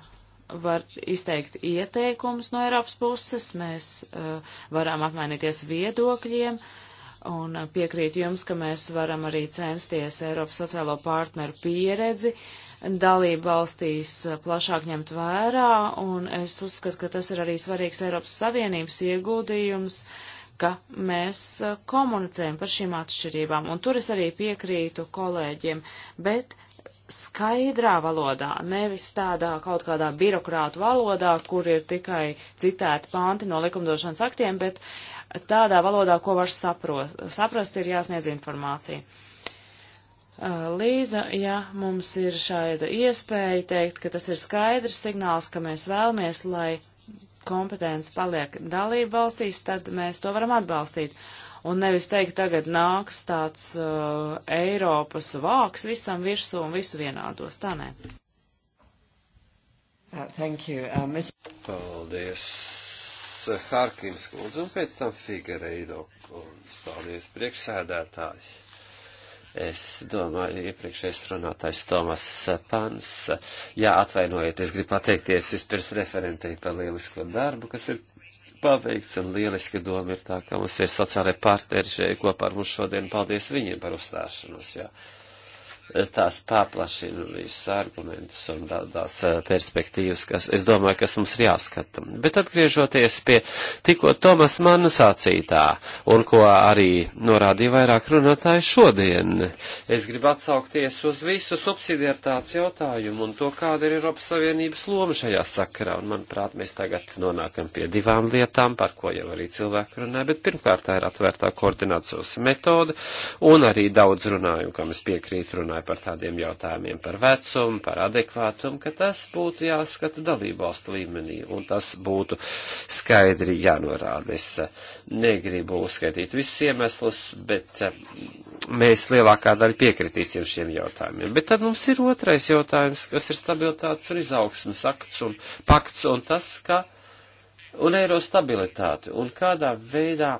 var izteikt ieteikumus no Eiropas puses, mēs uh, varam apmainīties viedokļiem. Un uh, piekrīt jums, ka mēs varam arī censties Eiropas sociālo partneru pieredzi uh, dalību valstīs eh, plašāk ņemt vērā, un es uzskatu, ka tas ir arī svarīgs Eiropas Savienības ieguldījums, ka mēs eh, komunicējam par šīm atšķirībām, un tur es arī piekrītu kolēģiem, bet skaidrā valodā, nevis tādā kaut kādā birokrātu valodā, kur ir tikai citēti panti no likumdošanas aktiem, bet tādā valodā, ko var sapro, saprast, ir jāsniedz informācija. Uh, Līza, ja mums ir šāda iespēja teikt, ka tas ir skaidrs signāls, ka mēs vēlamies, lai kompetence paliek dalību valstīs, tad mēs to varam atbalstīt. Un nevis teikt, tagad nāks tāds uh, Eiropas vāks visam virsū un visu vienādos. Tā nē. Uh, thank you. Uh, Ms. Paldies. Harkins kundze un pēc tam Figareido kundze. Paldies priekšsēdētāji. Es domāju, iepriekšējais runātājs Tomas Pans. Jā, atvainojiet, es gribu pateikties vispirms referentei par lielisko darbu, kas ir paveikts, un lieliski doma ir tā, ka mums ir sociālai partneri šeit kopā ar mums šodien. Paldies viņiem par uzstāšanos, jā. Uh, tās paplašina visus argumentus un tās eh, perspektīvas, kas, es domāju, kas mums ir jāskata. Bet atgriežoties pie tikko Tomas Manna sacītā, un ko arī norādīja vairāk runātāji šodien, es gribu atsaukties uz visu subsidiartāts jautājumu un to, kāda ir Eiropas Savienības loma šajā sakarā. Un, manuprāt, mēs tagad nonākam pie divām lietām, par ko jau arī cilvēki runāja, bet pirmkārt tā ir atvērtā koordinācijas metode un arī daudz runājumu, kam es piekrītu runājumu runāja par tādiem jautājumiem par vecumu, par adekvātumu, ka tas būtu jāskata dalībvalstu līmenī, un tas būtu skaidri jānorāda. Es eh, negribu uzskaitīt visus iemeslus, bet eh, mēs lielākā daļa piekritīsim šiem jautājumiem. Bet tad mums ir otrais jautājums, kas ir stabilitātes un izaugsmas akts un pakts, un tas, ka un eiro stabilitāti, un kādā veidā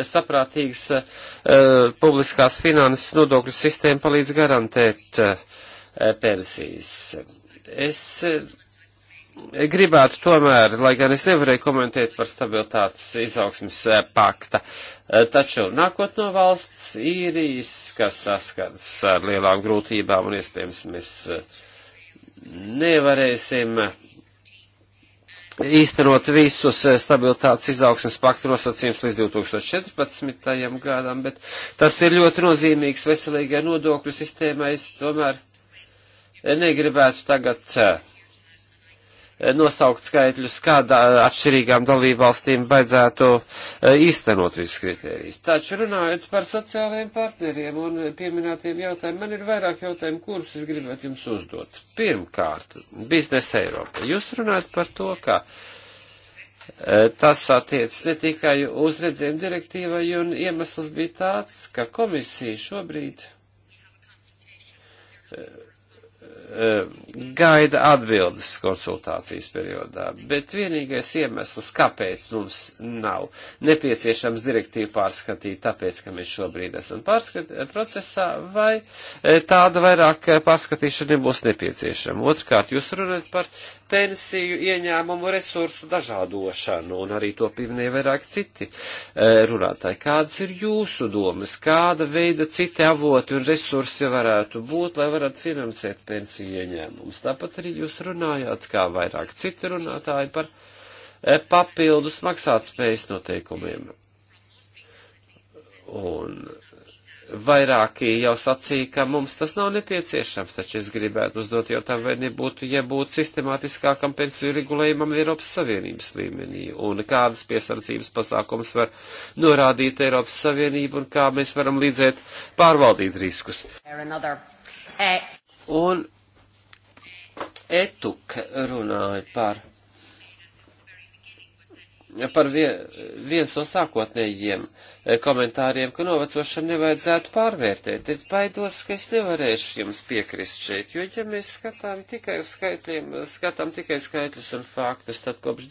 saprātīgas uh, publiskās finanses nodokļu sistēma palīdz garantēt uh, eh, Persijas. Es uh, gribētu tomēr, lai gan es nevarēju komentēt par stabilitātes izaugsmes pakta, taču nākot no valsts īrijas, kas saskars ar lielām grūtībām un iespējams mēs nevarēsim uh, īstenot visus eh, stabilitātes izaugsmes paktu nosacījums līdz 2014. gadam, bet tas ir ļoti nozīmīgs veselīgai nodokļu sistēmai. Es tomēr negribētu tagad cēt eh, nosaukt skaitļus, kādā atšķirīgām dalībvalstīm baidzētu e, īstenot visus kritērijus. Taču runājot par sociālajiem partneriem un pieminētiem jautājumiem, man ir vairāk jautājumu, kurus es gribētu jums uzdot. Pirmkārt, biznesa Eiropa. Jūs runājat par to, ka e, tas attiec ne tikai uz redzējumu direktīvai, un iemesls bija tāds, ka komisija šobrīd e, Eh, gaida atbildes konsultācijas periodā, bet vienīgais iemesls, kāpēc mums nav nepieciešams direktīvu pārskatīt, tāpēc, ka mēs šobrīd esam pārskat procesā, vai eh, tāda vairāk eh, pārskatīšana nebūs nepieciešama. Otrkārt, jūs runājat par pensiju ieņēmumu resursu dažādošanu, un arī to pieminēja vairāk citi eh, runātāji. Kādas ir jūsu domas, kāda veida citi avoti un resursi varētu būt, lai varētu finansēt pensiju ieņēmumus? Tāpat arī jūs runājāt, kā vairāk citi runātāji, par eh, papildus maksātspējas noteikumiem. Un Vairāki jau sacīja, ka mums tas nav nepieciešams, taču es gribētu uzdot jautājumu, vai nebūtu, ja būtu sistemātiskākam pensiju regulējumam Eiropas Savienības līmenī, un kādas piesardzības pasākums var norādīt Eiropas Savienību, un kā mēs varam līdzēt pārvaldīt riskus. Eh, un Etuk runāja par par vien, viens no sākotnējiem eh, komentāriem, ka novecošanu nevajadzētu pārvērtēt. Es baidos, ka es nevarēšu jums piekrist šeit, jo ja mēs skatām tikai uz skaitļiem, skatām tikai skaitļus un faktus, tad kopš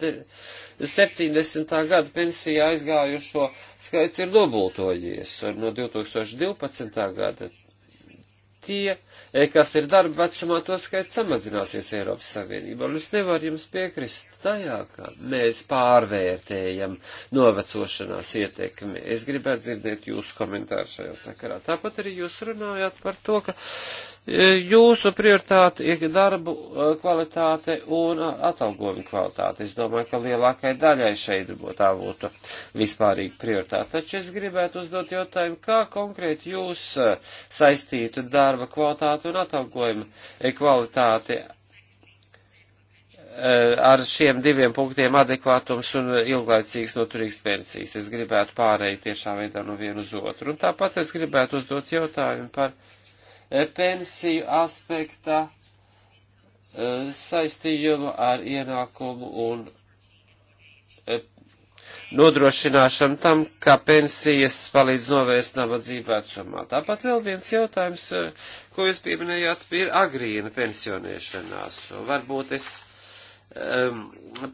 70. gada pensijā aizgājušo skaits ir dubultojies, un no 2012. gada tie, e, kas ir darba vecumā, to skaits samazināsies Eiropas Savienībā. Un es nevaru jums piekrist tajā, ka mēs pārvērtējam novecošanās ietekmi. Es gribētu dzirdēt jūsu komentāru šajā sakarā. Tāpat arī jūs runājāt par to, ka E, jūsu prioritāte ir darbu e, kvalitāte un e, atalgojuma kvalitāte. Es domāju, ka lielākai daļai šeit tā būtu vispārīga prioritāte. Taču es gribētu uzdot jautājumu, kā konkrēti jūs saistītu darba kvalitāti un atalgojuma kvalitāti ar šiem diviem punktiem adekvātums un ilglaicīgs noturīgs pensijas. Es gribētu pārēju tiešā veidā no vienu uz otru. Un tāpat es gribētu uzdot jautājumu par pensiju aspekta e, saistījumu ar ienākumu un e, nodrošināšanu tam, ka pensijas palīdz novērst nabadzību vecumā. Tāpat vēl viens jautājums, e, ko jūs pieminējāt, ir agrīna pensionēšanās. Varbūt es um,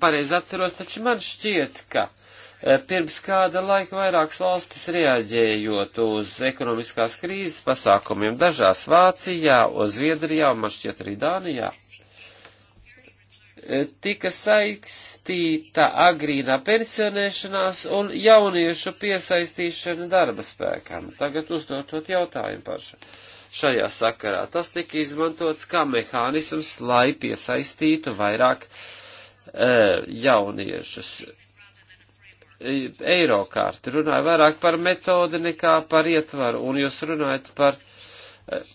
pareizi atceros, taču man šķiet, ka uh, Pirms kāda laika vairākas valstis reaģējot uz ekonomiskās krīzes pasākumiem, dažās Vācijā, Zviedrijā un man šķiet arī Dānijā, tika saistīta agrīnā pensionēšanās un jauniešu piesaistīšana darba spēkam. Tagad uzdodot jautājumu par šo. Šajā sakarā tas tika izmantots kā mehānisms, lai piesaistītu vairāk e, jauniešus eiro kārti. Runāju vairāk par metodi nekā par ietvaru, un jūs runājat par eh,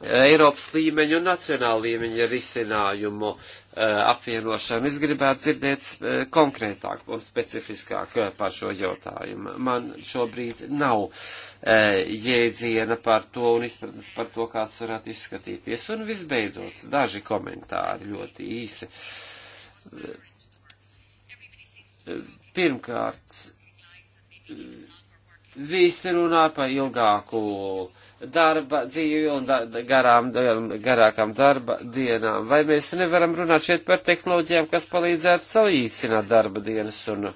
Eiropas līmeņu un nacionālu līmeņu risinājumu eh, apvienošanu. Es gribētu dzirdēt eh, konkrētāk un specifiskāk par šo jautājumu. Man šobrīd nav jēdziena par to un izpratnes par to, kāds varētu izskatīties. Un visbeidzot, daži komentāri ļoti īsi Pirmkārt, visi runā par ilgāku darba dzīvi un da, garām, garākām darba dienām. Vai mēs nevaram runāt šeit par tehnoloģijām, kas palīdzētu salīdzināt darba dienas un,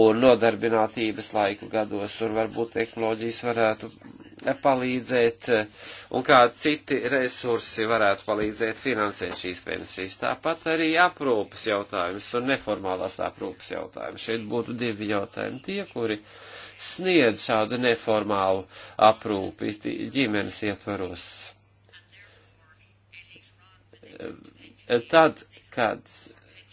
un nodarbinātības laiku gados, un varbūt tehnoloģijas varētu palīdzēt eh, un kādi citi resursi varētu palīdzēt finansēt šīs pensijas. Tāpat arī aprūpas jautājums un neformālās aprūpas jautājums. Šeit būtu divi jautājumi. Tie, kuri sniedz šādu neformālu aprūpi ģimenes ietvaros. Eh, tad, kad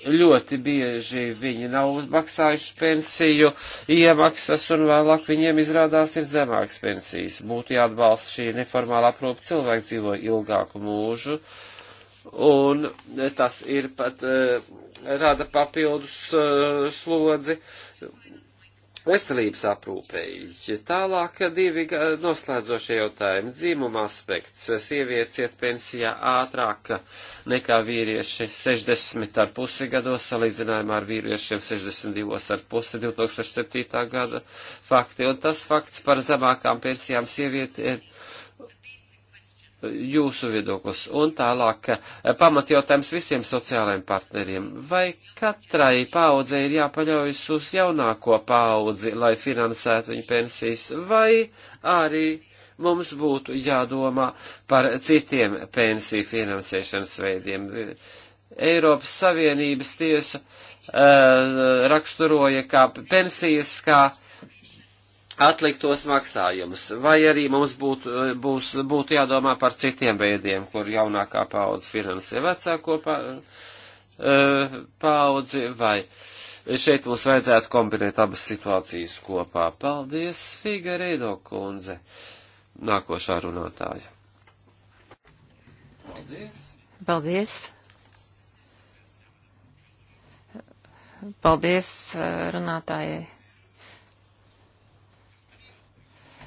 ļoti bieži viņi nav maksājuši pensiju iemaksas un vēlāk viņiem izrādās ir zemāks pensijas. Būtu jāatbalsta šī neformālā aprūpa, cilvēki dzīvo ilgāku mūžu un tas ir pat eh, rada papildus eh, slodzi veselības aprūpēji. Tālāk divi noslēdzošie jautājumi - dzimuma aspekts. Sievietes iet pensijā ātrāk nekā vīrieši 60 ar pusi gados, salīdzinājumā ar vīriešiem 62 ar pusi 2007. gada fakti. Un tas fakts par zemākām pensijām sievieti ir jūsu viedoklis. Un tālāk eh, pamatjautājums visiem sociālajiem partneriem. Vai katrai paudzei ir jāpaļaujas uz jaunāko paudzi, lai finansētu viņu pensijas, vai arī mums būtu jādomā par citiem pensiju finansēšanas veidiem. Eiropas Savienības tiesa uh, eh, raksturoja kā pensijas, kā uh, atliktos maksājumus, vai arī mums būtu, būs, būtu jādomā par citiem veidiem, kur jaunākā paudze finansē vecāko pa, e, paudzi, vai šeit mums vajadzētu kombinēt abas situācijas kopā. Paldies, Figareido kundze, nākošā runātāja. Paldies. Paldies. Paldies e, runātājai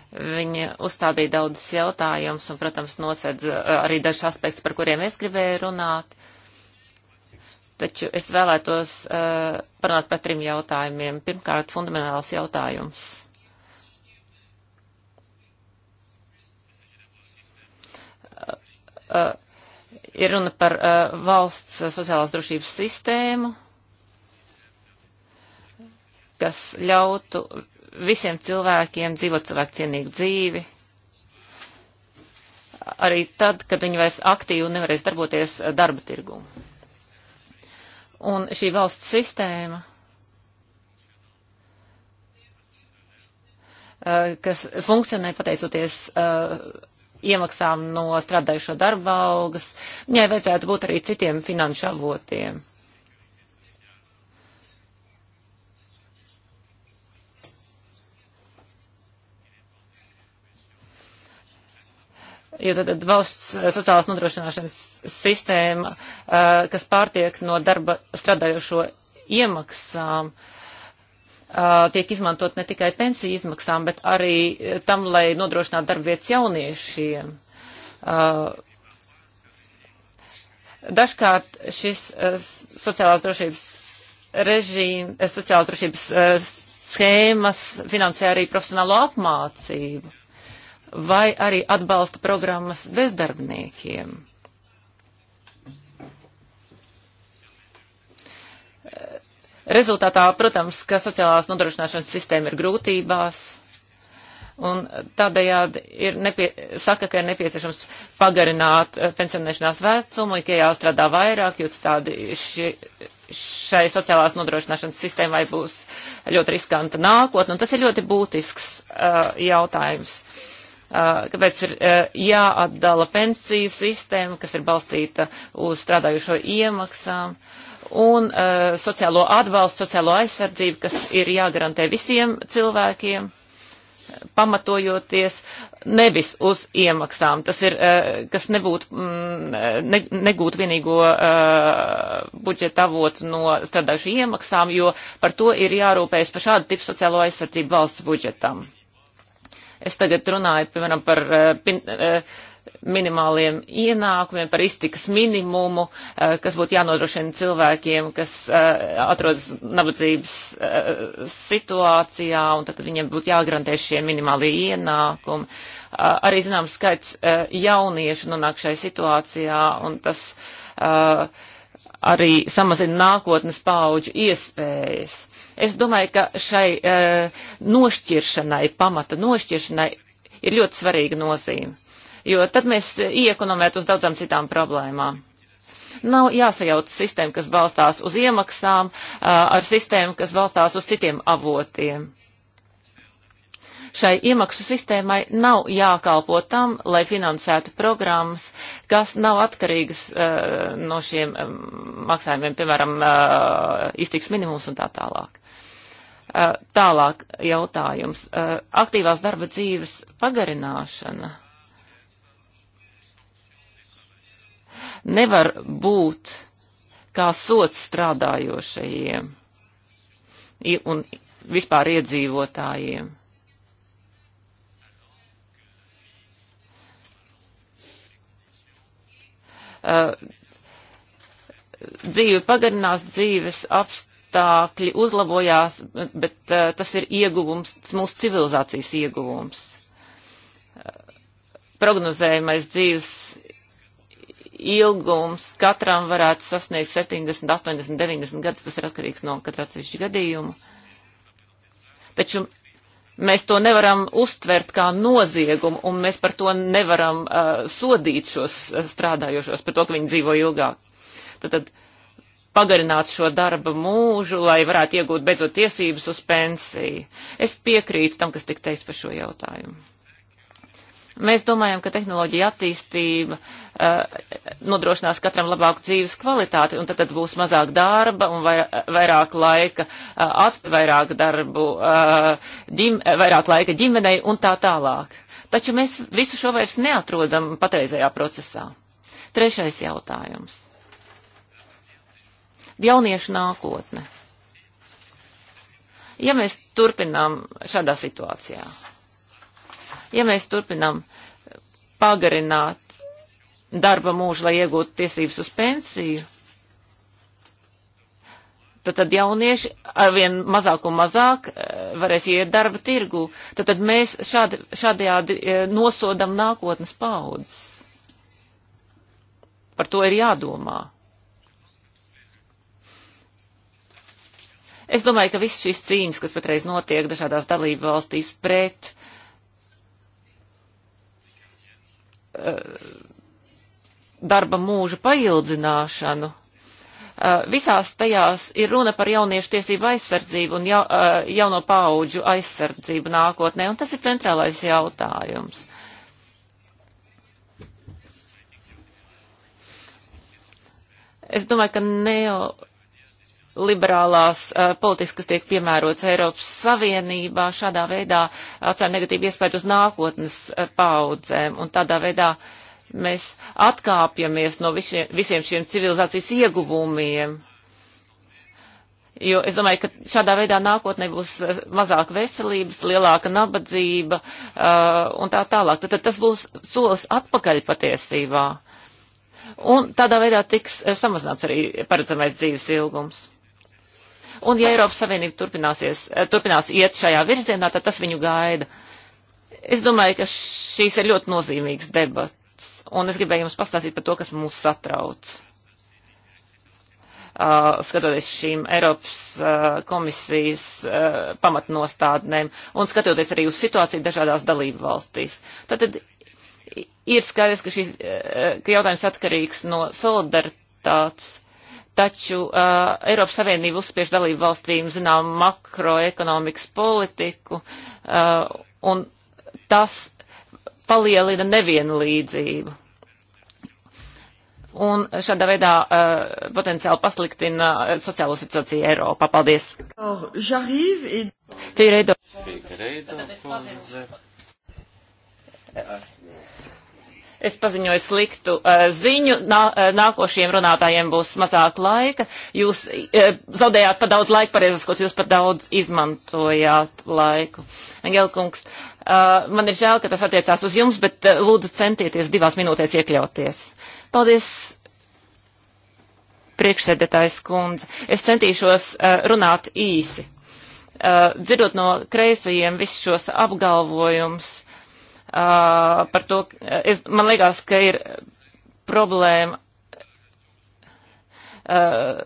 Viņa uzstādīja daudzas jautājumus un, protams, nosedz eh, arī dažus aspektus, par kuriem es gribēju runāt. Taču es vēlētos uh, parunāt par trim jautājumiem. Pirmkārt, fundamentāls jautājums. Uh, uh, ir runa par uh, valsts sociālās drošības sistēmu, kas ļautu visiem cilvēkiem dzīvot cilvēku cienīgu dzīvi. Arī tad, kad viņi vairs aktīvi nevarēs darboties darba tirgū. Un šī valsts sistēma, eh, kas funkcionē pateicoties eh, iemaksām no strādājušo darba algas, viņai vajadzētu būt arī citiem finanšu avotiem. jo tad valsts eh, sociālās nodrošināšanas sistēma, eh, kas pārtiek no darba strādājošo iemaksām, eh, tiek izmantot ne tikai pensiju izmaksām, bet arī tam, lai nodrošinātu darbvietas jauniešiem. Dažkārt šis sociālās drošības režīms, sociālās drošības schēmas finansē arī profesionālo apmācību vai arī atbalsta programmas bezdarbniekiem. Rezultātā, protams, ka sociālās nodrošināšanas sistēma ir grūtībās, un tādējādi ir nepie, saka, ka ir nepieciešams pagarināt eh, pensionēšanās vecumu, ik jāstrādā vairāk, jo tādi ši, šai sociālās nodrošināšanas sistēmai būs ļoti riskanta nākotne, un tas ir ļoti būtisks uh, jautājums. Uh, Uh, kāpēc ir uh, jāatdala pensiju sistēma, kas ir balstīta uz strādājušo iemaksām un uh, sociālo atbalstu, sociālo aizsardzību, kas ir jāgarantē visiem cilvēkiem, pamatojoties nevis uz iemaksām, tas ir, uh, kas nebūtu, mm, ne, negūtu vienīgo uh, budžeta avotu no strādājušu iemaksām, jo par to ir jārūpējas par šādu tipu sociālo aizsardzību valsts budžetam. Es tagad runāju, piemēram, par eh, pin, eh, minimāliem ienākumiem, par iztikas minimumu, eh, kas būtu jānodrošina cilvēkiem, kas atrodas nabadzības situācijā, un tad viņiem būtu jāgarantē šie minimālie ienākumi. Arī zināms skaits jauniešu nonāk šai situācijā, un tas arī samazina nākotnes pauģu iespējas. Es domāju, ka šai uh, nošķiršanai, pamata nošķiršanai ir ļoti svarīga nozīme, jo tad mēs iekonomētu uz daudzām citām problēmām. Nav jāsajauc sistēma, kas balstās uz iemaksām, uh, ar sistēmu, kas balstās uz citiem avotiem. Šai iemaksu sistēmai nav jākalpo tam, lai finansētu programmas, kas nav atkarīgas uh, no šiem um, maksājumiem, piemēram, uh, iztiks minimums un tā tālāk. Tālāk jautājums. Aktīvās darba dzīves pagarināšana nevar būt kā sots strādājošajiem un vispār iedzīvotājiem. Uh, dzīve pagarinās, dzīves aps, apstākļi uzlabojās, bet uh, tas ir ieguvums, tas mūsu civilizācijas ieguvums. Eh, Prognozējamais dzīves ilgums katram varētu sasniegt 70, 80, 90 gadus, tas ir atkarīgs no katra atsevišķa gadījuma. Taču mēs to nevaram uztvert kā noziegumu, un mēs par to nevaram uh, sodīt šos strādājošos, par to, ka viņi dzīvo ilgāk. Tad, tad pagarināt šo darba mūžu, lai varētu iegūt beidzot tiesības uz pensiju. Es piekrītu tam, kas tik teiks par šo jautājumu. Mēs domājam, ka tehnoloģija attīstība uh, nodrošinās katram labāku dzīves kvalitāti, un tad, tad būs mazāk darba un vai, vairāk laika, uh, vairāk darbu, uh, ģim, vairāk laika ģimenei un tā tālāk. Taču mēs visu šo vairs neatrodam patreizējā procesā. Trešais jautājums jauniešu nākotne. Ja mēs turpinām šādā situācijā, ja mēs turpinām pagarināt darba mūžu, lai iegūtu tiesības uz pensiju, tad, tad jaunieši arvien mazāk un mazāk eh, varēs iet darba tirgu. Tad, tad mēs šādi, šādajādi eh, nosodam nākotnes paudzes. Par to ir jādomā. Es domāju, ka viss šīs cīņas, kas patreiz notiek dažādās dalību valstīs pret eh, darba mūža paildzināšanu. Eh, visās tajās ir runa par jauniešu tiesību aizsardzību un ja, eh, jauno pauģu aizsardzību nākotnē, un tas ir centrālais jautājums. Es domāju, ka neo liberālās uh, politikas, kas tiek piemērots Eiropas Savienībā, šādā veidā atstāja negatīvu iespēju uz nākotnes uh, paudzēm. Un tādā veidā mēs atkāpjamies no visiem, visiem šiem civilizācijas ieguvumiem. Jo es domāju, ka šādā veidā nākotnē būs eh, mazāk veselības, lielāka nabadzība uh, un tā tālāk. Tad, tad tas būs solis atpakaļ patiesībā. Un tādā veidā tiks samazināts arī paredzamais dzīves ilgums. Un ja Eiropas Savienība eh, turpinās iet šajā virzienā, tad tas viņu gaida. Es domāju, ka šīs ir ļoti nozīmīgas debats. Un es gribēju jums pastāstīt par to, kas mūs satrauc. Uh, skatoties šīm Eiropas uh, komisijas uh, pamatnostādnēm un skatoties arī uz situāciju dažādās dalību valstīs. Tātad ir skaidrs, ka, šis, eh, ka jautājums atkarīgs no solidaritātes taču uh, Eiropas Savienība uzspiež dalību valstīm, zinām, makroekonomikas politiku, uh, un tas palielina nevienlīdzību. Un šādā veidā uh, potenciāli pasliktina sociālo situāciju Eiropā. Paldies! Oh, et... Figueiredo. Figueiredo, kundze. Esmu Es paziņoju sliktu uh, ziņu, Nā, uh, eh, nākošiem runātājiem būs mazāk laika. Jūs uh, zaudējāt par daudz laika, pareizes, ko jūs par daudz izmantojāt laiku. Engelkungs, uh, man ir žēl, ka tas attiecās uz jums, bet uh, lūdzu centieties divās minūtēs iekļauties. Paldies, priekšsēdētājs kundze. Es centīšos uh, runāt īsi. Uh, dzirdot no kreisajiem visus šos apgalvojumus uh, par to, es, man liekas, ka ir problēma. Uh,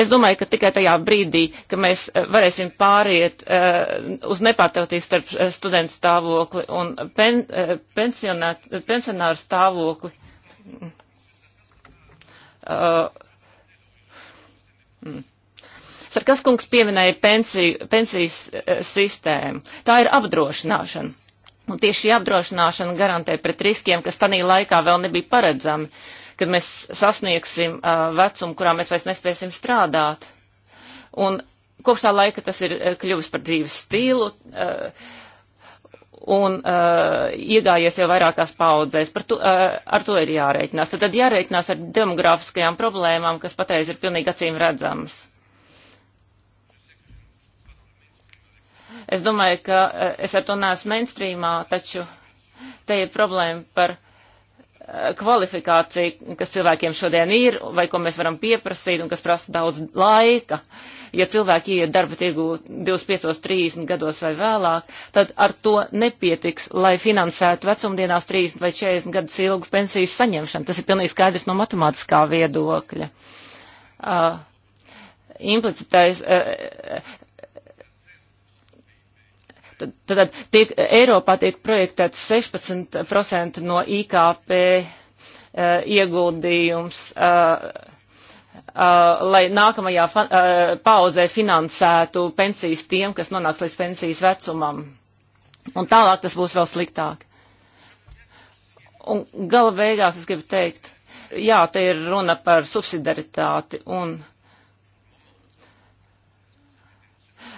Es domāju, ka tikai tajā brīdī, ka mēs varēsim pāriet uh, uz nepārtrautīs starp uh, studentu stāvokli un pen, uh, pensionāru stāvokli. Uh, mm. Sarkas kungs pieminēja pensiju, pensijas eh, sistēmu. Tā ir apdrošināšana. Un tieši šī apdrošināšana garantē pret riskiem, kas tanī laikā vēl nebija paredzami, kad mēs sasniegsim uh, vecumu, kurā mēs vairs nespēsim strādāt. Un kopš tā laika tas ir eh, kļuvis par dzīves stilu. Uh, un uh, iegājies jau vairākās paudzēs. Par to, uh, ar to ir jārēķinās. Tad, tad jārēķinās ar demografiskajām problēmām, kas patreiz ir pilnīgi acīm redzamas. Es domāju, ka eh, es ar to neesmu mainstreamā, taču te ir problēma par eh, kvalifikāciju, kas cilvēkiem šodien ir, vai ko mēs varam pieprasīt, un kas prasa daudz laika. Ja cilvēki iet darba tirgu 25, 30 gados vai vēlāk, tad ar to nepietiks, lai finansētu vecumdienās 30 vai 40 gadus ilgu pensijas saņemšanu. Tas ir pilnīgi skaidrs no matemātiskā viedokļa. Uh, implicitais uh, Tad, tad tiek, Eiropā tiek projektēts 16% no IKP uh, eh, ieguldījums, uh, uh, lai nākamajā fa uh, pauzē finansētu pensijas tiem, kas nonāks līdz pensijas vecumam. Un tālāk tas būs vēl sliktāk. Un gala beigās es gribu teikt, jā, te ir runa par subsidaritāti un. Uh,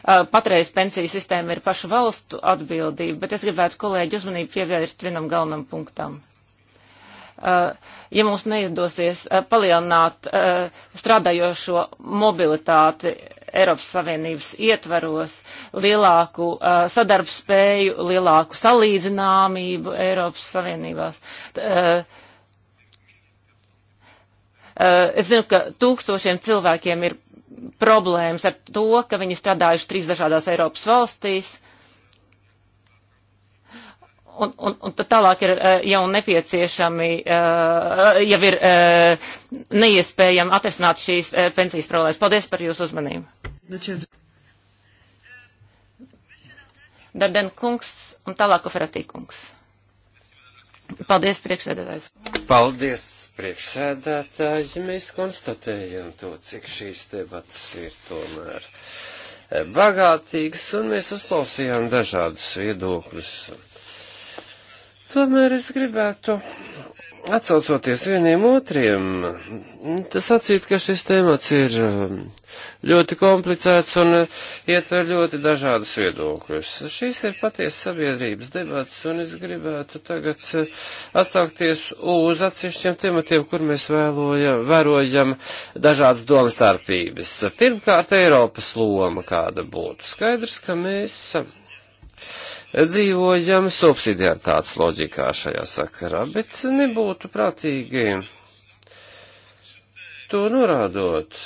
patreiz pensiju sistēma ir pašu valstu atbildība, bet es gribētu kolēģi uzmanību pievērst vienam galvenam punktam. Ja mums neizdosies palielināt strādājošo mobilitāti Eiropas Savienības ietvaros, lielāku sadarbspēju, lielāku salīdzināmību Eiropas Savienībās, es zinu, ka tūkstošiem cilvēkiem ir problēmas ar to, ka viņi strādājuši trīs dažādās Eiropas valstīs. Un, un, un tad tālāk ir eh, jau nepieciešami, eh, eh, jau ir neiespējami atrisināt šīs pensijas problēmas. Paldies par jūsu uzmanību. Darden kungs un tālāk Oferatī kungs. Paldies, priekšsēdētājs. Paldies, priekšsēdētāji. Mēs konstatējam to, cik šīs debatas ir tomēr eh, bagātīgas, un mēs uzklausījām dažādus viedokļus. Tomēr es gribētu Atsaucoties vieniem otriem, tas acīt, ka šis temats ir um, ļoti komplicēts un uh, ietver ļoti dažādas viedokļus. Šīs ir patiesi sabiedrības debats, un es gribētu tagad uh, atsaukties uz atsevišķiem tematiem, kur mēs vēloja, vērojam dažādas domstarpības. Pirmkārt, Eiropas loma kāda būtu. Skaidrs, ka mēs um, dzīvojam subsidiartāts loģikā šajā sakarā, bet nebūtu prātīgi to norādot.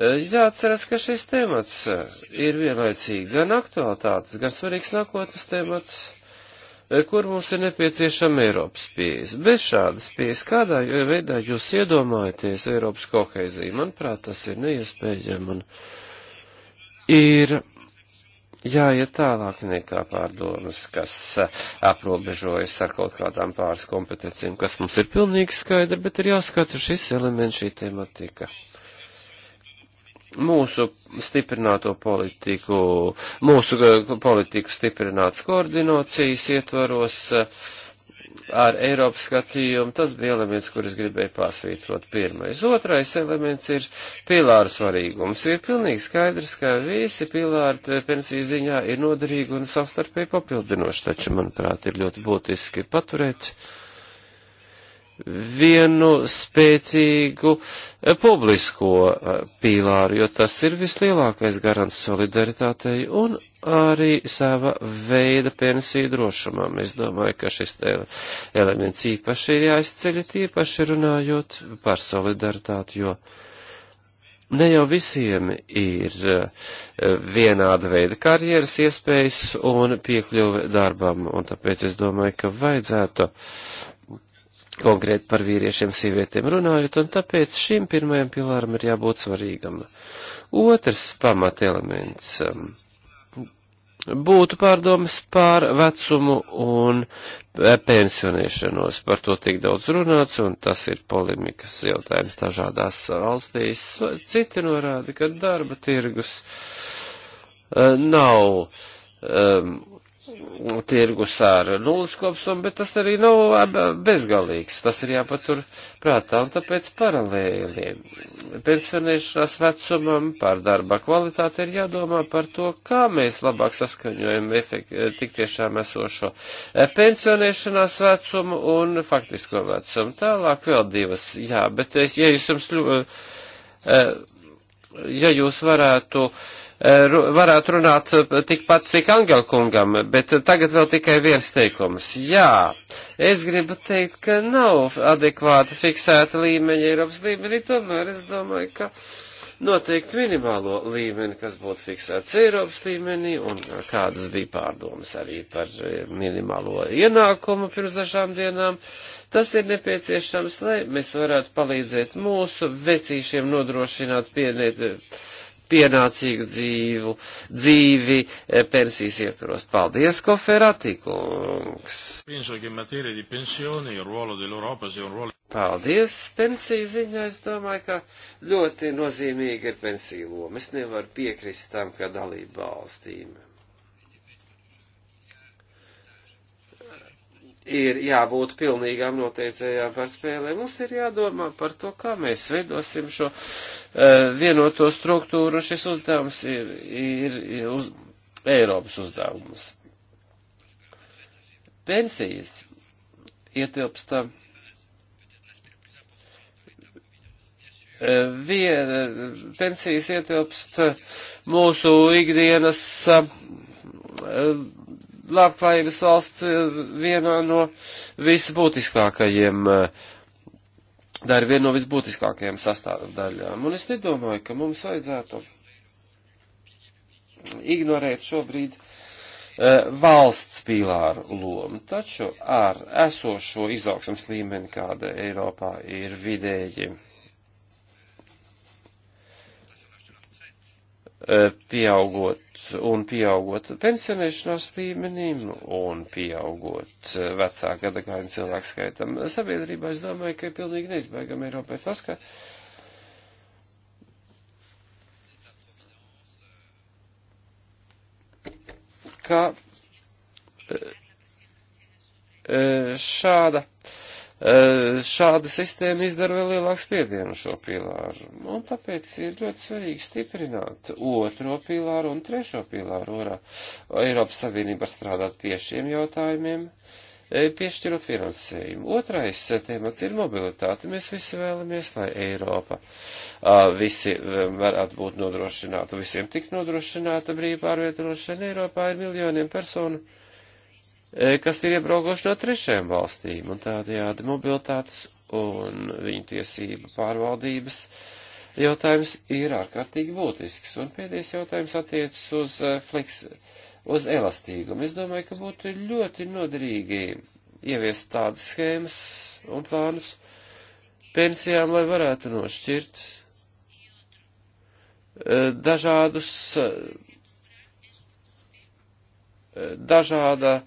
Jāatceras, ka šis temats ir vienlaicīgi gan aktualitātes, gan svarīgs nākotnes temats, kur mums ir nepieciešama Eiropas pieejas. Bez šādas pieejas, kādā veidā jūs iedomājaties Eiropas koheiziju, manuprāt, tas ir neiespējami un ir jāiet tālāk nekā pārdomas, kas aprobežojas ar kaut kādām pāris kompetencijām, kas mums ir pilnīgi skaidri, bet ir jāskata šis elements, šī tematika. Mūsu stiprināto politiku, mūsu eh, politiku stiprināts koordinācijas ietvaros, uh, ar Eiropas skatījumu, tas bija elements, kur es gribēju pasvītrot pirmais. Otrais elements ir pilāru svarīgums. Ir pilnīgi skaidrs, ka visi pilāri pensiju ziņā ir noderīgi un savstarpēji papildinoši, taču, manuprāt, ir ļoti būtiski paturēt vienu spēcīgu eh, publisko eh, pīlāru, jo tas ir vislielākais garants solidaritātei un arī sava veida pensiju drošumam. Es domāju, ka šis elements īpaši ir jāizceļ, īpaši runājot par solidaritāti, jo ne jau visiem ir eh, vienāda veida karjeras iespējas un piekļuve darbam, un tāpēc es domāju, ka vajadzētu konkrēti par vīriešiem, sievietēm runājot, un tāpēc šim pirmajam pilāram ir jābūt svarīgam. Otrs pamatelements. elements um, būtu pārdomas pār vecumu un e, pensionēšanos. Par to tik daudz runāts, un tas ir polemikas jautājums dažādās valstīs. Citi norāda, ka darba tirgus e, nav um, tirgus ar nulles kopsumu, bet tas arī nav bezgalīgs. Tas ir jāpatur prātā, un tāpēc paralēli pensionēšanās vecumam par darba kvalitāti ir jādomā par to, kā mēs labāk saskaņojam efekt, tik tiešām esošo pensionēšanās vecumu un faktisko vecumu. Tālāk vēl divas, jā, bet es, ja jūs jums, ļu, eh, ja jūs varētu varētu runāt uh, tikpat, cik Angelkungam, bet tagad vēl tikai viens teikums. Jā, es gribu teikt, ka nav adekvāti fiksēta līmeņa Eiropas līmenī, tomēr es domāju, ka noteikti minimālo līmeni, kas būtu fiksēts Eiropas līmenī, un kādas bija pārdomas arī par eh, minimālo ienākumu pirms dažām dienām, tas ir nepieciešams, lai mēs varētu palīdzēt mūsu vecīšiem nodrošināt pieniet pienācīgu dzīvu, dzīvi e, pensijas ietvaros. Paldies, Koferati, kungs! Paldies, pensiju ziņā, es domāju, ka ļoti nozīmīga ir pensiju loma. Es nevaru piekrist tam, ka dalība valstīm ir jābūt pilnīgām noteicējām par spēlēm. Mums ir jādomā par to, kā mēs veidosim šo uh, vienoto struktūru. Šis uzdevums ir, ir, ir uz, Eiropas uzdevums. Pensijas ietilpsta eh, vien, eh, pensijas ietilpst mūsu ikdienas uh, labklājības valsts eh, vienā no visbūtiskākajiem, eh, tā ir viena no visbūtiskākajiem sastāvdaļām. Un es nedomāju, ka mums vajadzētu ignorēt šobrīd eh, valsts pīlāru lomu, taču ar esošo izaugsmas līmeni, kāda Eiropā ir vidēji Eh, pieaugot un pieaugot pensionēšanās līmenim un pieaugot eh, vecāku gadagājumu cilvēku skaitam sabiedrībā, es domāju, ka ir pilnīgi neizbēgami Eiropai tas, ka ka eh, šāda E, šāda sistēma izdara vēl lielāku spiedienu šo pilāru. Un tāpēc ir ļoti svarīgi stiprināt otro pilāru un trešo pilāru. Orā. Eiropas Savienība strādāt pie šiem jautājumiem, e, piešķirot finansējumu. Otrais e, temats ir mobilitāte. Mēs visi vēlamies, lai Eiropa visi varētu būt nodrošināta, visiem tik nodrošināta brīvā pārvietošana. Eiropā ir miljoniem personu E, kas ir iebraukuši no trešajām valstīm, un tādējādi mobilitātes un viņu tiesību pārvaldības jautājums ir ārkārtīgi būtisks. Un pēdējais jautājums attiecas uz e, fliks, uz elastīgumu. Es domāju, ka būtu ļoti noderīgi ieviest tādas schēmas un plānus pensijām, lai varētu nošķirt e, dažādus, dažāda uh,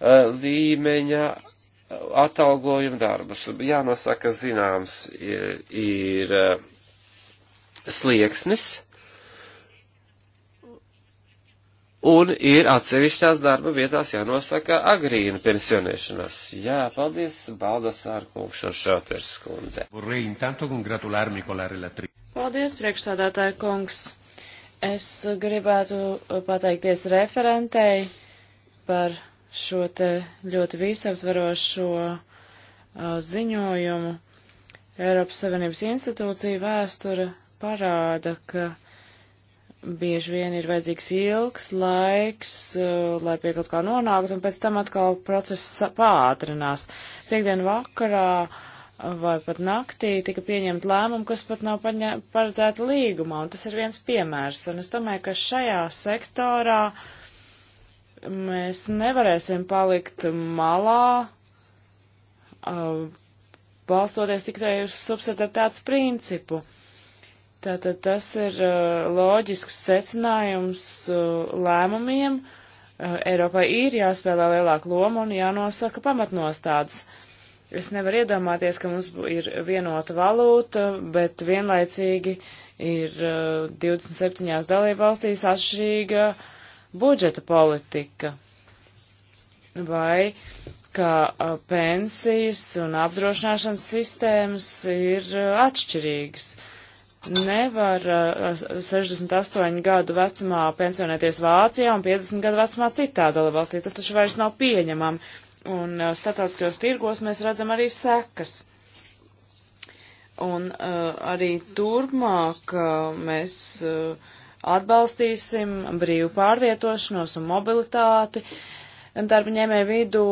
līmeņa atalgojumu darbus. Jānosaka, zināms, ir, ir slieksnis un ir atsevišķās darba vietās jānosaka agrīna pensionēšanās. Jā, paldies, Baldasāra kungs un Šoters kundze. Paldies, priekšsādātāja kungs. Es gribētu pateikties referentei par šo te ļoti visaptvarošo uh, ziņojumu. Eiropas Savienības institūcija vēsture parāda, ka bieži vien ir vajadzīgs ilgs laiks, uh, lai pie kaut kā nonāktu, un pēc tam atkal process pātrinās. Piektdien vakarā uh, vai pat naktī tika pieņemta lēmuma, kas pat nav paredzēta līgumā, un tas ir viens piemērs. Un es domāju, ka šajā sektorā uh, Mēs nevarēsim palikt malā, uh, balstoties tikai uz subsidiaritātes principu. Tātad tas ir uh, loģisks secinājums uh, lēmumiem. Uh, Eiropai ir jāspēlē lielāka loma un jānosaka pamatnostādes. Es nevaru iedomāties, ka mums ir vienota valūta, bet vienlaicīgi ir 27. dalība valstīs atšķirīga uh, budžeta politika vai ka pensijas un apdrošināšanas sistēmas ir atšķirīgas. Nevar 68 gadu vecumā pensionēties Vācijā un 50 gadu vecumā citā dalībvalstī. Tas taču vairs nav pieņemami. Un starptautiskajos tirgos mēs redzam arī sekas. Un uh, arī turpmāk uh, mēs uh, atbalstīsim brīvu pārvietošanos un mobilitāti darba ņēmēju vidū.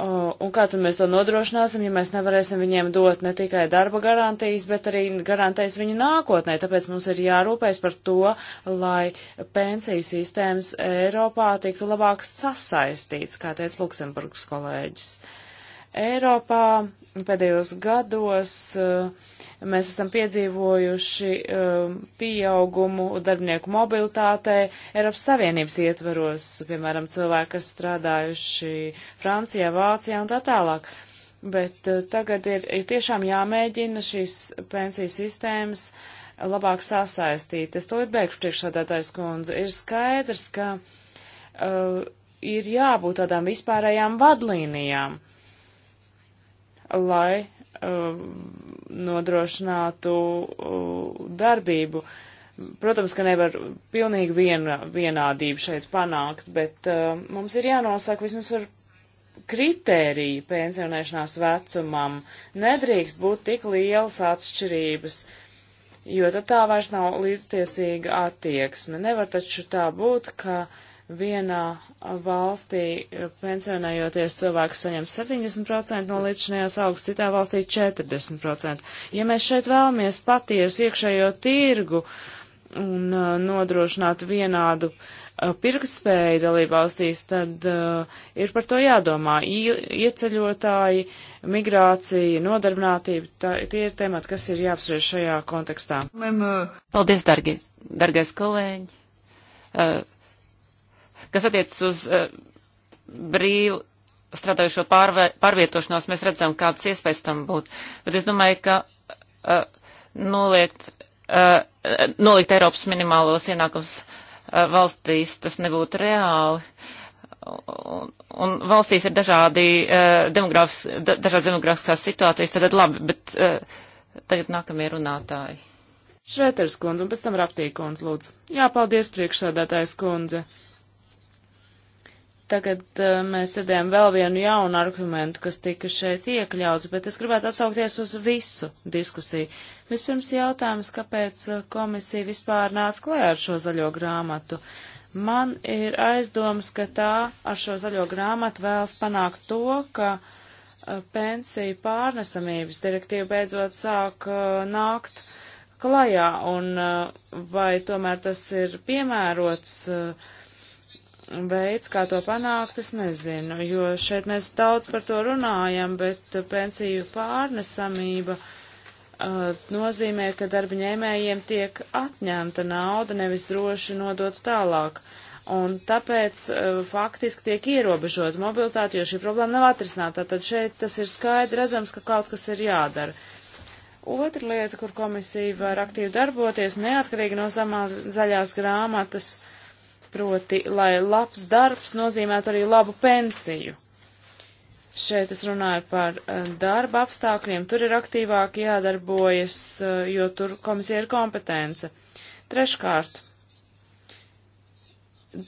Un kā tad mēs to nodrošināsim, ja mēs nevarēsim viņiem dot ne tikai darba garantijas, bet arī garantēs viņu nākotnē? Tāpēc mums ir jārūpējas par to, lai pensiju sistēmas Eiropā tiktu labāk sasaistīts, kā teica Luksemburgas kolēģis. Eiropā pēdējos gados eh, mēs esam piedzīvojuši eh, pieaugumu darbinieku mobilitātē Eiropas Savienības ietvaros, piemēram, cilvēki, kas strādājuši Francijā, Vācijā un tā tālāk. Bet eh, tagad ir, ir tiešām jāmēģina šīs pensijas sistēmas labāk sasaistīt. Es to ir beigšu priekšsādātājs kundze. Ir skaidrs, ka uh, ir jābūt tādām vispārējām vadlīnijām. Uh, lai uh, nodrošinātu uh, darbību. Protams, ka nevar pilnīgi viena, vienādību šeit panākt, bet uh, mums ir jānosaka vismaz par kritēriju pensionēšanās vecumam. Nedrīkst būt tik lielas atšķirības, jo tad tā vairs nav līdztiesīga attieksme. Nevar taču tā būt, ka uh, vienā valstī eh, pensionējoties cilvēks saņem 70% no līdzinājās augstas, citā valstī 40%. Ja mēs šeit vēlamies patiesu iekšējo tirgu un uh, nodrošināt vienādu uh, pirktspēju dalību valstīs, tad uh, ir par to jādomā. I, ieceļotāji, migrācija, nodarbinātība, tā, tie ir temati, kas ir jāapsvērš šajā kontekstā. Paldies, dargi, dargais kolēģi! Uh, Kas attiecas uz uh, brīvu strādājušo pārvē, pārvietošanos, mēs redzam, kādas iespējas tam būtu. Bet es domāju, ka uh, noliegt, uh, noliegt Eiropas minimālos ienākums uh, valstīs tas nebūtu reāli. Un, un valstīs ir dažādi, uh, demografs, da, dažādi demografiskās situācijas, tad labi, bet uh, tagad nākamie runātāji. Šreters kundze un pēc tam raptīkons lūdzu. Jā, paldies priekšsādātājs kundze. Uh, Tagad uh, mēs dzirdējam vēl vienu jaunu argumentu, kas tika šeit iekļauts, bet es gribētu atsaukties uz visu diskusiju. Vispirms jautājums, kāpēc eh, komisija vispār nāca klajā ar šo zaļo grāmatu. Man ir aizdomas, ka tā ar šo zaļo grāmatu vēlas panākt to, ka uh, pensiju pārnesamības direktīva beidzot sāk uh, nākt klajā, un vai tomēr tas ir piemērots uh, veids, kā to panākt, es nezinu, jo šeit mēs daudz par to runājam, bet pensiju pārnesamība uh, nozīmē, ka darba ņēmējiem tiek atņemta nauda, nevis droši nodot tālāk. Un tāpēc uh, faktiski tiek ierobežot mobilitāti, jo šī problēma nav atrisināta. Tad šeit tas ir skaidri redzams, ka kaut kas ir jādara. Otra lieta, kur komisija var aktīvi darboties, neatkarīgi no zamā, zaļās grāmatas, uh, proti, lai labs darbs nozīmētu arī labu pensiju. Šeit es runāju par eh, darba apstākļiem, tur ir aktīvāk jādarbojas, eh, jo tur komisija ir kompetence. Treškārt,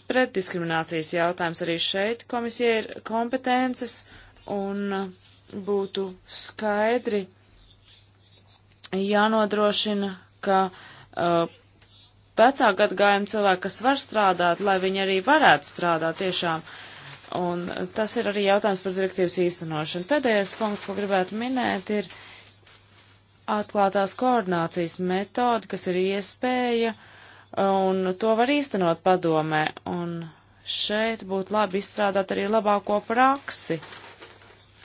pretdiskriminācijas jautājums arī šeit komisija ir kompetences un eh, būtu skaidri jānodrošina, ka uh, vecā gadgājuma cilvēki, kas var strādāt, lai viņi arī varētu strādāt tiešām. Un tas ir arī jautājums par direktīvas īstenošanu. Pēdējais punkts, ko gribētu minēt, ir atklātās koordinācijas metode, kas ir iespēja, un to var īstenot padomē. Un šeit būtu labi izstrādāt arī labāko praksi.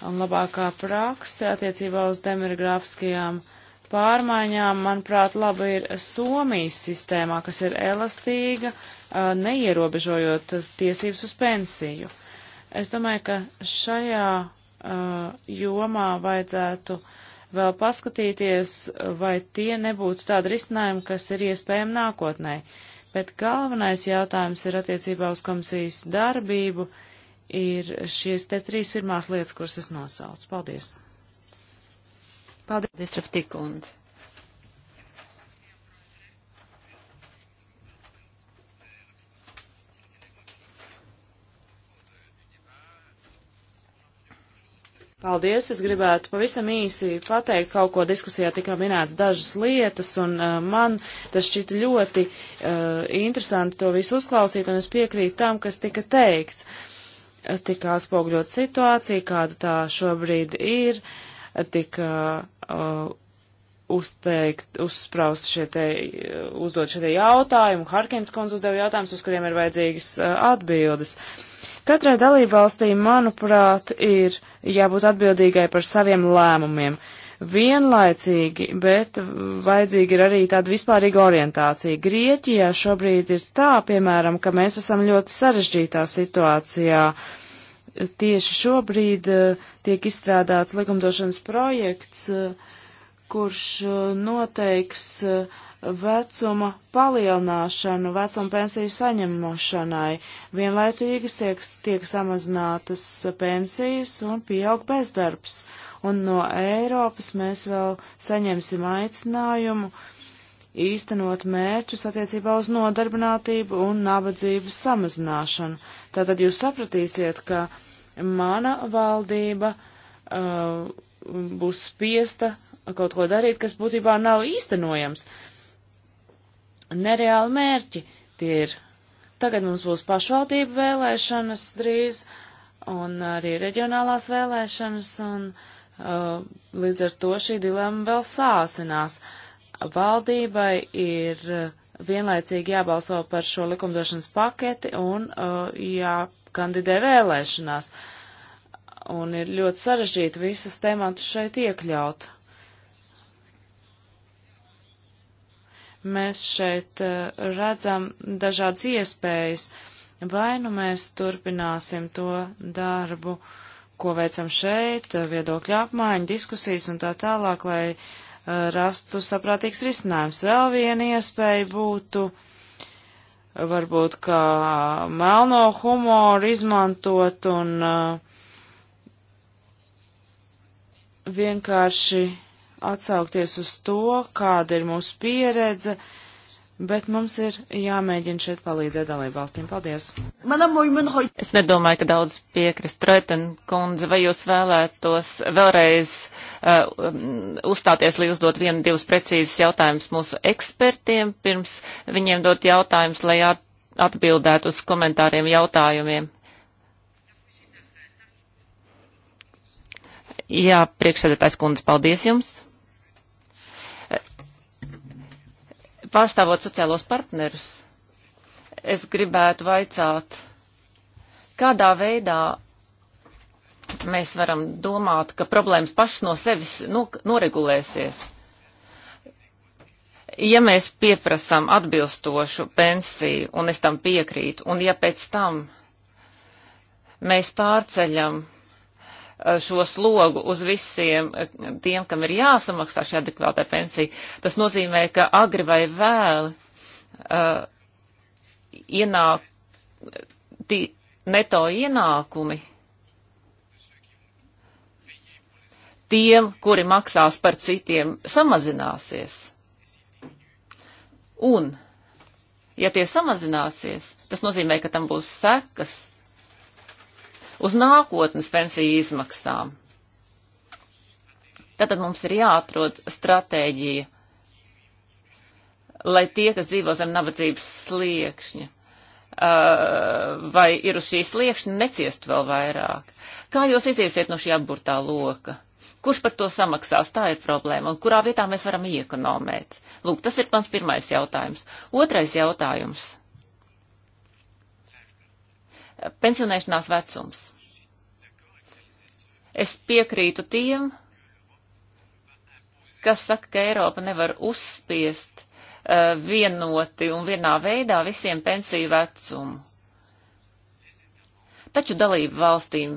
Un labākā prakse attiecībā uz demirgrāfiskajām uh, pārmaiņām, manuprāt, laba ir Somijas sistēmā, kas ir elastīga, neierobežojot tiesības uz pensiju. Es domāju, ka šajā jomā vajadzētu vēl paskatīties, vai tie nebūtu tādi risinājumi, kas ir iespējami nākotnē. Bet galvenais jautājums ir attiecībā uz komisijas darbību, ir šīs te trīs pirmās lietas, kuras es nosaucu. Paldies! Paldies, Distraptikundze. Paldies! Es gribētu pavisam īsi pateikt kaut ko. Diskusijā tika minēts dažas lietas, un uh, man tas šķita ļoti uh, interesanti to visu uzklausīt, un es piekrītu tam, kas tika teikts. Tika atspoguļot situācija, kāda tā šobrīd ir. Uh, tika uh, uzteikt, uzspraust šie te, uh, uzdot šie te jautājumi, Harkins kundze uzdeva jautājumus, uz kuriem ir vajadzīgas uh, atbildes. Katrai dalībvalstī, manuprāt, ir jābūt atbildīgai par saviem lēmumiem. Vienlaicīgi, bet vajadzīga ir arī tāda vispārīga orientācija. Grieķijā šobrīd ir tā, piemēram, ka mēs esam ļoti sarežģītā situācijā. Uh, tieši šobrīd eh, tiek izstrādāts likumdošanas projekts, eh, kurš eh, noteiks vecuma palielināšanu, vecuma pensiju saņemšanai. Vienlaicīgi tiek samazinātas pensijas un pieaug bezdarbs. Un no Eiropas mēs vēl saņemsim aicinājumu īstenot mērķus attiecībā uz nodarbinātību un nabadzības samazināšanu. Tātad jūs sapratīsiet, ka uh, mana valdība uh, būs spiesta kaut ko darīt, kas būtībā nav īstenojams. Nereāli mērķi tie ir. Tagad mums būs pašvaldību vēlēšanas drīz un arī reģionālās vēlēšanas, un uh, līdz ar to šī dilema vēl sāsinās. Valdībai ir uh, vienlaicīgi jābalso par šo likumdošanas paketi un uh, jākandidē vēlēšanās. Un ir ļoti sarežģīti visus tematus šeit iekļaut. Mēs šeit uh, redzam dažādas iespējas. Vai nu mēs turpināsim to darbu, ko veicam šeit, viedokļu apmaiņu, diskusijas un tā tālāk, lai uh, rastu saprātīgs risinājums. Vēl viena iespēja būtu varbūt kā melno humoru izmantot un uh, vienkārši atsaukties uz to, kāda ir mūsu pieredze, uh, Bet mums ir jāmēģina šeit palīdzēt dalībvalstīm. Paldies! Es nedomāju, ka daudz piekrist. Treten kundze, vai jūs vēlētos vēlreiz uh, um, uzstāties, lai uzdot vienu, divus precīzus jautājumus mūsu ekspertiem, pirms viņiem dot jautājumus, lai atbildētu uz komentāriem jautājumiem? Jā, priekšsēdētājs kundze, paldies jums! pārstāvot sociālos partnerus, es gribētu vaicāt, kādā veidā mēs varam domāt, ka problēmas pašas no sevis nu, noregulēsies. Ja mēs pieprasām atbilstošu pensiju, un es tam piekrītu, un ja pēc tam mēs pārceļam Eh, šo slogu uz visiem eh, tiem, kam ir jāsamaksā šī adekvātā pensija. Tas nozīmē, ka agri vai vēli uh, ienāk, tī, neto ienākumi tiem, kuri maksās par citiem, samazināsies. Un, ja tie samazināsies, tas nozīmē, ka tam būs sekas uz nākotnes pensiju izmaksām. Tātad mums ir jāatrod stratēģija, lai tie, kas dzīvo zem nabadzības sliekšņa, uh, vai ir uz šī sliekšņa, neciestu vēl vairāk. Kā jūs iziesiet no šī apburtā loka? Kurš par to samaksās? Tā ir problēma. Un kurā vietā mēs varam iekonomēt? Lūk, tas ir mans pirmais jautājums. Otrais jautājums pensionēšanās vecums. Es piekrītu tiem, kas saka, ka Eiropa nevar uzspiest uh, vienoti un vienā veidā visiem pensiju vecumu. Taču dalību valstīm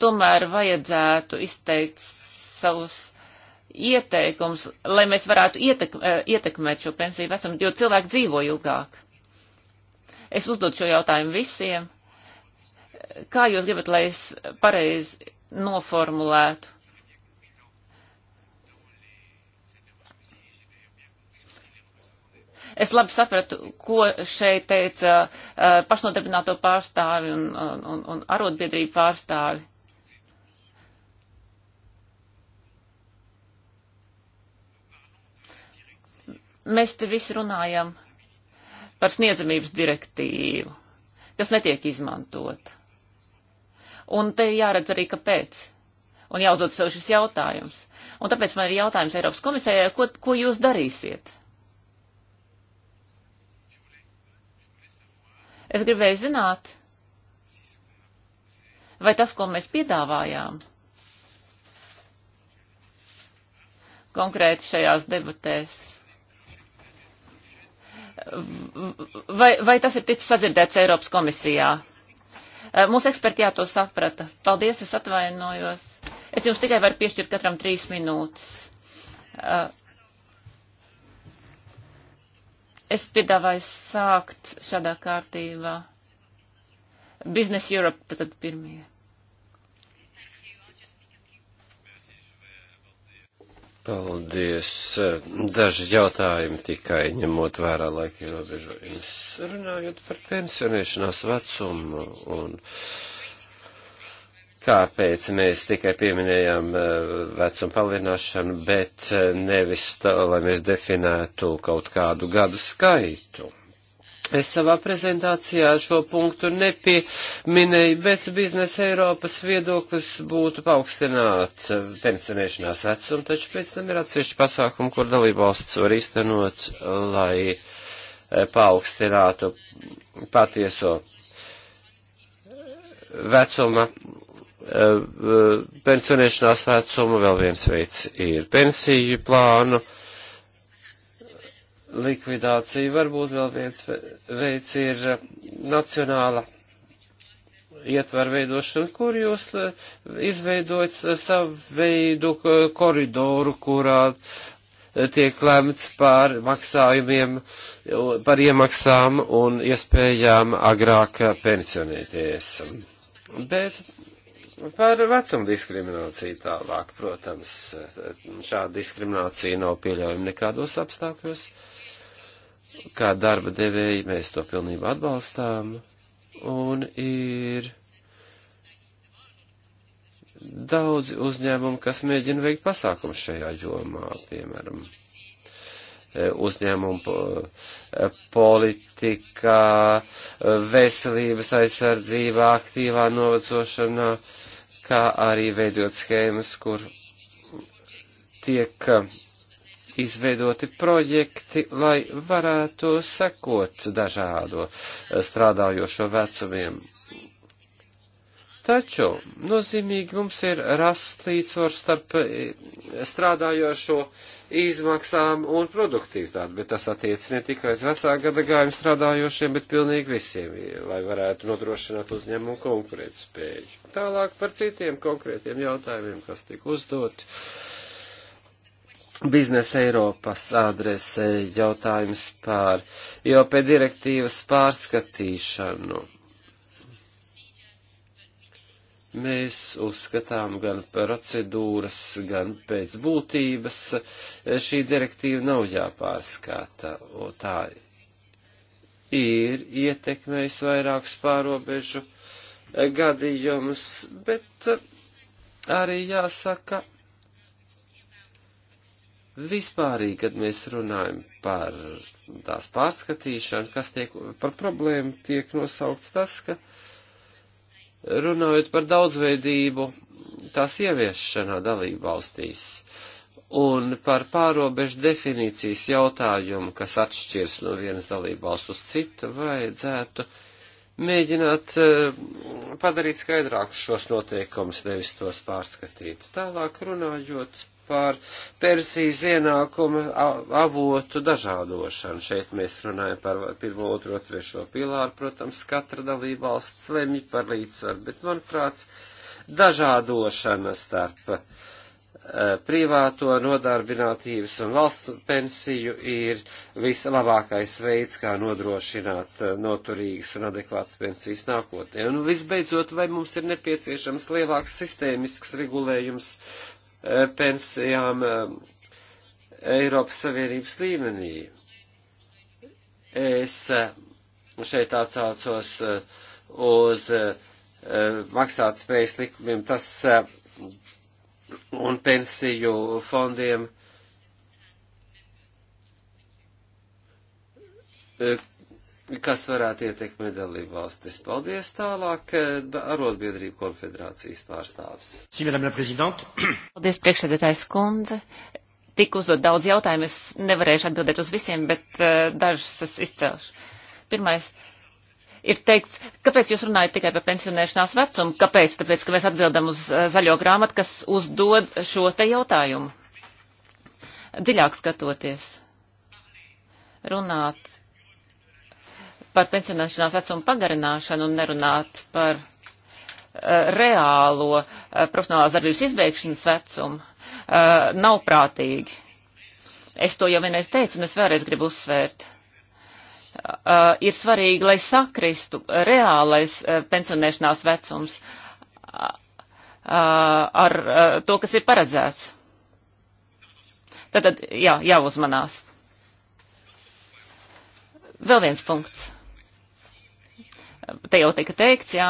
tomēr vajadzētu izteikt savus ieteikums, lai mēs varētu ietek, eh, ietekmēt šo pensiju vecumu, jo cilvēki dzīvo ilgāk. Es uzdod šo jautājumu visiem. Kā jūs gribat, lai es pareizi noformulētu? Es labi sapratu, ko šeit teica uh, pašnodarbināto pārstāvi un, un, un, un arotbiedrību pārstāvi. Mēs te visi runājam par sniedzamības direktīvu, kas netiek izmantota. Un te jāredz arī, kāpēc. Un jāuzdod sev šis jautājums. Un tāpēc man ir jautājums Eiropas komisējai, ko, ko jūs darīsiet? Es gribēju zināt, vai tas, ko mēs piedāvājām konkrēti šajās debatēs, Vai, vai tas ir ticis sadzirdēts Eiropas komisijā? Eh, mūsu eksperti jā to saprata. Paldies, es atvainojos. Es jums tikai varu piešķirt katram trīs minūtes. Eh, es piedāvāju sākt šādā kārtībā. Business Europe tad pirmie. Paldies. Daži jautājumi tikai ņemot vērā laika ierobežojumus. Runājot par pensionēšanās vecumu un kāpēc mēs tikai pieminējām eh, vecumu palielināšanu, bet eh, nevis tā, lai mēs definētu kaut kādu gadu skaitu. Es savā prezentācijā šo punktu nepieminēju, bet biznesa Eiropas viedoklis būtu paaugstināts pensionēšanās vecumu, taču pēc tam ir atsevišķi pasākumi, kur dalībvalsts var īstenot, lai eh, paaugstinātu patieso eh, vecuma, eh, pensionēšanās vecumu. Vēl viens veids ir pensiju plānu likvidāciju. Varbūt vēl viens veids ir eh, nacionāla ietvaru veidošanu, kur jūs eh, izveidojat savu veidu koridoru, kurā eh, tiek lemts par maksājumiem, par iemaksām un iespējām agrāk pensionēties. Bet par vecumu diskrimināciju tālāk, protams, šāda diskriminācija nav pieļaujama nekādos apstākļos. Uh, kā darba devēji mēs to pilnībā atbalstām, un ir daudzi uzņēmumi, kas mēģina veikt pasākumus šajā jomā, piemēram, e, uzņēmumu e, politikā, e, veselības aizsardzībā, aktīvā novecošanā, kā arī veidot schēmas, kur tiek tiek izveidoti projekti, lai varētu sekot dažādo strādājošo vecumiem. Taču nozīmīgi mums ir rast līdzsvars starp e, strādājošo izmaksām un produktivitāti, bet tas attiec ne tikai uz vecāku gadagājumu strādājošiem, bet pilnīgi visiem, lai varētu nodrošināt uzņēmumu konkurētspēju. Tālāk par citiem konkrētiem jautājumiem, kas tika uzdoti Biznesa Eiropas adrese jautājums par IOP direktīvas pārskatīšanu. Mēs uzskatām gan procedūras, gan pēc būtības šī direktīva nav jāpārskata. Tā ir ietekmējis vairākus pārobežu gadījumus, bet arī jāsaka, vispārīgi, kad mēs runājam par tās pārskatīšanu, kas tiek par problēmu, tiek nosaukts tas, ka runājot par daudzveidību tās ieviešanā dalību valstīs un par pārobežu definīcijas jautājumu, kas atšķirs no vienas dalību valsts uz citu, vajadzētu mēģināt eh, padarīt skaidrākus šos noteikumus, nevis tos pārskatīt. Tālāk runājot par Persijas ienākumu avotu dažādošanu. Šeit mēs runājam par pirmo, otro, trešo pilāru. Protams, katra dalībvalsts lemj par līdzsvaru, bet, manuprāt, dažādošana starp uh, privāto nodarbinātības un valsts pensiju ir vislabākais veids, kā nodrošināt e, noturīgas un adekvātas pensijas nākotnē. Un visbeidzot, vai mums ir nepieciešams lielāks sistēmisks regulējums Eh, pensijām eh, Eiropas Savienības līmenī. Es eh, šeit atsaucos uz maksātspējas likumiem, tas un pensiju fondiem, kas varētu ietekmēt dalību valstis. Paldies tālāk, eh, arotbiedrību konfederācijas pārstāvis. Paldies, priekšsēdētājs kundze. Tik uzdot daudz jautājumu, es nevarēšu atbildēt uz visiem, bet uh, dažus es izcelšu. Pirmais ir teikts, kāpēc jūs runājat tikai par pensionēšanās vecumu? Kāpēc? Tāpēc, ka mēs atbildam uz uh, zaļo grāmatu, kas uzdod šo te jautājumu. Dziļāk skatoties, runāt par pensionēšanās vecumu pagarināšanu un nerunāt par uh, reālo uh, profesionālās darbības izbeigšanas vecumu, uh, nav prātīgi. Es to jau vienreiz teicu, un es vēlreiz gribu uzsvērt. Uh, ir svarīgi, lai sakristu reālais uh, pensionēšanās vecums uh, ar uh, to, kas ir paredzēts. Tātad, jā, jāuzmanās. Vēl viens punkts te jau tika teikts, jā,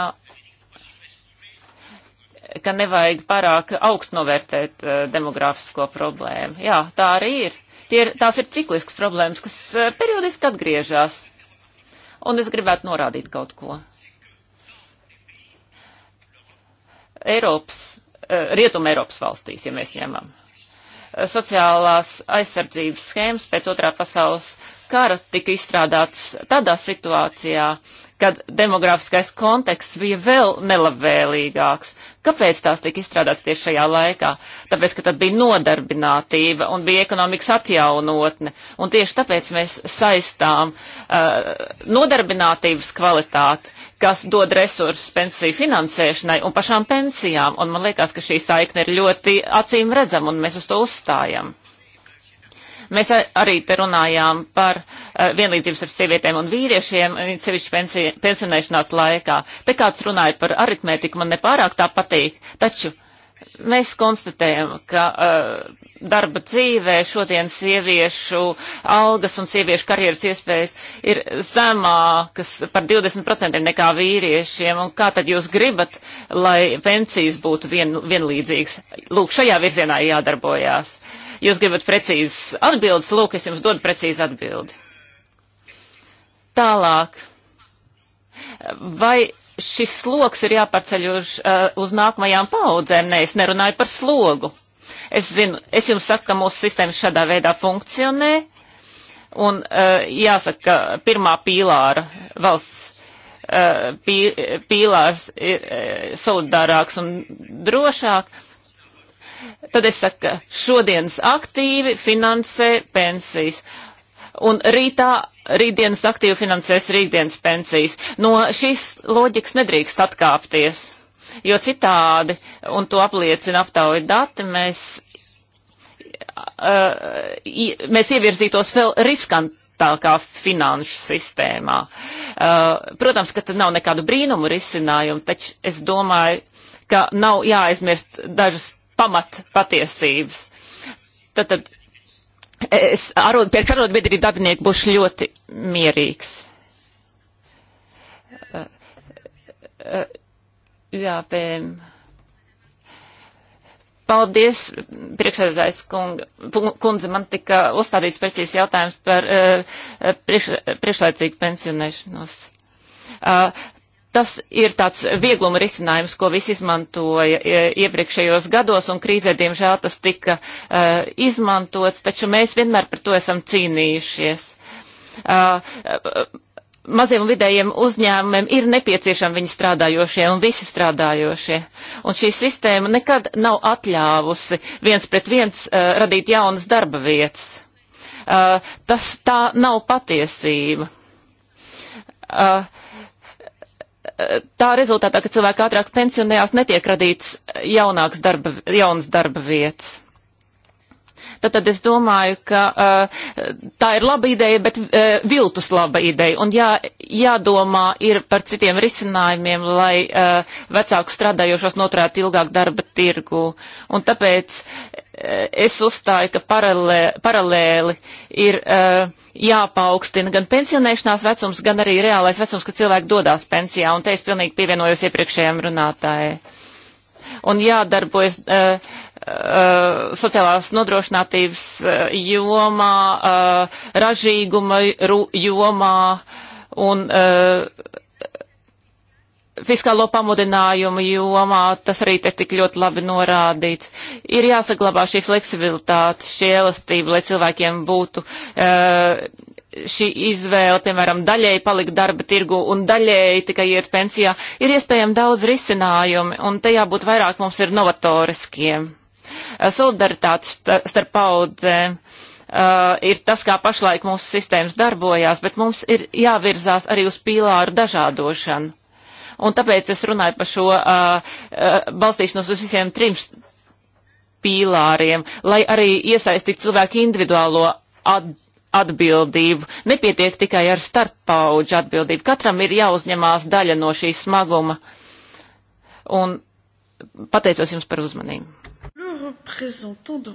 ka nevajag pārāk augst novērtēt uh, demografisko problēmu. Jā, tā arī ir. Tie ir tās ir cikliskas problēmas, kas uh, periodiski atgriežas. Un es gribētu norādīt kaut ko. Eiropas, uh, Rietuma Eiropas valstīs, ja mēs ņemam. Sociālās aizsardzības schēmas pēc otrā pasaules kara tika izstrādāts tādā situācijā, uh, kad demografiskais konteksts bija vēl nelabvēlīgāks. Kāpēc tās tika izstrādāts tieši šajā laikā? Tāpēc, ka tad bija nodarbinātība un bija ekonomikas atjaunotne. Un tieši tāpēc mēs saistām uh, nodarbinātības kvalitāti, kas dod resursus pensiju finansēšanai un pašām pensijām. Un man liekas, ka šī saikne ir ļoti acīm redzama un mēs uz to uzstājam. Mēs arī te runājām par uh, vienlīdzības ar sievietēm un vīriešiem, sevišķi pensionēšanās laikā. Te kāds runāja par aritmētiku, man nepārāk tā patīk, taču mēs konstatējam, ka uh, darba dzīvē šodien sieviešu algas un sieviešu karjeras iespējas ir zemākas par 20% nekā vīriešiem, un kā tad jūs gribat, lai pensijas būtu vien, vienlīdzīgas? Lūk, šajā virzienā jādarbojās. Uh, Jūs gribat precīzas atbildes, lūk, es jums dodu precīzi atbildi. Tālāk. Vai šis sloks ir jāparceļ uz, eh, uz nākamajām paudzēm? Nē, ne, es nerunāju par slogu. Es zinu, es jums saku, ka mūsu sistēma šādā veidā funkcionē, un eh, jāsaka, ka pirmā pīlāra valsts eh, pīlārs ir solidārāks un drošāk, Tad es saku, ka šodienas aktīvi finansē pensijas. Un rītā, rītdienas aktīvi finansēs rītdienas pensijas. No šīs loģikas nedrīkst atkāpties, jo citādi, un to apliecina aptauja dati, mēs, uh, mēs ievirzītos vēl riskantāk tālākā finanšu sistēmā. Uh, protams, ka tad nav nekādu brīnumu risinājumu, taču es domāju, ka nav jāaizmirst dažus pamat patiesības. Tātad es arod, pie karodbiedrību dabinieku būšu ļoti mierīgs. Eh, eh, jā, pēm. Paldies, priekšsēdētājs kundze. Man tika uzstādīts precīzs jautājums par uh, priekš, priekšlaicīgu pensionēšanos. Uh, Tas ir tāds viegluma risinājums, ko visi izmantoja e, iepriekšējos gados, un krīzē, diemžēl, tas tika uh, izmantots, taču mēs vienmēr par to esam cīnījušies. Uh, maziem un vidējiem uzņēmumiem ir nepieciešami viņi strādājošie un visi strādājošie. Un šī sistēma nekad nav atļāvusi viens pret viens uh, radīt jaunas darba vietas. Uh, tas tā nav patiesība. Uh, tā rezultātā, ka cilvēki ātrāk pensionējās, netiek radīts jaunāks darba, jaunas darba vietas tad, tad es domāju, ka uh, tā ir laba ideja, bet uh, viltus laba ideja. Un jā, jādomā ir par citiem risinājumiem, lai uh, vecāku strādājošos noturētu ilgāk darba tirgu. Un tāpēc es uzstāju, ka paralē, paralēli ir uh, jāpaukstina gan pensionēšanās vecums, gan arī reālais vecums, kad cilvēki dodās pensijā, un te es pilnīgi pievienojos iepriekšējiem runātājai. Un jādarbojas uh, Uh, sociālās nodrošinātības uh, jomā, uh, ražīguma jomā un fiskālo pamudinājumu jomā, tas arī te tik ļoti labi norādīts. Ir jāsaglabā šī fleksibilitāte, šī elastība, lai cilvēkiem būtu šī izvēle, piemēram, daļēji palikt darba tirgu un daļēji tikai iet pensijā, ir iespējami daudz risinājumi, un te jābūt vairāk mums ir novatoriskiem. Eh, solidaritātes starp paudzēm. Uh, ir tas, kā pašlaik mūsu sistēmas darbojās, bet mums ir jāvirzās arī uz pīlāru dažādošanu. Un tāpēc es runāju par šo uh, uh, balstīšanos uz visiem trim pīlāriem, lai arī iesaistītu cilvēku individuālo atbildību atbildību. Nepietiek tikai ar starppauģu atbildību. Katram ir jāuzņemās daļa no šīs smaguma. Un pateicos jums par uzmanību représentant de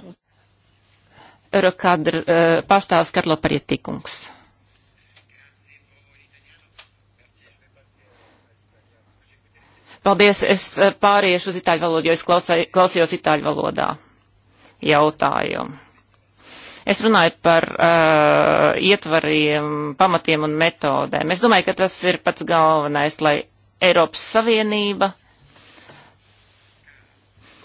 Eurokadra uh, eh, pārstāvs Karlo Parietīkungs. Paldies, es eh, pāriešu uz itāļu valodu, jo es klausai, klausījos itāļu valodā jautājumu. Es runāju par uh, ietvariem, pamatiem un metodēm. Es domāju, ka tas ir pats galvenais, lai Eiropas Savienība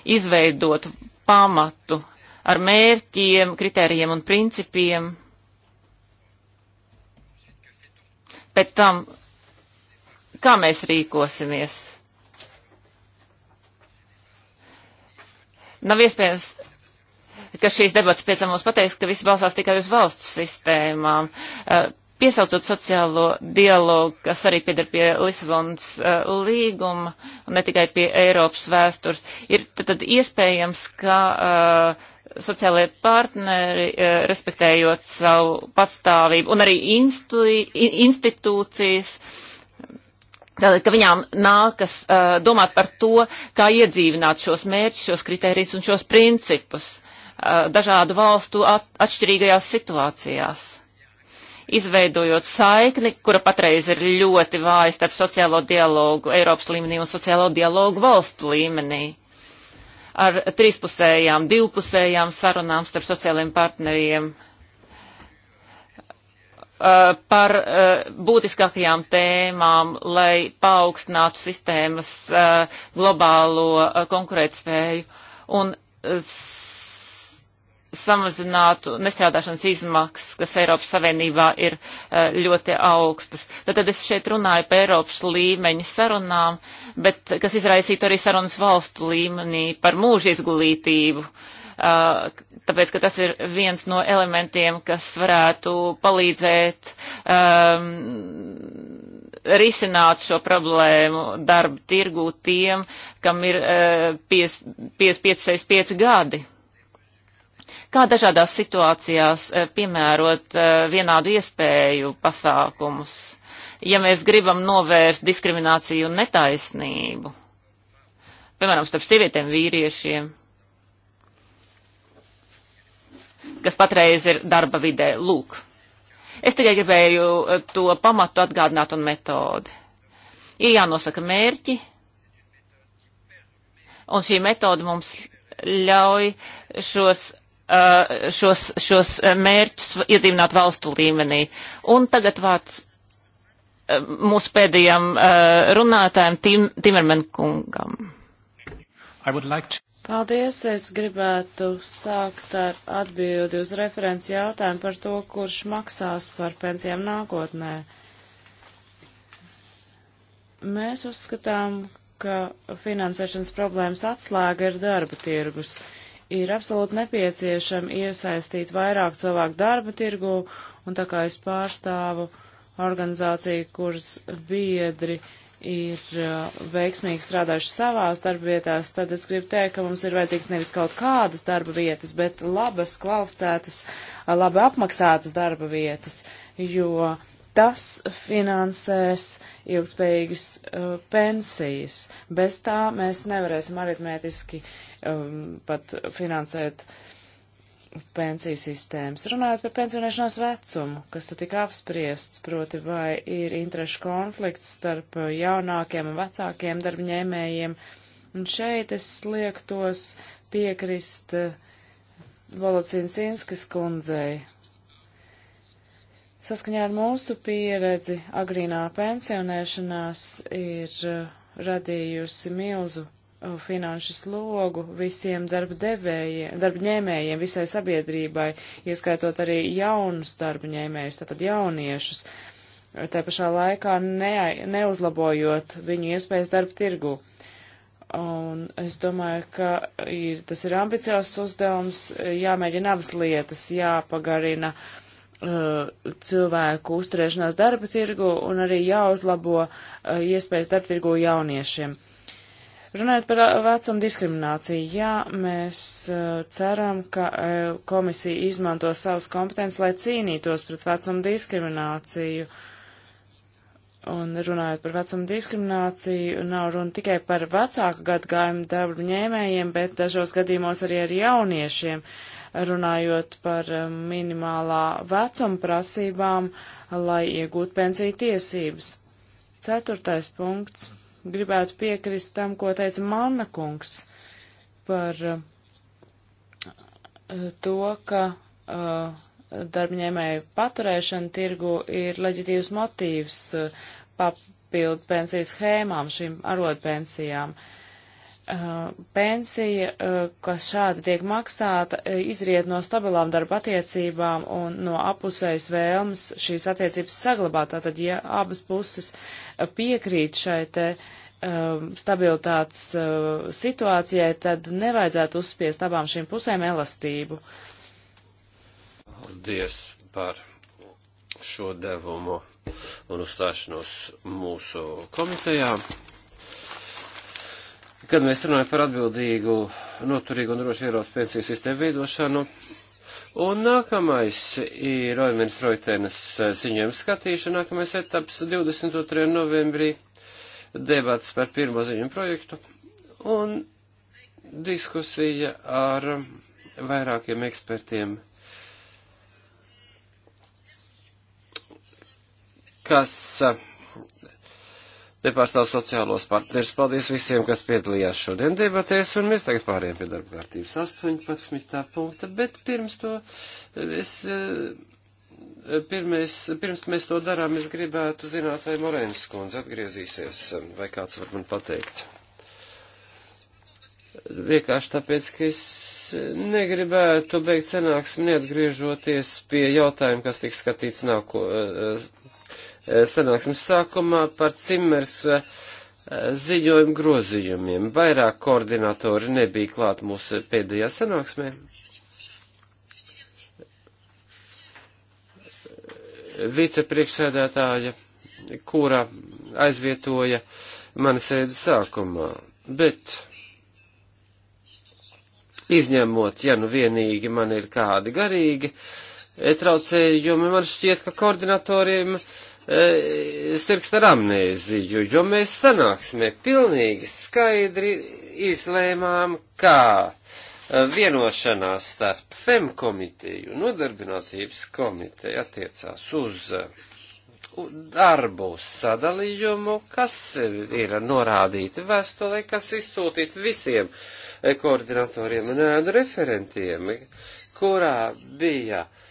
izveidotu pamatu, ar mērķiem, kritērijiem un principiem. Pēc tam, kā mēs rīkosimies? Nav iespējams, ka šīs debats pēc tam mums pateiks, ka visi balsās tikai uz valstu sistēmām. Uh, Piesaucot sociālo dialogu, kas arī pieder pie Lisabonas uh, līguma un ne tikai pie Eiropas vēstures, ir tad, tad iespējams, ka uh, eh, sociālajie partneri, uh, respektējot savu patstāvību un arī instu, institūcijas, tātad, ka viņām nākas uh, domāt par to, kā iedzīvināt šos mērķus, šos kritērijus un šos principus uh, dažādu valstu at atšķirīgajās situācijās izveidojot saikni, kura patreiz ir ļoti vāja starp sociālo dialogu Eiropas līmenī un sociālo dialogu valstu līmenī. Ar trīspusējām, divpusējām sarunām starp sociālajiem partneriem par būtiskākajām tēmām, lai paaugstinātu sistēmas globālo konkurētspēju un samazinātu nestrādāšanas izmaksas, kas Eiropas Savienībā ir e, ļoti augstas. Tad es šeit runāju par Eiropas līmeņa sarunām, bet kas izraisītu arī sarunas valstu līmenī par mūža izglītību. E, tāpēc, ka tas ir viens no elementiem, kas varētu palīdzēt um, risināt šo problēmu darba tirgū tiem, kam ir uh, e, 5-6 gadi kā dažādās situācijās eh, piemērot eh, vienādu iespēju pasākumus, ja mēs gribam novērst diskrimināciju un netaisnību, piemēram, starp sievietēm vīriešiem, kas patreiz ir darba vidē. Lūk, es tikai gribēju eh, to pamatu atgādināt un metodi. Ir jānosaka mērķi, un šī metode mums ļauj šos Uh, šos, šos uh, mērķus iedzīvināt valstu līmenī. Un tagad vārds uh, mūsu pēdējam runātājam Tim, Timerman kungam. Like to... Paldies, es gribētu sākt ar atbildi uz referenci jautājumu par to, kurš maksās par pensijām nākotnē. Mēs uzskatām, ka finansēšanas problēmas atslēga ir darba tirgus. Uh, ir absolūti nepieciešami iesaistīt vairāk cilvēku darba tirgu, un tā kā es pārstāvu organizāciju, kuras biedri ir uh, veiksmīgi strādājuši savās darbvietās, tad es gribu teikt, ka mums ir vajadzīgs nevis kaut kādas darba vietas, bet labas, kvalificētas, uh, labi apmaksātas darba vietas, jo tas finansēs ilgspējīgas uh, pensijas. Bez tā mēs nevarēsim aritmētiski uh, um, pat finansēt pensiju sistēmas. Runājot par pensionēšanās vecumu, kas tad tika apspriests, proti vai ir interešu konflikts starp jaunākiem un vecākiem darbņēmējiem, un šeit es liektos piekrist uh, Volocinskas kundzei, Saskaņā ar mūsu pieredzi agrīnā pensionēšanās ir uh, radījusi milzu Uh, finanšu slogu visiem darbņēmējiem, visai sabiedrībai, ieskaitot arī jaunus darbņēmējus, tātad jauniešus, uh, tā pašā laikā ne, neuzlabojot viņu iespējas darba tirgu. Un es domāju, ka ir, tas ir ambiciozs uzdevums, jāmēģina abas lietas, jāpagarina uh, cilvēku uzturēšanās darba tirgu un arī jāuzlabo uh, iespējas darba tirgu jauniešiem. Uh, Runājot par uh, vecumu diskrimināciju, jā, mēs uh, ceram, ka uh, komisija izmanto savas kompetences, lai cīnītos pret vecumu diskrimināciju. Un runājot par vecumu diskrimināciju, nav runa tikai par vecāku gadgājumu darbu ņēmējiem, bet dažos gadījumos arī ar jauniešiem, runājot par minimālā vecuma prasībām, lai iegūtu pensiju tiesības. Ceturtais punkts gribētu piekrist tam, ko teica Manna kungs par uh, to, ka uh, darbņēmēju paturēšana tirgu ir leģitīvs motīvs uh, papildu pensiju schēmām, šīm arotpensijām. Pensija, kas šādi tiek maksāta, izriet no stabilām darba attiecībām un no apusējas vēlmes šīs attiecības saglabāt. Tātad, ja abas puses uh, piekrīt šai te um, stabilitātes uh, situācijai, tad nevajadzētu uzspiest abām šīm pusēm elastību. Paldies par šo devumu un uzstāšanos mūsu komitejā. Kad mēs runājam par atbildīgu, noturīgu un drošu Eiropas pensiju sistēmu veidošanu, Un nākamais ir Roimens Roitenes eh, ziņojuma skatīšana, nākamais etaps 22. novembrī debats par pirmo ziņojumu projektu un diskusija ar vairākiem ekspertiem, kas eh, nepārstāv sociālos partnerus. Paldies visiem, kas piedalījās šodien debatēs, un mēs tagad pārējām pie darba kārtības 18. punkta, bet pirms to es. Eh, pirmais, pirms mēs to darām, es gribētu zināt, vai Morēnas kundze atgriezīsies, eh, vai kāds var man pateikt. Vienkārši tāpēc, ka es negribētu beigt sanāksmi neatgriežoties pie jautājuma, kas tiks skatīts nāko, eh, Eh, sanāksmes sākumā par Cimers eh, ziņojumu grozījumiem. Vairāk koordinatori nebija klāt mūsu pēdējā sanāksmē. Eh, vicepriekšsēdētāja, kura aizvietoja mani sēdi sākumā, bet izņemot, ja nu vienīgi man ir kādi garīgi, traucējumi, man šķiet, ka koordinatoriem uh, E, sirgst ar amnēziju, jo mēs sanāksmē pilnīgi skaidri izlēmām, kā e, vienošanās starp FEM komiteju, nodarbinātības komiteja attiecās uz e, darbu sadalījumu, kas ir norādīti vēstulē, kas izsūtīti visiem koordinatoriem un referentiem, kurā bija uh,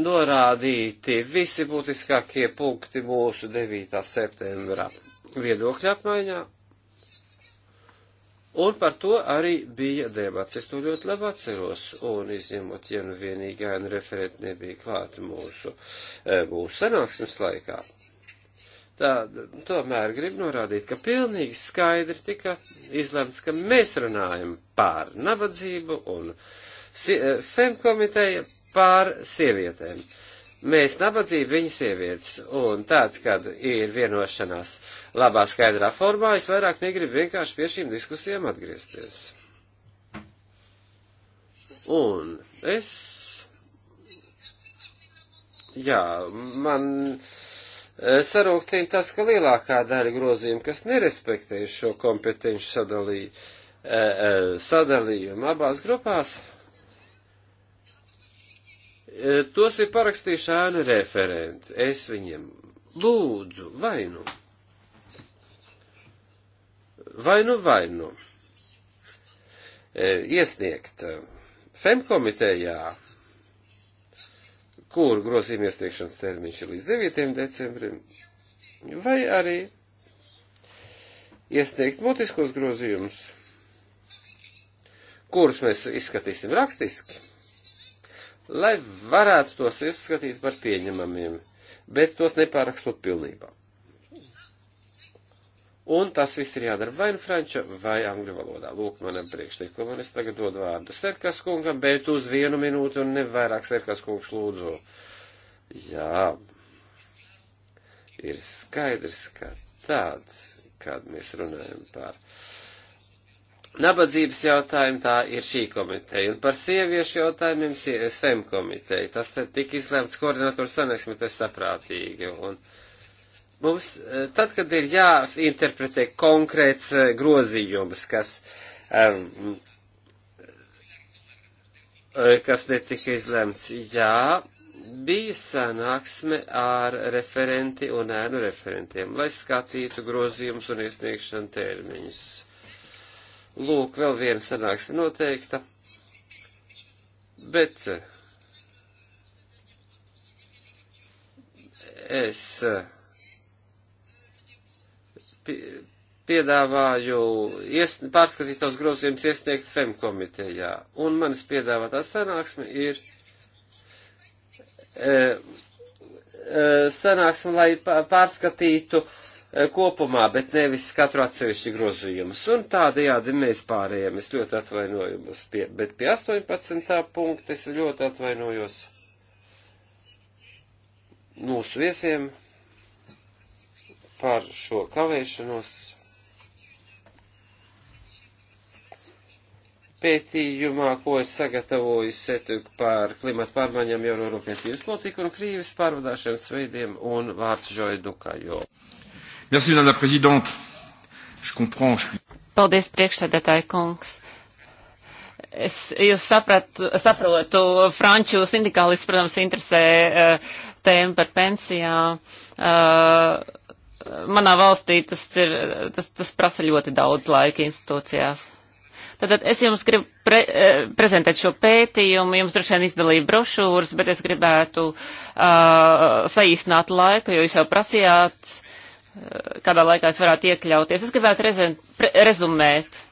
norādīti visi būtiskākie punkti mūsu 9. septembra viedokļa apmaiņā. Un par to arī bija debats. Es to ļoti labi atceros. Un izņemot, ja nu vienīgā nu referenti nebija klāta mūsu, e, mūsu sanāksmes laikā. Tā, tomēr grib norādīt, ka pilnīgi skaidri tika izlemts, ka mēs runājam par nabadzību un e, FEM komiteja pār sievietēm. Mēs nabadzību viņa sievietes, un tad, kad ir vienošanās labā skaidrā formā, es vairāk negribu vienkārši pie šīm diskusijām atgriezties. Un es, jā, man eh, sarūktīja tas, ka lielākā daļa grozījumu, kas nerespektē šo kompetenci sadalīju, eh, eh, sadalījumu abās grupās, E, tos ir parakstījuši ēna referenti. Es viņiem lūdzu vainu. Vainu vainu. E, iesniegt e, FEM komitejā, kur grozījuma iesniegšanas termiņš ir līdz 9. decembrim, vai arī iesniegt mutiskos grozījumus, kurus mēs izskatīsim rakstiski lai varētu tos izskatīt par pieņemamiem, bet tos nepārakstot pilnībā. Un tas viss ir jādara vai nu franču vai angļu valodā. Lūk, manam priekšlikumam, un es tagad dodu vārdu Serkas kungam, bet uz vienu minūti un nevairāk Serkas kungs lūdzu. Jā, ir skaidrs, ka tāds, kad mēs runājam par. Uh, Nabadzības jautājumi tā ir šī komiteja, un par sieviešu jautājumiem SFM komiteja. Tas tika izlēmts koordinatoru sanāksmē, tas saprātīgi. Un mums, eh, tad, kad ir jāinterpretē konkrēts eh, grozījums, kas, um, kas netika izlēmts, jā, bija sanāksme ar referenti un ēnu referentiem, lai skatītu grozījumus un iesniegšanu termiņus Lūk, vēl viena sanāksme noteikta, bet eh, es eh, piedāvāju ies, pārskatīt tos grozījumus iesniegt FEM komitejā, un manas piedāvātā sanāksme ir e, e, sanāksme, lai pārskatītu e, E, kopumā, bet nevis katru atsevišķi grozījumus. Un tādējādi mēs pārējām. Es ļoti atvainojos, pie, bet pie 18. punkta es ļoti atvainojos mūsu viesiem par šo kavēšanos. Pētījumā, ko es sagatavoju setuk par klimatu pārmaiņām, jau rūpniecības politiku un krīvis pārvadāšanas veidiem un vārds Žoidukajo. Merci, madame la présidente. Je comprends, je suis. Paldies, priekšsēdētāji kungs. Es jūs sapratu, saprotu, franču sindikālists, protams, interesē uh, eh, tēma par pensijām. Uh, manā valstī tas, ir, tas, tas prasa ļoti daudz laika institūcijās. Tātad es jums gribu pre, eh, prezentēt šo pētījumu, jums droši vien izdalīja brošūras, bet es gribētu uh, saīsināt laiku, jo jūs jau prasījāt Eh, kādā laikā es varētu iekļauties. Es gribētu rezen, pre, rezumēt.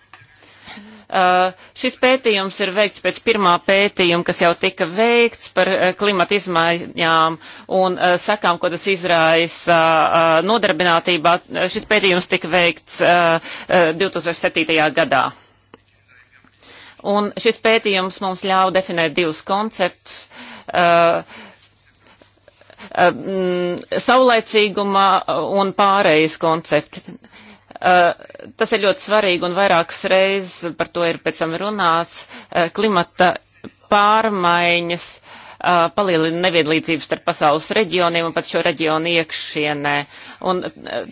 Uh, šis pētījums ir veikts pēc pirmā pētījuma, kas jau tika veikts par uh, klimata izmaiņām un uh, sakām, ko tas izraisa uh, nodarbinātībā. Šis pētījums tika veikts uh, uh, 2007. gadā. Un šis pētījums mums ļauj definēt divus konceptus. Uh, um, saulēcīguma un pārējais koncepti. Uh, tas ir ļoti svarīgi un vairākas reizes par to ir pēc tam runāts. Uh, klimata pārmaiņas uh, palielina nevienlīdzības starp pasaules reģioniem un pat šo reģionu iekšienē. Un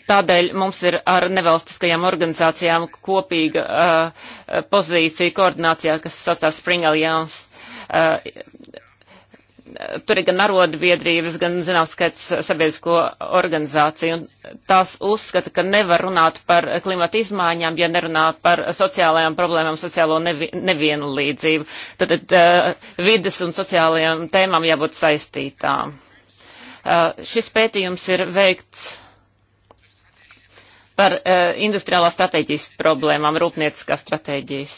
tādēļ mums ir ar nevalstiskajām organizācijām kopīga uh, pozīcija koordinācijā, kas saucās Spring Alliance. Uh, tur ir gan arodbiedrības, gan zināms skaits sabiedrisko organizāciju, un tās uzskata, ka nevar runāt par klimata izmaiņām, ja nerunā par sociālajām problēmām, sociālo nevi, nevienlīdzību. Tad, tad uh, vides un sociālajām tēmām jābūt saistītām. Uh, šis pētījums ir veikts par uh, industriālās stratēģijas problēmām, rūpnieciskās stratēģijas.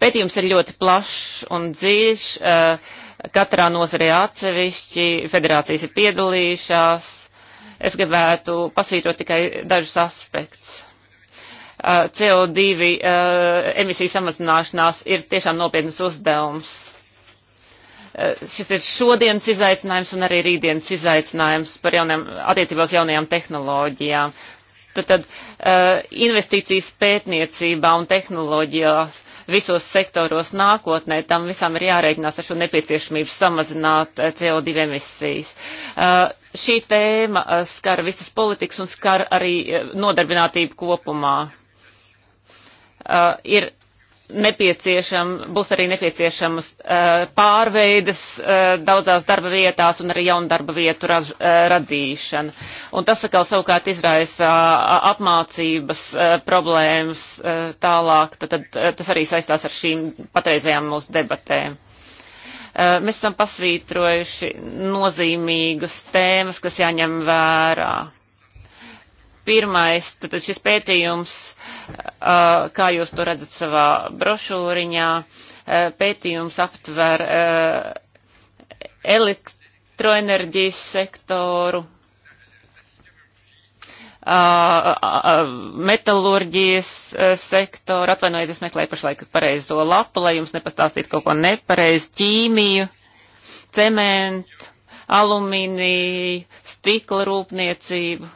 Pētījums ir ļoti plašs un dzīvs. Uh, Katrā nozarē atsevišķi federācijas ir piedalījušās. Es gribētu pasvītrot tikai dažus aspektus. CO2 emisiju samazināšanās ir tiešām nopietnas uzdevums. Šis ir šodienas izaicinājums un arī rītdienas izaicinājums par jauniem, attiecībā uz jaunajām tehnoloģijām. Tad, tad investīcijas pētniecībā un tehnoloģijās visos sektoros nākotnē. Tam visam ir jārēķinās ar šo nepieciešamību samazināt eh, CO2 emisijas. Uh, šī tēma eh, skar visas politikas un skar arī nodarbinātību kopumā. Uh, ir nepieciešam, būs arī nepieciešamas uh, pārveides uh, daudzās darba vietās un arī jaunu darba vietu raž, uh, radīšana. Un tas atkal savukārt izraisa apmācības problēmas tālāk, tad, tad tas arī saistās ar šīm patreizējām mūsu debatēm. Mēs esam pasvītrojuši nozīmīgas tēmas, kas jāņem vērā Pirmais, tad šis pētījums, kā jūs to redzat savā brošūriņā, pētījums aptver elektroenerģijas sektoru, metalurģijas sektoru, atvainojiet, es meklēju pašlaik pareizo lapu, lai jums nepastāstītu kaut ko nepareizi, ķīmiju, cementu, alumīniju, stikla rūpniecību.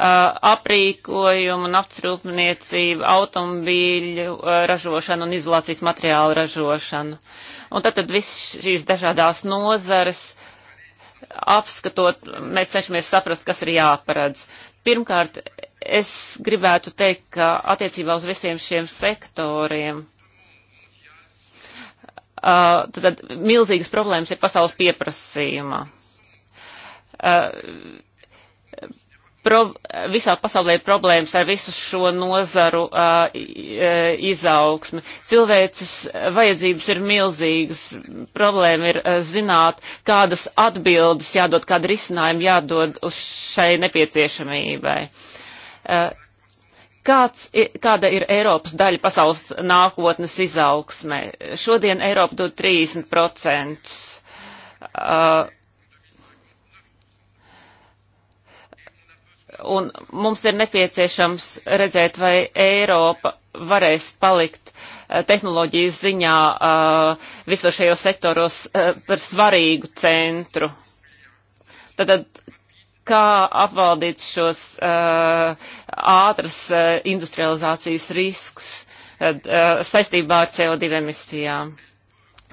Uh, aprīkojumu, naftas rūpniecību, automobīļu uh, ražošanu un izolācijas materiālu ražošanu. Un tad, tad viss šīs dažādās nozares apskatot, mēs cenšamies saprast, kas ir jāparedz. Pirmkārt, es gribētu teikt, ka attiecībā uz visiem šiem sektoriem Uh, tad, tad milzīgas problēmas ir pasaules pieprasījumā. Uh, pro, visā pasaulē ir problēmas ar visu šo nozaru uh, izaugsmi. Cilvēces vajadzības ir milzīgas, problēma ir uh, zināt, kādas atbildes jādod, kāda risinājuma jādod uz šai nepieciešamībai. Uh, Kāds, ir, kāda ir Eiropas daļa pasaules nākotnes izaugsmē? Šodien Eiropa dod 30%. Uh, un mums ir nepieciešams redzēt, vai Eiropa varēs palikt eh, tehnoloģiju ziņā eh, visos šajos sektoros eh, par svarīgu centru. Tad, kā apvaldīt šos ātras industrializācijas riskus saistībā ar CO2 emisijām?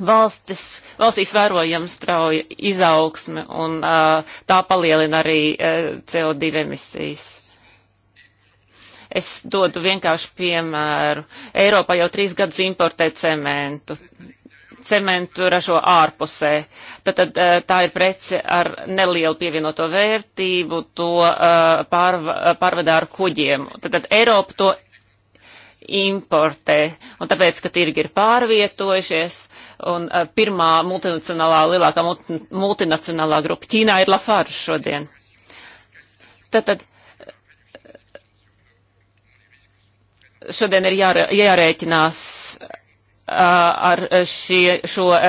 valstis, valstīs vērojama strauja izaugsme un uh, tā palielina arī uh, CO2 emisijas. Es dodu vienkārši piemēru. Eiropā jau trīs gadus importē cementu. Cementu ražo ārpusē. Tātad uh, tā ir prece ar nelielu pievienoto vērtību, to uh, pārva, pārvedā ar kuģiem. Tātad Eiropa to importē. Un tāpēc, ka tirgi ir pārvietojušies, Un uh, pirmā multinacionālā, lielākā multi, multinacionālā grupa Ķīnā ir Lafarge šodien. Tātad eh, šodien ir jāre, jārēķinās uh, ar šie, šo uh,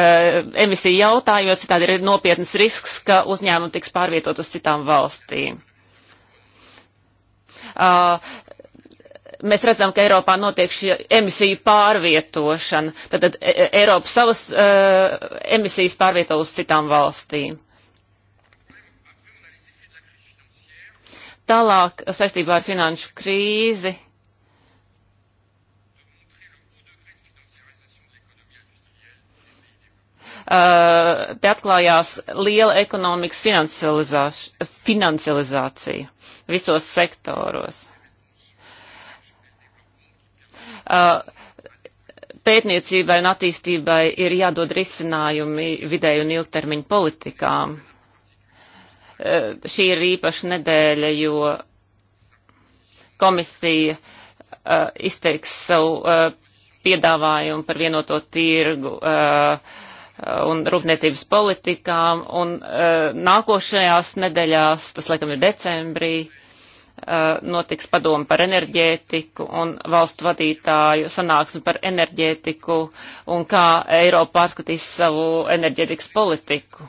emisiju jautājumu, jo citādi ir nopietnas risks, ka uzņēmumi tiks pārvietot uz citām valstīm. Uh, mēs redzam, ka Eiropā notiek šī emisiju pārvietošana. Tad e- e- Eiropa savas uh, emisijas pārvieto uz citām valstīm. Tālāk saistībā ar finanšu krīzi. Uh, te atklājās liela ekonomikas finansializācija visos sektoros. Uh, pētniecībai un attīstībai ir jādod risinājumi vidēju un ilgtermiņu politikām. Uh, šī ir īpaša nedēļa, jo komisija uh, izteiks savu piedāvājumu par vienoto tirgu un rūpniecības politikām, un nākošajās nedēļās, tas laikam ir decembrī, Eh, notiks padomu par enerģētiku un valstu vadītāju sanāksmi par enerģētiku un kā Eiropa pārskatīs savu enerģētikas politiku.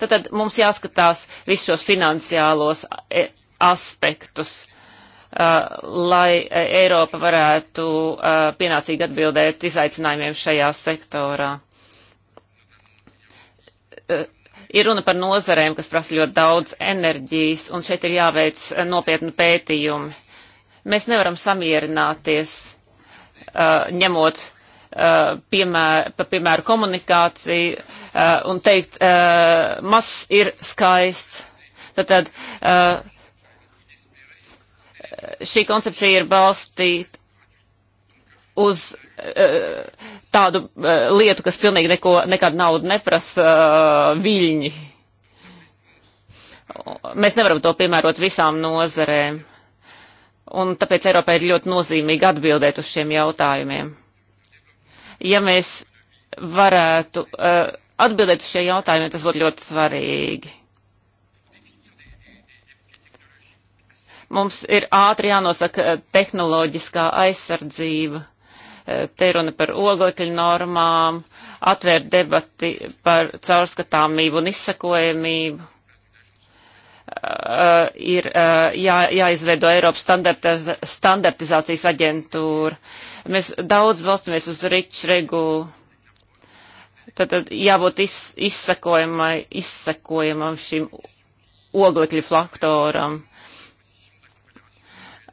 Tad, tad mums jāskatās visus šos finansiālos e, aspektus, eh, lai Eiropa varētu eh, pienācīgi atbildēt izaicinājumiem šajā sektorā. Ir runa par nozarēm, kas prasa ļoti daudz enerģijas, un šeit ir jāveic nopietni pētījumi. Mēs nevaram samierināties, uh, ņemot uh, piemēr, pa, piemēru komunikāciju uh, un teikt, uh, mazs ir skaists. Tātad uh, šī koncepcija ir balstīta uz Eh, tādu eh, lietu, kas pilnīgi neko, nekādu naudu neprasa eh, viļņi. Mēs nevaram to piemērot visām nozarēm. Un tāpēc Eiropai ir ļoti nozīmīgi atbildēt uz šiem jautājumiem. Ja mēs varētu uh, atbildēt uz šiem jautājumiem, tas būtu ļoti svarīgi. Mums ir ātri jānosaka tehnoloģiskā aizsardzība. Eh, te runa par oglekļu normām, atvērt debati par caurskatāmību un izsakojamību. Uh, ir uh, jā, jāizveido Eiropas standartiz standartizācijas aģentūra. Mēs daudz balstamies uz riču regulu. Tad, tad jābūt iz, izsakojamai, izsakojamam šim oglekļu faktoram. Uh,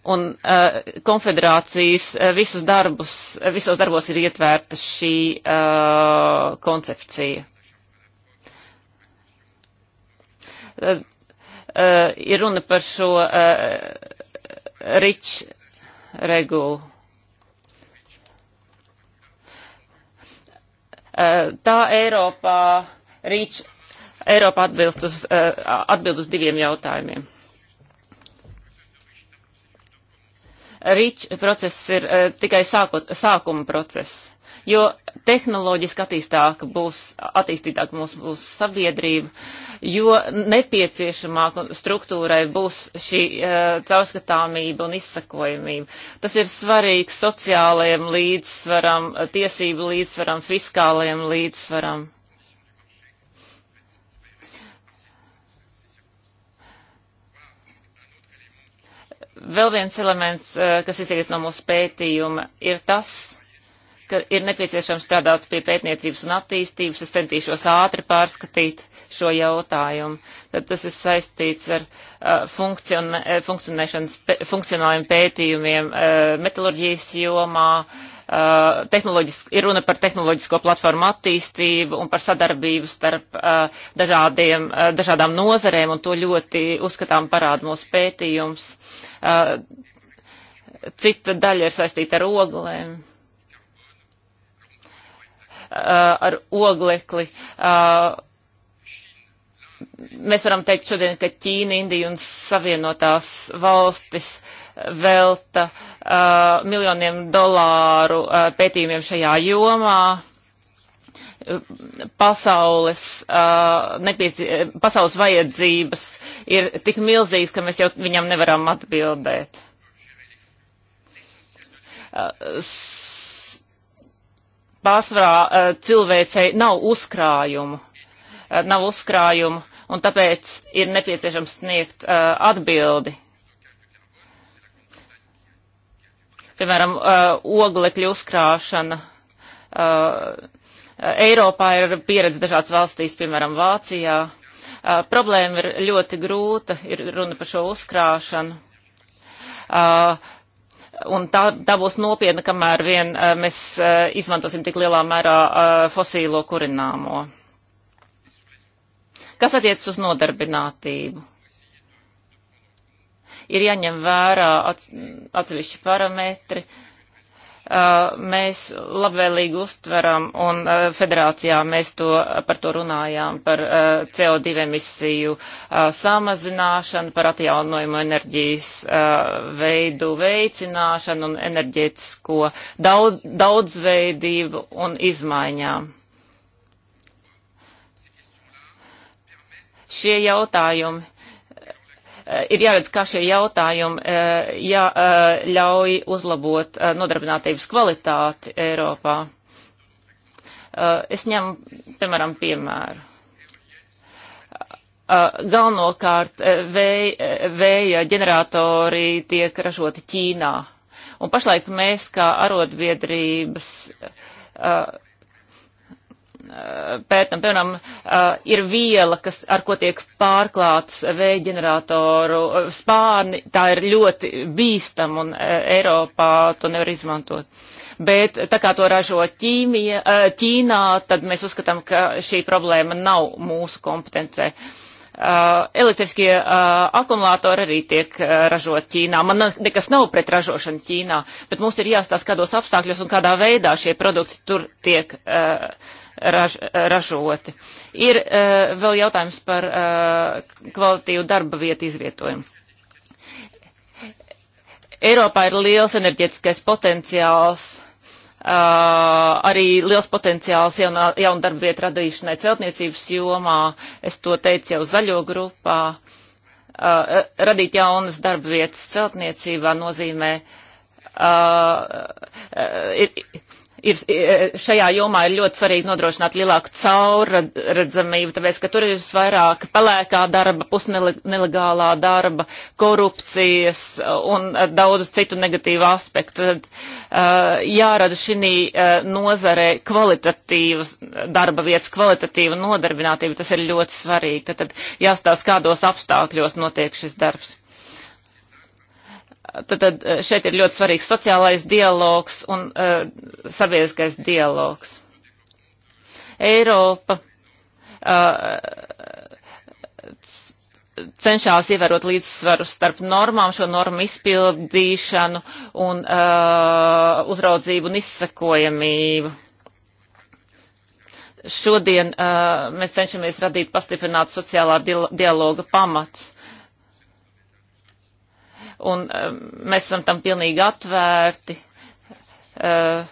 un uh, konfederācijas eh, visus darbus, eh, visos darbos ir ietvērta šī uh, koncepcija. Uh, uh, ir runa par šo uh, rich regulu. Uh, tā Eiropā, rich, Eiropa atbild uz, uh, atbild uz diviem jautājumiem. Rič process ir uh, tikai sākot, sākuma process, jo tehnoloģiski attīstāk būs, attīstītāk mūsu būs sabiedrība, jo nepieciešamāk struktūrai būs šī uh, caurskatāmība un izsakojamība. Tas ir svarīgs sociālajiem līdzsvaram, tiesību līdzsvaram, fiskālajiem līdzsvaram. Vēl viens elements, eh, kas izriet no mūsu pētījuma, ir tas, ka ir nepieciešams strādāt pie pētniecības un attīstības. Es centīšos ātri pārskatīt šo jautājumu. Tad tas ir saistīts ar uh, eh, funkcion, eh, funkcionēšanas, pē, funkcionāliem pētījumiem uh, metalurģijas jomā, uh, Uh, ir runa par tehnoloģisko platformu attīstību un par sadarbību starp uh, dažādiem, uh, dažādām nozarēm, un to ļoti uzskatām parāda mūsu pētījums. Cita daļa ir saistīta ar oglēm ar oglekli. Mēs varam teikt šodien, ka Ķīna, Indija un Savienotās valstis uh, velta uh, miljoniem dolāru uh, pētījumiem šajā jomā. Pasaules, uh, nepieci, pasaules vajadzības ir tik milzīgas, ka mēs jau viņam nevaram atbildēt. Uh, pārsvarā uh, cilvēcei nav uzkrājumu, uh, nav uzkrājumu, un tāpēc ir nepieciešams sniegt uh, atbildi piemēram, uh, oglekļu uzkrāšana. Uh, Eiropā ir pieredze dažādas valstīs, piemēram, Vācijā. Uh, problēma ir ļoti grūta, ir runa par šo uzkrāšanu. Un tā, tā būs nopietna, kamēr vien mēs izmantosim tik lielā mērā fosīlo kurināmo. Kas attiecas uz nodarbinātību? ir jāņem vērā atsevišķi parametri. Mēs labvēlīgi uztveram un federācijā mēs to, par to runājām, par CO2 emisiju samazināšanu, par atjaunojumu enerģijas veidu veicināšanu un enerģētisko daudz, daudzveidību un izmaiņām. šie jautājumi Eh, ir jāredz, kā šie jautājumi eh, jā, eh, ļauj uzlabot nodarbinātības kvalitāti Eiropā. Es ņemu, piemēram, piemēru. Galvenokārt vēja ģeneratori tiek ražoti Ķīnā. Un pašlaik mēs, kā arotbiedrības, uh, pētam, piemēram, ir viela, kas, ar ko tiek pārklāts vēja ģeneratoru spārni, tā ir ļoti bīstam un Eiropā to nevar izmantot. Bet tā kā to ražo ķīmija, Ķīnā, tad mēs uzskatām, ka šī problēma nav mūsu kompetencē. Elektriskie akumulātori arī tiek ražot Ķīnā. Man nekas nav pret ražošanu Ķīnā, bet mums ir jāstāsta, kādos apstākļos un kādā veidā šie produkti tur tiek uh, raž, ražoti. Ir uh, vēl jautājums par uh, kvalitīvu darba vietu izvietojumu. Eiropā ir liels enerģetiskais potenciāls, uh, arī liels potenciāls jaunā, jaunu darba vietu radīšanai celtniecības jomā. Es to teicu jau zaļo grupā. Uh, radīt jaunas darba vietas celtniecībā nozīmē. Uh, uh, ir, ir, e, šajā jomā ir ļoti svarīgi nodrošināt lielāku caurredzamību, tāpēc, ka tur ir visvairāk pelēkā darba, pusnelegālā darba, korupcijas un e, daudz citu negatīvu aspektu. Tad uh, jārada šī uh, nozarē kvalitatīvas darba vietas, kvalitatīva nodarbinātība, tas ir ļoti svarīgi. Tad, tad jāstāsta, kādos apstākļos notiek šis darbs. Tad, tad eh, šeit ir ļoti svarīgs sociālais dialogs un uh, sabiedriskais dialogs. Eiropa uh, cenšas ievērot līdzsvaru starp normām, šo normu izpildīšanu un uh, uzraudzību un izsekojamību. Šodien uh, mēs cenšamies radīt pastiprinātu sociālā dialoga pamatu un um, mēs esam tam pilnīgi atvērti. Uh,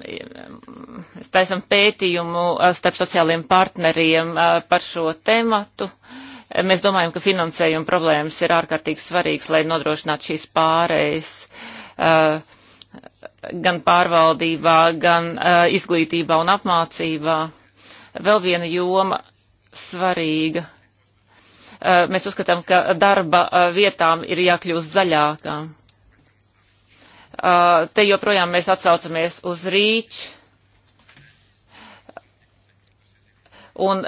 mēs um, taisam pētījumu uh, starp sociālajiem partneriem uh, par šo tematu. Mēs domājam, ka finansējuma problēmas ir ārkārtīgi svarīgas, lai nodrošinātu šīs pārējas gan pārvaldībā, gan izglītībā un apmācībā. Vēl viena joma svarīga Eh, mēs uzskatām, ka darba eh, vietām ir jākļūst zaļākām. Eh, te joprojām mēs atsaucamies uz rīču. Un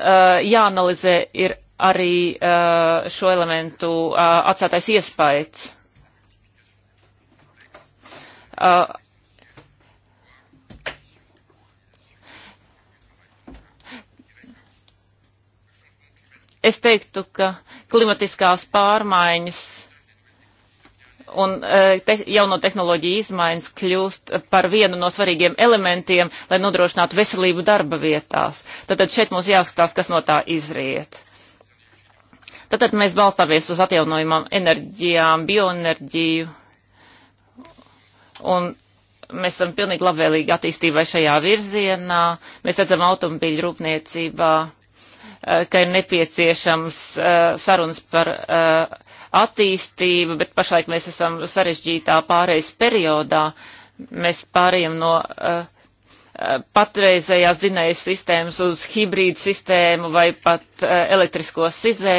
jāanalizē ir arī šo elementu atstātais iespējas Es teiktu, ka klimatiskās pārmaiņas un e, te, jauno tehnoloģiju izmaiņas kļūst par vienu no svarīgiem elementiem, lai nodrošinātu veselību darba vietās. Tātad šeit mums jāskatās, kas no tā izriet. Tātad mēs balstāmies uz atjaunojumām enerģijām, bioenerģiju, un mēs esam pilnīgi labvēlīgi attīstībai šajā virzienā. Mēs redzam automobīļu rūpniecībā Eh, ka ir nepieciešams eh, sarunas par eh, attīstību, bet pašlaik mēs esam sarežģītā pārejas periodā. Mēs pārējām no patreizējās dzinējas sistēmas uz hibrīdu sistēmu vai pat elektrisko sizē,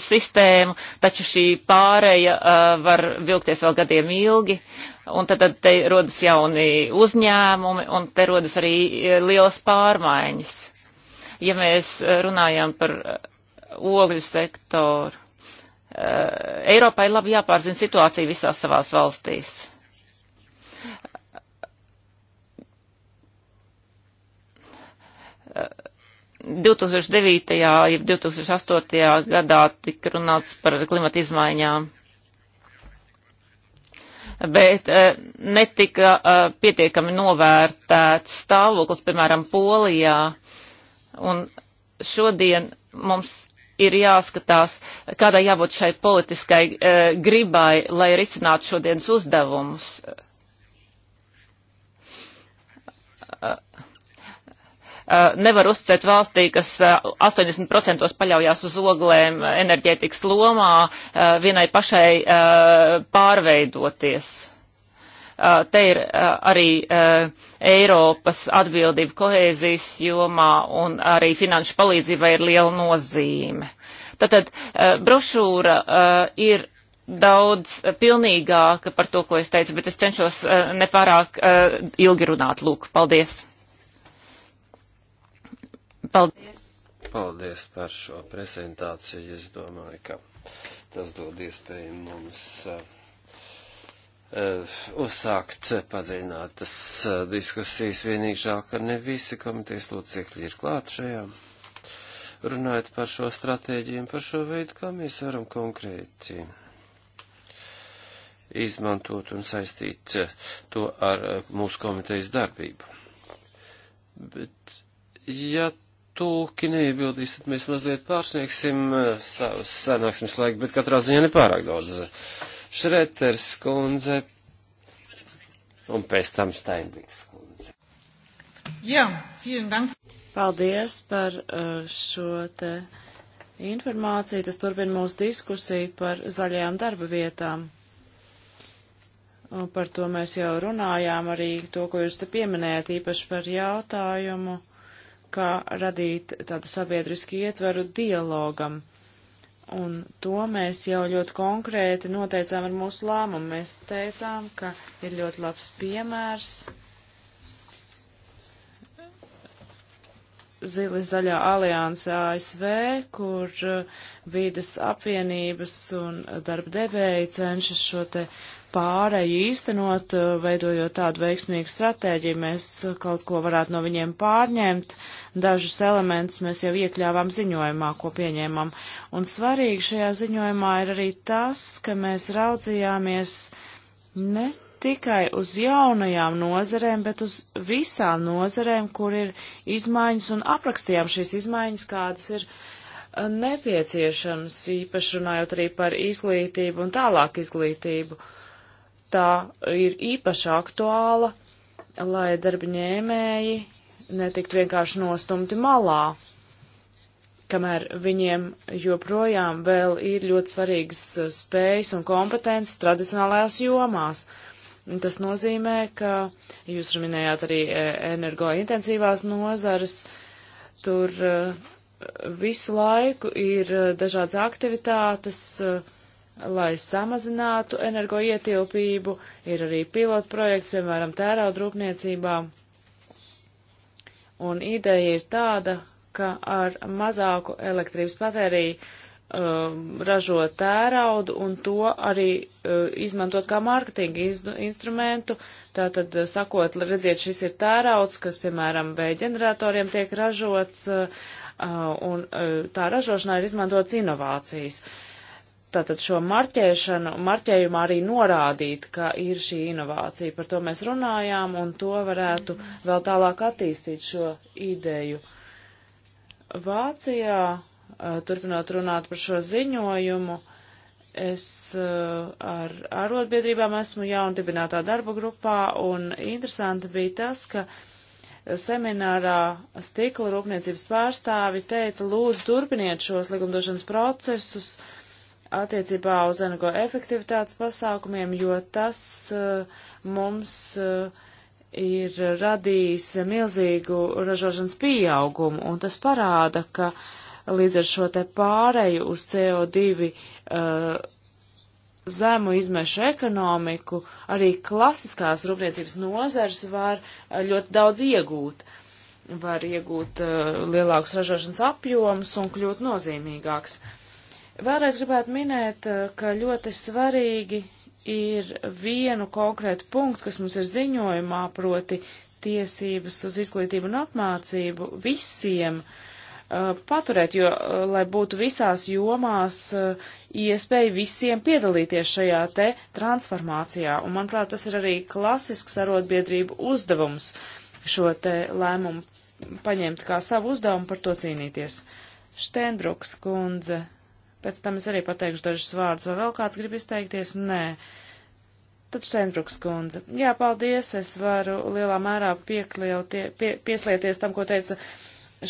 sistēmu, taču šī pāreja var vilkties vēl gadiem ilgi. Un tad, tad te rodas jauni uzņēmumi, un te rodas arī lielas pārmaiņas ja mēs eh, runājam par eh, ogļu sektoru. Eh, Eiropai labi jāpārzina situācija visās savās valstīs. Uh, 2009. jeb 2008. gadā tika runāts par klimata izmaiņām, bet netika pietiekami novērtēts stāvoklis, piemēram, Polijā, Un šodien mums ir jāskatās, kādai jābūt šai politiskai e, gribai, lai risinātu šodienas uzdevumus. E, e nevar uzticēt valstī, kas 80% e, paļaujas uz oglēm enerģētikas lomā, e, vienai pašai pārveidoties. Te ir arī Eiropas atbildība kohēzijas jomā un arī finanšu palīdzībai ir liela nozīme. Tātad brošūra ir daudz pilnīgāka par to, ko es teicu, bet es cenšos nepārāk ilgi runāt. Lūk, paldies! Paldies! Paldies par šo prezentāciju. Es domāju, ka tas dod iespēju mums. Uh, Eh, uzsākt padziļinātas eh, diskusijas. Vienīgi žēl, ka ne visi komitejas locekļi ir klāt šajā. Runājot par šo stratēģiju un par šo veidu, kā mēs varam konkrēti izmantot un saistīt eh, to ar mūsu komitejas darbību. Bet, ja tūki neiebildīs, tad mēs mazliet pārsniegsim savus sanāksmes laiku, bet katrā ziņā nepārāk daudz. Uh, Šreters kundze un pēc tam Steinbriks kundze. Jā, vielen dank. Paldies par uh, šo te informāciju. Tas turpina mūsu diskusiju par zaļajām darba vietām. Un par to mēs jau runājām arī to, ko jūs te pieminējat, īpaši par jautājumu, kā radīt tādu sabiedrisku ietveru dialogam. Un to mēs jau ļoti konkrēti noteicām ar mūsu lēmumu. Mēs teicām, ka ir ļoti labs piemērs Zili zaļā alianse ASV, kur uh, vīdas apvienības un darba devēji cenšas šo te uh, pārēju īstenot, eh, veidojot tādu veiksmīgu stratēģiju, mēs eh, kaut ko varētu no viņiem pārņemt. Dažus elementus mēs jau iekļāvām ziņojumā, ko pieņēmām. Un svarīgi šajā ziņojumā ir arī tas, ka mēs raudzījāmies ne tikai uz jaunajām nozerēm, bet uz visām nozerēm, kur ir izmaiņas un aprakstījām šīs izmaiņas, kādas ir eh, nepieciešams, īpaši runājot arī par izglītību un tālāk izglītību. Uh, tā ir īpaši aktuāla, lai darbiņēmēji netikt vienkārši nostumti malā, kamēr viņiem joprojām vēl ir ļoti svarīgas spējas un kompetences tradicionālajās jomās. Tas nozīmē, ka jūs minējāt arī e, energointensīvās nozares, tur e, visu laiku ir e, dažādas aktivitātes, uh, lai samazinātu energoietilpību. Ir arī pilotprojekts, piemēram, tērauda rūpniecībā. Un ideja ir tāda, ka ar mazāku elektrības patēriju uh, ražot tēraudu un to arī uh, izmantot kā mārketinga instrumentu. Tātad, uh, sakot, redziet, šis ir tērauds, kas, piemēram, vēja ģeneratoriem tiek ražots, uh, uh un uh, tā ražošanā ir izmantots inovācijas. Uh, tātad šo marķēšanu, marķējumā arī norādīt, ka ir šī inovācija. Par to mēs runājām, un to varētu vēl tālāk attīstīt šo ideju. Vācijā, turpinot runāt par šo ziņojumu, es ar arotbiedrībām esmu jaundibinātā darba grupā, un interesanti bija tas, ka seminārā stikla rūpniecības pārstāvi teica, lūdzu, turpiniet šos likumdošanas procesus, uh, attiecībā uz energo efektivitātes pasākumiem, jo tas uh, mums uh, ir radījis milzīgu ražošanas pieaugumu, un tas parāda, ka līdz ar šo te pāreju uz CO2 uh, zemu izmešu ekonomiku arī klasiskās rūpniecības nozars var uh, ļoti daudz iegūt. Var iegūt uh, lielākus ražošanas apjomus un kļūt nozīmīgāks. Uh, Vēlreiz gribētu minēt, eh, ka ļoti svarīgi ir vienu konkrētu punktu, kas mums ir ziņojumā, proti tiesības uz izglītību un apmācību visiem uh, paturēt, jo, uh, lai būtu visās jomās uh, iespēja visiem piedalīties šajā te transformācijā. Un, manuprāt, tas ir arī klasisks arotbiedrību uzdevums šo te lēmumu paņemt kā savu uzdevumu par to cīnīties. Štenbruks kundze Pēc tam es arī pateikšu dažus vārdus, vai vēl kāds grib izteikties? Nē. Tad Štenbruks kundze. Jā, paldies, es varu lielā mērā piekļautie, pie, pieslieties tam, ko teica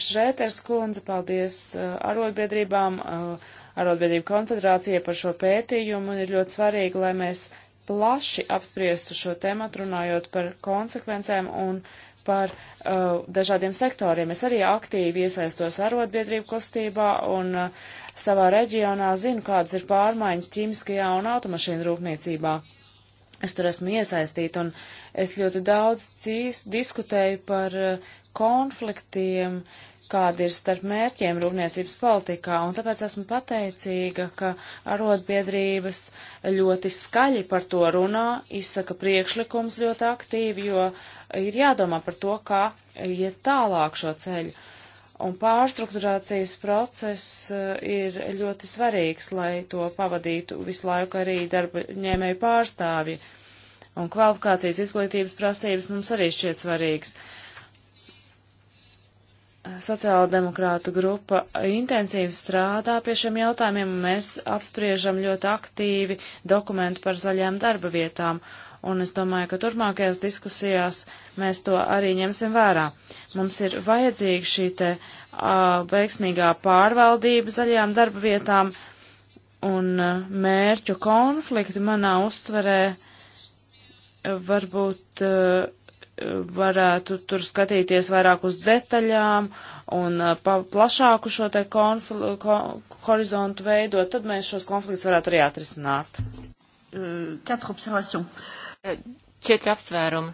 Šrēters kundze. Paldies uh, arotbiedrībām, uh, arotbiedrību konfederācijai par šo pētījumu. Ir ļoti svarīgi, lai mēs plaši apspriestu šo tematu, runājot par konsekvencēm un par uh, dažādiem sektoriem. Es arī aktīvi iesaistos arotbiedrību kustībā un uh, savā reģionā zinu, kādas ir pārmaiņas ķīmiskajā un automašīnu rūpniecībā. Es tur esmu iesaistīta un es ļoti daudz cīs, diskutēju par uh, konfliktiem, kāda ir starp mērķiem rūpniecības politikā, un tāpēc esmu pateicīga, ka arotbiedrības ļoti skaļi par to runā, izsaka priekšlikums ļoti aktīvi, jo uh, ir jādomā par to, kā iet tālāk šo ceļu. Un pārstruktūrācijas process eh, ir ļoti svarīgs, lai to pavadītu visu laiku arī darba ņēmēju pārstāvji. Un kvalifikācijas izglītības prasības mums arī šķiet svarīgs. Sociāldemokrātu grupa intensīvi strādā pie šiem jautājumiem, un mēs apspriežam ļoti aktīvi dokumentu par zaļām darba vietām. Uh, un es domāju, ka turpmākajās diskusijās mēs to arī ņemsim vērā. Mums ir vajadzīga šī te a, veiksmīgā pārvaldība zaļajām darba vietām, un a, mērķu konflikti manā uztverē varbūt a, varētu tur skatīties vairāk uz detaļām un pa, plašāku šo te konfl, ko, horizontu veidot, tad mēs šos konfliktus varētu arī atrisināt. Uh, četri apsvērumi.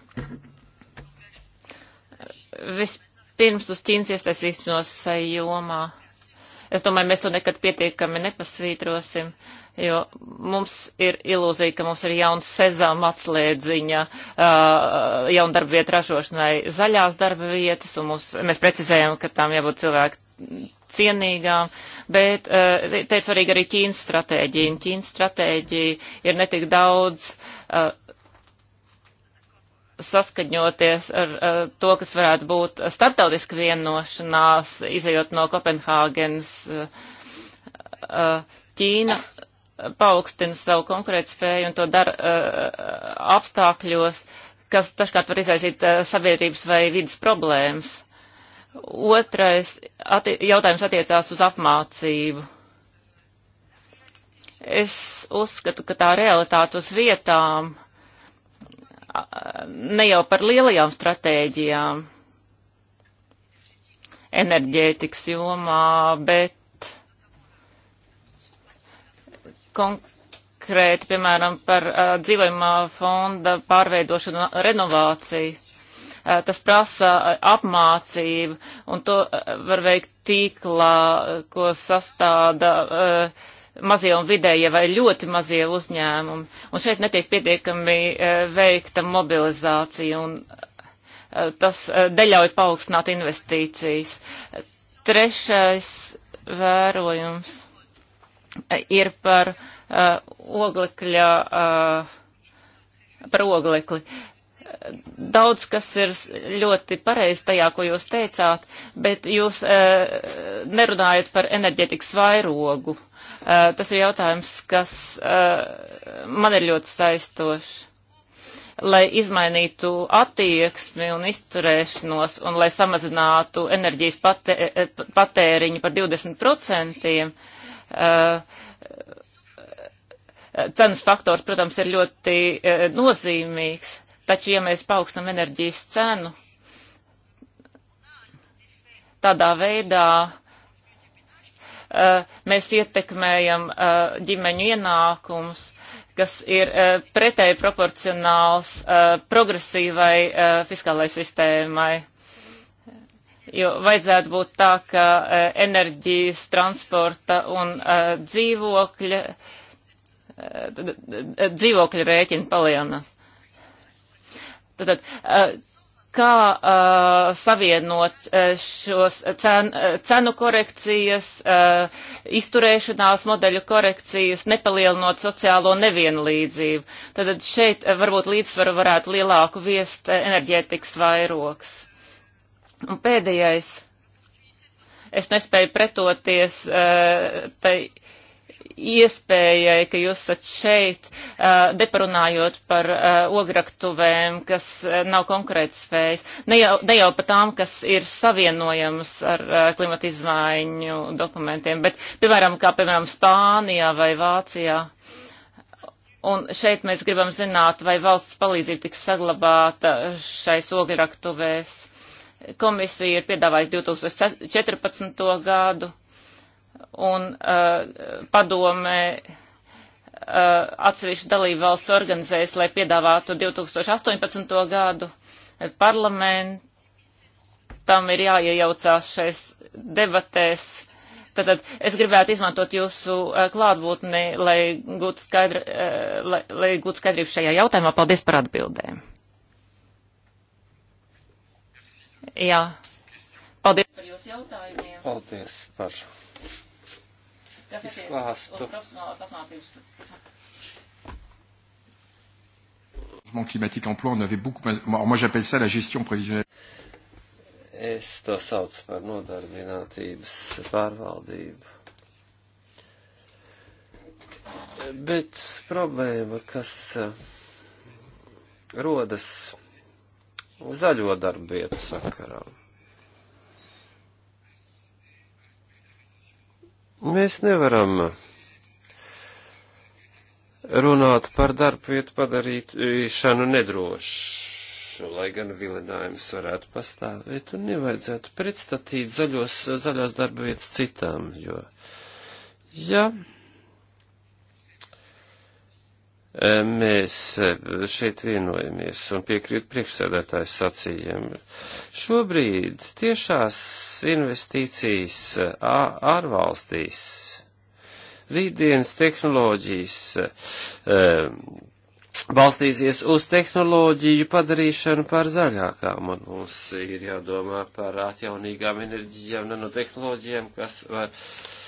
Vispirms uz Ķīnas iesaistīšanos jomā. Es domāju, mēs to nekad pietiekami nepasvītrosim, jo mums ir ilūzija, ka mums ir jauns sezām atslēdziņa, uh, jauna darba vieta ražošanai, zaļās darba vietas, un mums, mēs precizējam, ka tām jābūt cilvēku cienīgām, bet uh, te ir svarīga arī Ķīnas stratēģija, un Ķīnas stratēģija ir netik daudz. Uh, saskaņoties ar, ar to, kas varētu būt starptautiski vienošanās, izējot no Kopenhāgenes. Eh, eh, Ķīna paaugstina savu konkurētspēju un to dara eh, apstākļos, kas taškārt var izraisīt sabiedrības vai vidas problēmas. Otrais atti jautājums attiecās uz apmācību. Es uzskatu, ka tā realitāte uz vietām ne jau par lielajām stratēģijām enerģētikas jomā, bet konkrēti, piemēram, par uh, dzīvojumā fonda pārveidošanu un renovāciju. Uh, tas prasa apmācību, un to var veikt tīklā, ko sastāda uh, mazie un vidējie vai ļoti mazie uzņēmumi. Un šeit netiek pietiekami e, veikta mobilizācija un e, tas deļauj e, paaugstināt investīcijas. Trešais vērojums ir par uh, oglekļa, uh, par oglekli. Daudz kas ir ļoti pareizi tajā, ko jūs teicāt, bet jūs uh, nerunājat par enerģetikas vairogu. Uh, Eh, tas ir jautājums, kas eh, man ir ļoti saistošs lai izmainītu attieksmi un izturēšanos un lai samazinātu enerģijas patē, eh, patēriņu par 20%. Cenas faktors, protams, ir ļoti nozīmīgs, taču, ja mēs paaugstam enerģijas cenu, tādā veidā Eh, mēs ietekmējam eh, ģimeņu ienākums, kas ir eh, pretēji proporcionāls progresīvai fiskālai sistēmai. Jo vajadzētu būt tā, ka enerģijas, transporta un dzīvokļa, dzīvokļa rēķini palielinās. Tātad, kā uh, savienot uh, šos uh, cen, uh, cenu korekcijas, uh, izturēšanās modeļu korekcijas, nepalielinot sociālo nevienlīdzību. Tad šeit uh, varbūt līdzsvaru varētu lielāku viest uh, enerģētikas vairoks. Un pēdējais. Es nespēju pretoties uh, tai iespējai, ka jūs esat šeit, uh, deparunājot par uh, ograktuvēm, kas uh, nav konkrētas spējas, ne jau, ne jau par tām, kas ir savienojamas ar uh, klimata izmaiņu dokumentiem, bet, piemēram, kā, piemēram, Spānijā vai Vācijā. Un šeit mēs gribam zināt, vai valsts palīdzība tiks saglabāta šais ograktuvēs. Komisija ir piedāvājusi 2014. gadu un uh, padomē uh, atsevišķi dalību valsts organizējas, lai piedāvātu 2018. gadu parlamentam ir jāiejaucās šais debatēs. Tātad es gribētu izmantot jūsu uh, klātbūtni, lai gūtu skaidri, uh, lai, lai gūtu skaidrību šajā jautājumā. Paldies par atbildēm. Jā. Paldies par jūsu jautājumiem. Paldies par izklāstu. Climatique emploi, on avait beaucoup. Alors moi j'appelle ça la gestion prévisionnelle. Es to saucu par nodarbinātības pārvaldību. Bet problēma, kas eh, rodas zaļo darbietu sakarām. Mēs nevaram runāt par darba vietu padarīšanu nedrošu, lai gan vilinājums varētu pastāvēt un nevajadzētu pretstatīt zaļos, zaļās darba vietas citām, jo, ja mēs e, šeit vienojamies un piekrīt priekšsēdētājs sacījiem. Šobrīd tiešās investīcijas e, ārvalstīs, rītdienas tehnoloģijas e, balstīsies uz tehnoloģiju padarīšanu par zaļākām, un mums ir jādomā par atjaunīgām enerģijām, nanotehnoloģijām, kas var. Uh,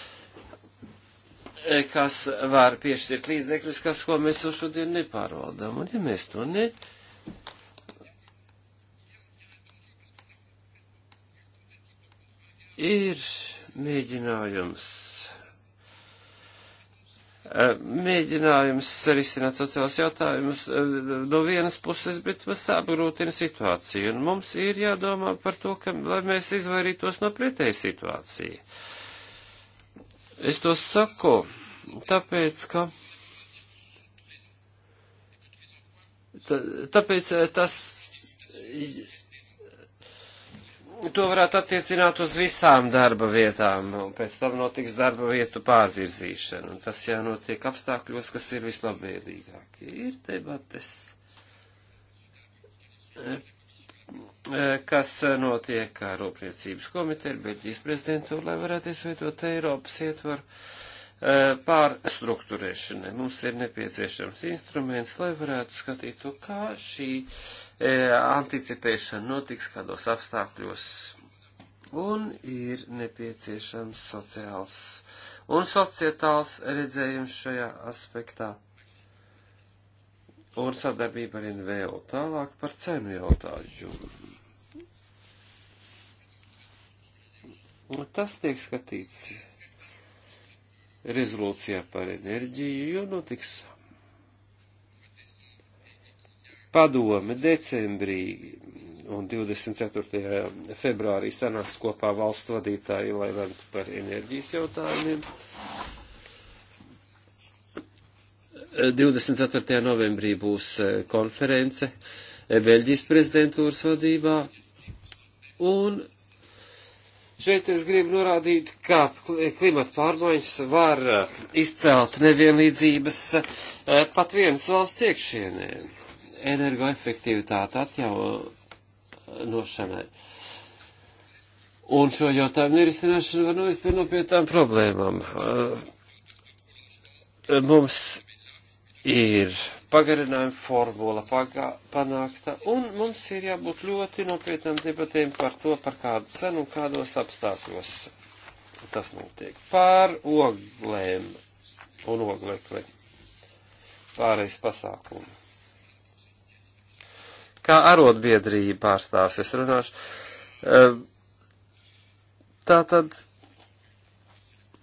E, kas var piešķirt līdzekļus, kas, ko mēs jau šodien nepārvaldām. Un ja mēs to ne, ir mēģinājums. E, mēģinājums risināt sociālus jautājumus e, no vienas puses, bet mēs apgrūtina situāciju. Un mums ir jādomā par to, ka, lai mēs izvairītos no pretējas situācijas Es to saku, tāpēc, ka. Tāpēc eh, tas to varētu attiecināt uz visām darba vietām, un pēc tam notiks darba vietu pārvirzīšana, un tas jānotiek apstākļos, kas ir vislabvēlīgākie. Ir debates eh, Eh, kas eh, notiek ar Rūpniecības komiteju, Beļģijas prezidentu, lai varētu izveidot Eiropas ietvaru eh, pārstruktūrēšanai. Mums ir nepieciešams instruments, lai varētu skatīt to, kā šī anticipēšana notiks, kādos apstākļos. Un ir nepieciešams sociāls un societāls redzējums šajā aspektā un sadarbība ar NVO. Tālāk par cenu jautājumu. Un tas tiek skatīts rezolūcijā par enerģiju, jo notiks padome decembrī un 24. februārī sanāks kopā valstu vadītāji, lai lemtu par enerģijas jautājumiem. 24. novembrī būs e, konference e, Beļģijas prezidentūras vadībā. Un šeit es gribu norādīt, kā e, klimata pārmaiņas var izcelt nevienlīdzības pat vienas valsts iekšienē. Energoefektivitāte atjaunošanai. Un šo jautājumu nerisināšana var novest pie nopietnām problēmām. Mums ir pagarinājuma formula pagā, panākta, un mums ir jābūt ļoti nopietnām debatēm par to, par kādu cenu un kādos apstākļos tas notiek. Pār oglēm un oglekli. Pārējais pasākumu. Kā arotbiedrība pārstāvs es runāšu. Ehm, Tātad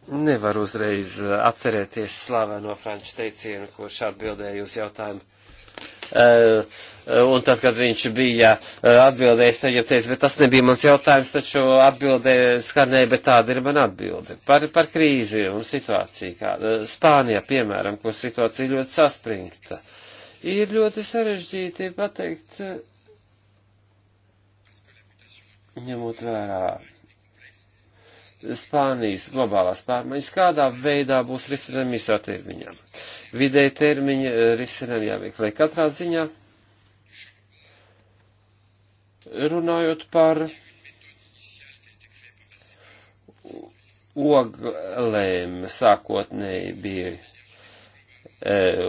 nevar uzreiz eh, atcerēties slaveno franču teicienu, kurš atbildēja uz jautājumu. Uh, un tad, kad viņš bija atbildējis, tad jau teica, bet tas nebija mans jautājums, taču atbildē skanēja, bet tāda ir man atbilde. Par, par krīzi un situāciju. Kā, Spānijā, piemēram, kur situācija ļoti saspringta, ir ļoti sarežģīti pateikt, ņemot vērā Spānijas globālās pārmaiņas, kādā veidā būs risinājumi īsā termiņā. Vidēji termiņa eh, risinājumi jāmeklē katrā ziņā. Runājot par oglēm, sākotnēji bija e, eh,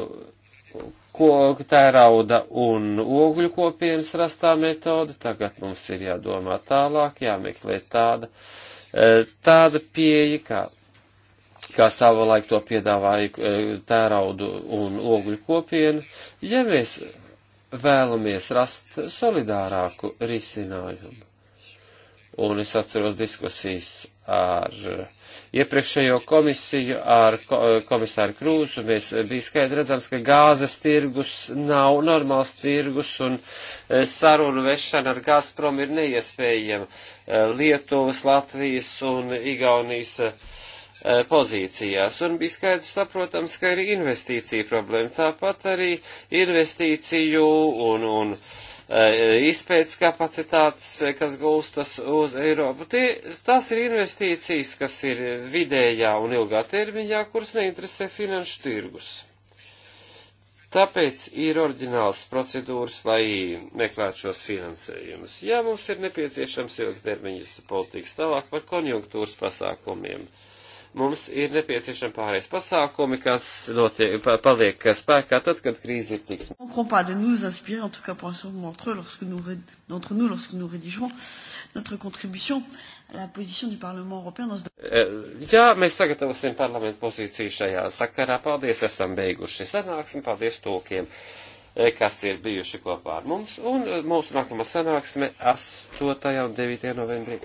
koku tērauda un ogļu kopienas rastā metode, tagad mums ir jādomā tālāk, jāmeklē tāda. E, Eh, tāda pieeja, kā, kā savulaik to piedāvāja eh, tēraudu un ogļu kopiena, ja mēs vēlamies rast solidārāku risinājumu. Un es atceros diskusijas ar uh, iepriekšējo komisiju, ar uh, komisāru Krūzu, mēs uh, bija skaidri redzams, ka gāzes tirgus nav normāls tirgus un sarunu vešana ar Gazprom ir neiespējama. Lietuvas, Latvijas un Igaunijas pozīcijās, un bija skaidrs saprotams, ka ir investīcija problēma, tāpat arī investīciju un, un uh, Eh, izpētes kapacitātes, eh, kas gulstas uz Eiropu. Tie, tās ir investīcijas, kas ir vidējā un ilgā termiņā, kuras neinteresē finanšu tirgus. Tāpēc ir oriģināls procedūras, lai meklētu šos finansējumus. Jā, mums ir nepieciešams ilgtermiņas politikas tālāk par konjunktūras pasākumiem. Uh, mums ir nepieciešami pārējais pasākumi, kas notiek, pa, paliek spēkā tad, kad krīze ir tiks. Eh, jā, mēs sagatavosim parlamentu pozīciju šajā sakarā. Paldies, esam beiguši sanāksmi. Paldies tūkiem, eh, kas ir bijuši kopā ar mums. Un eh, mūsu nākamā sanāksme 8. un 9. novembrī.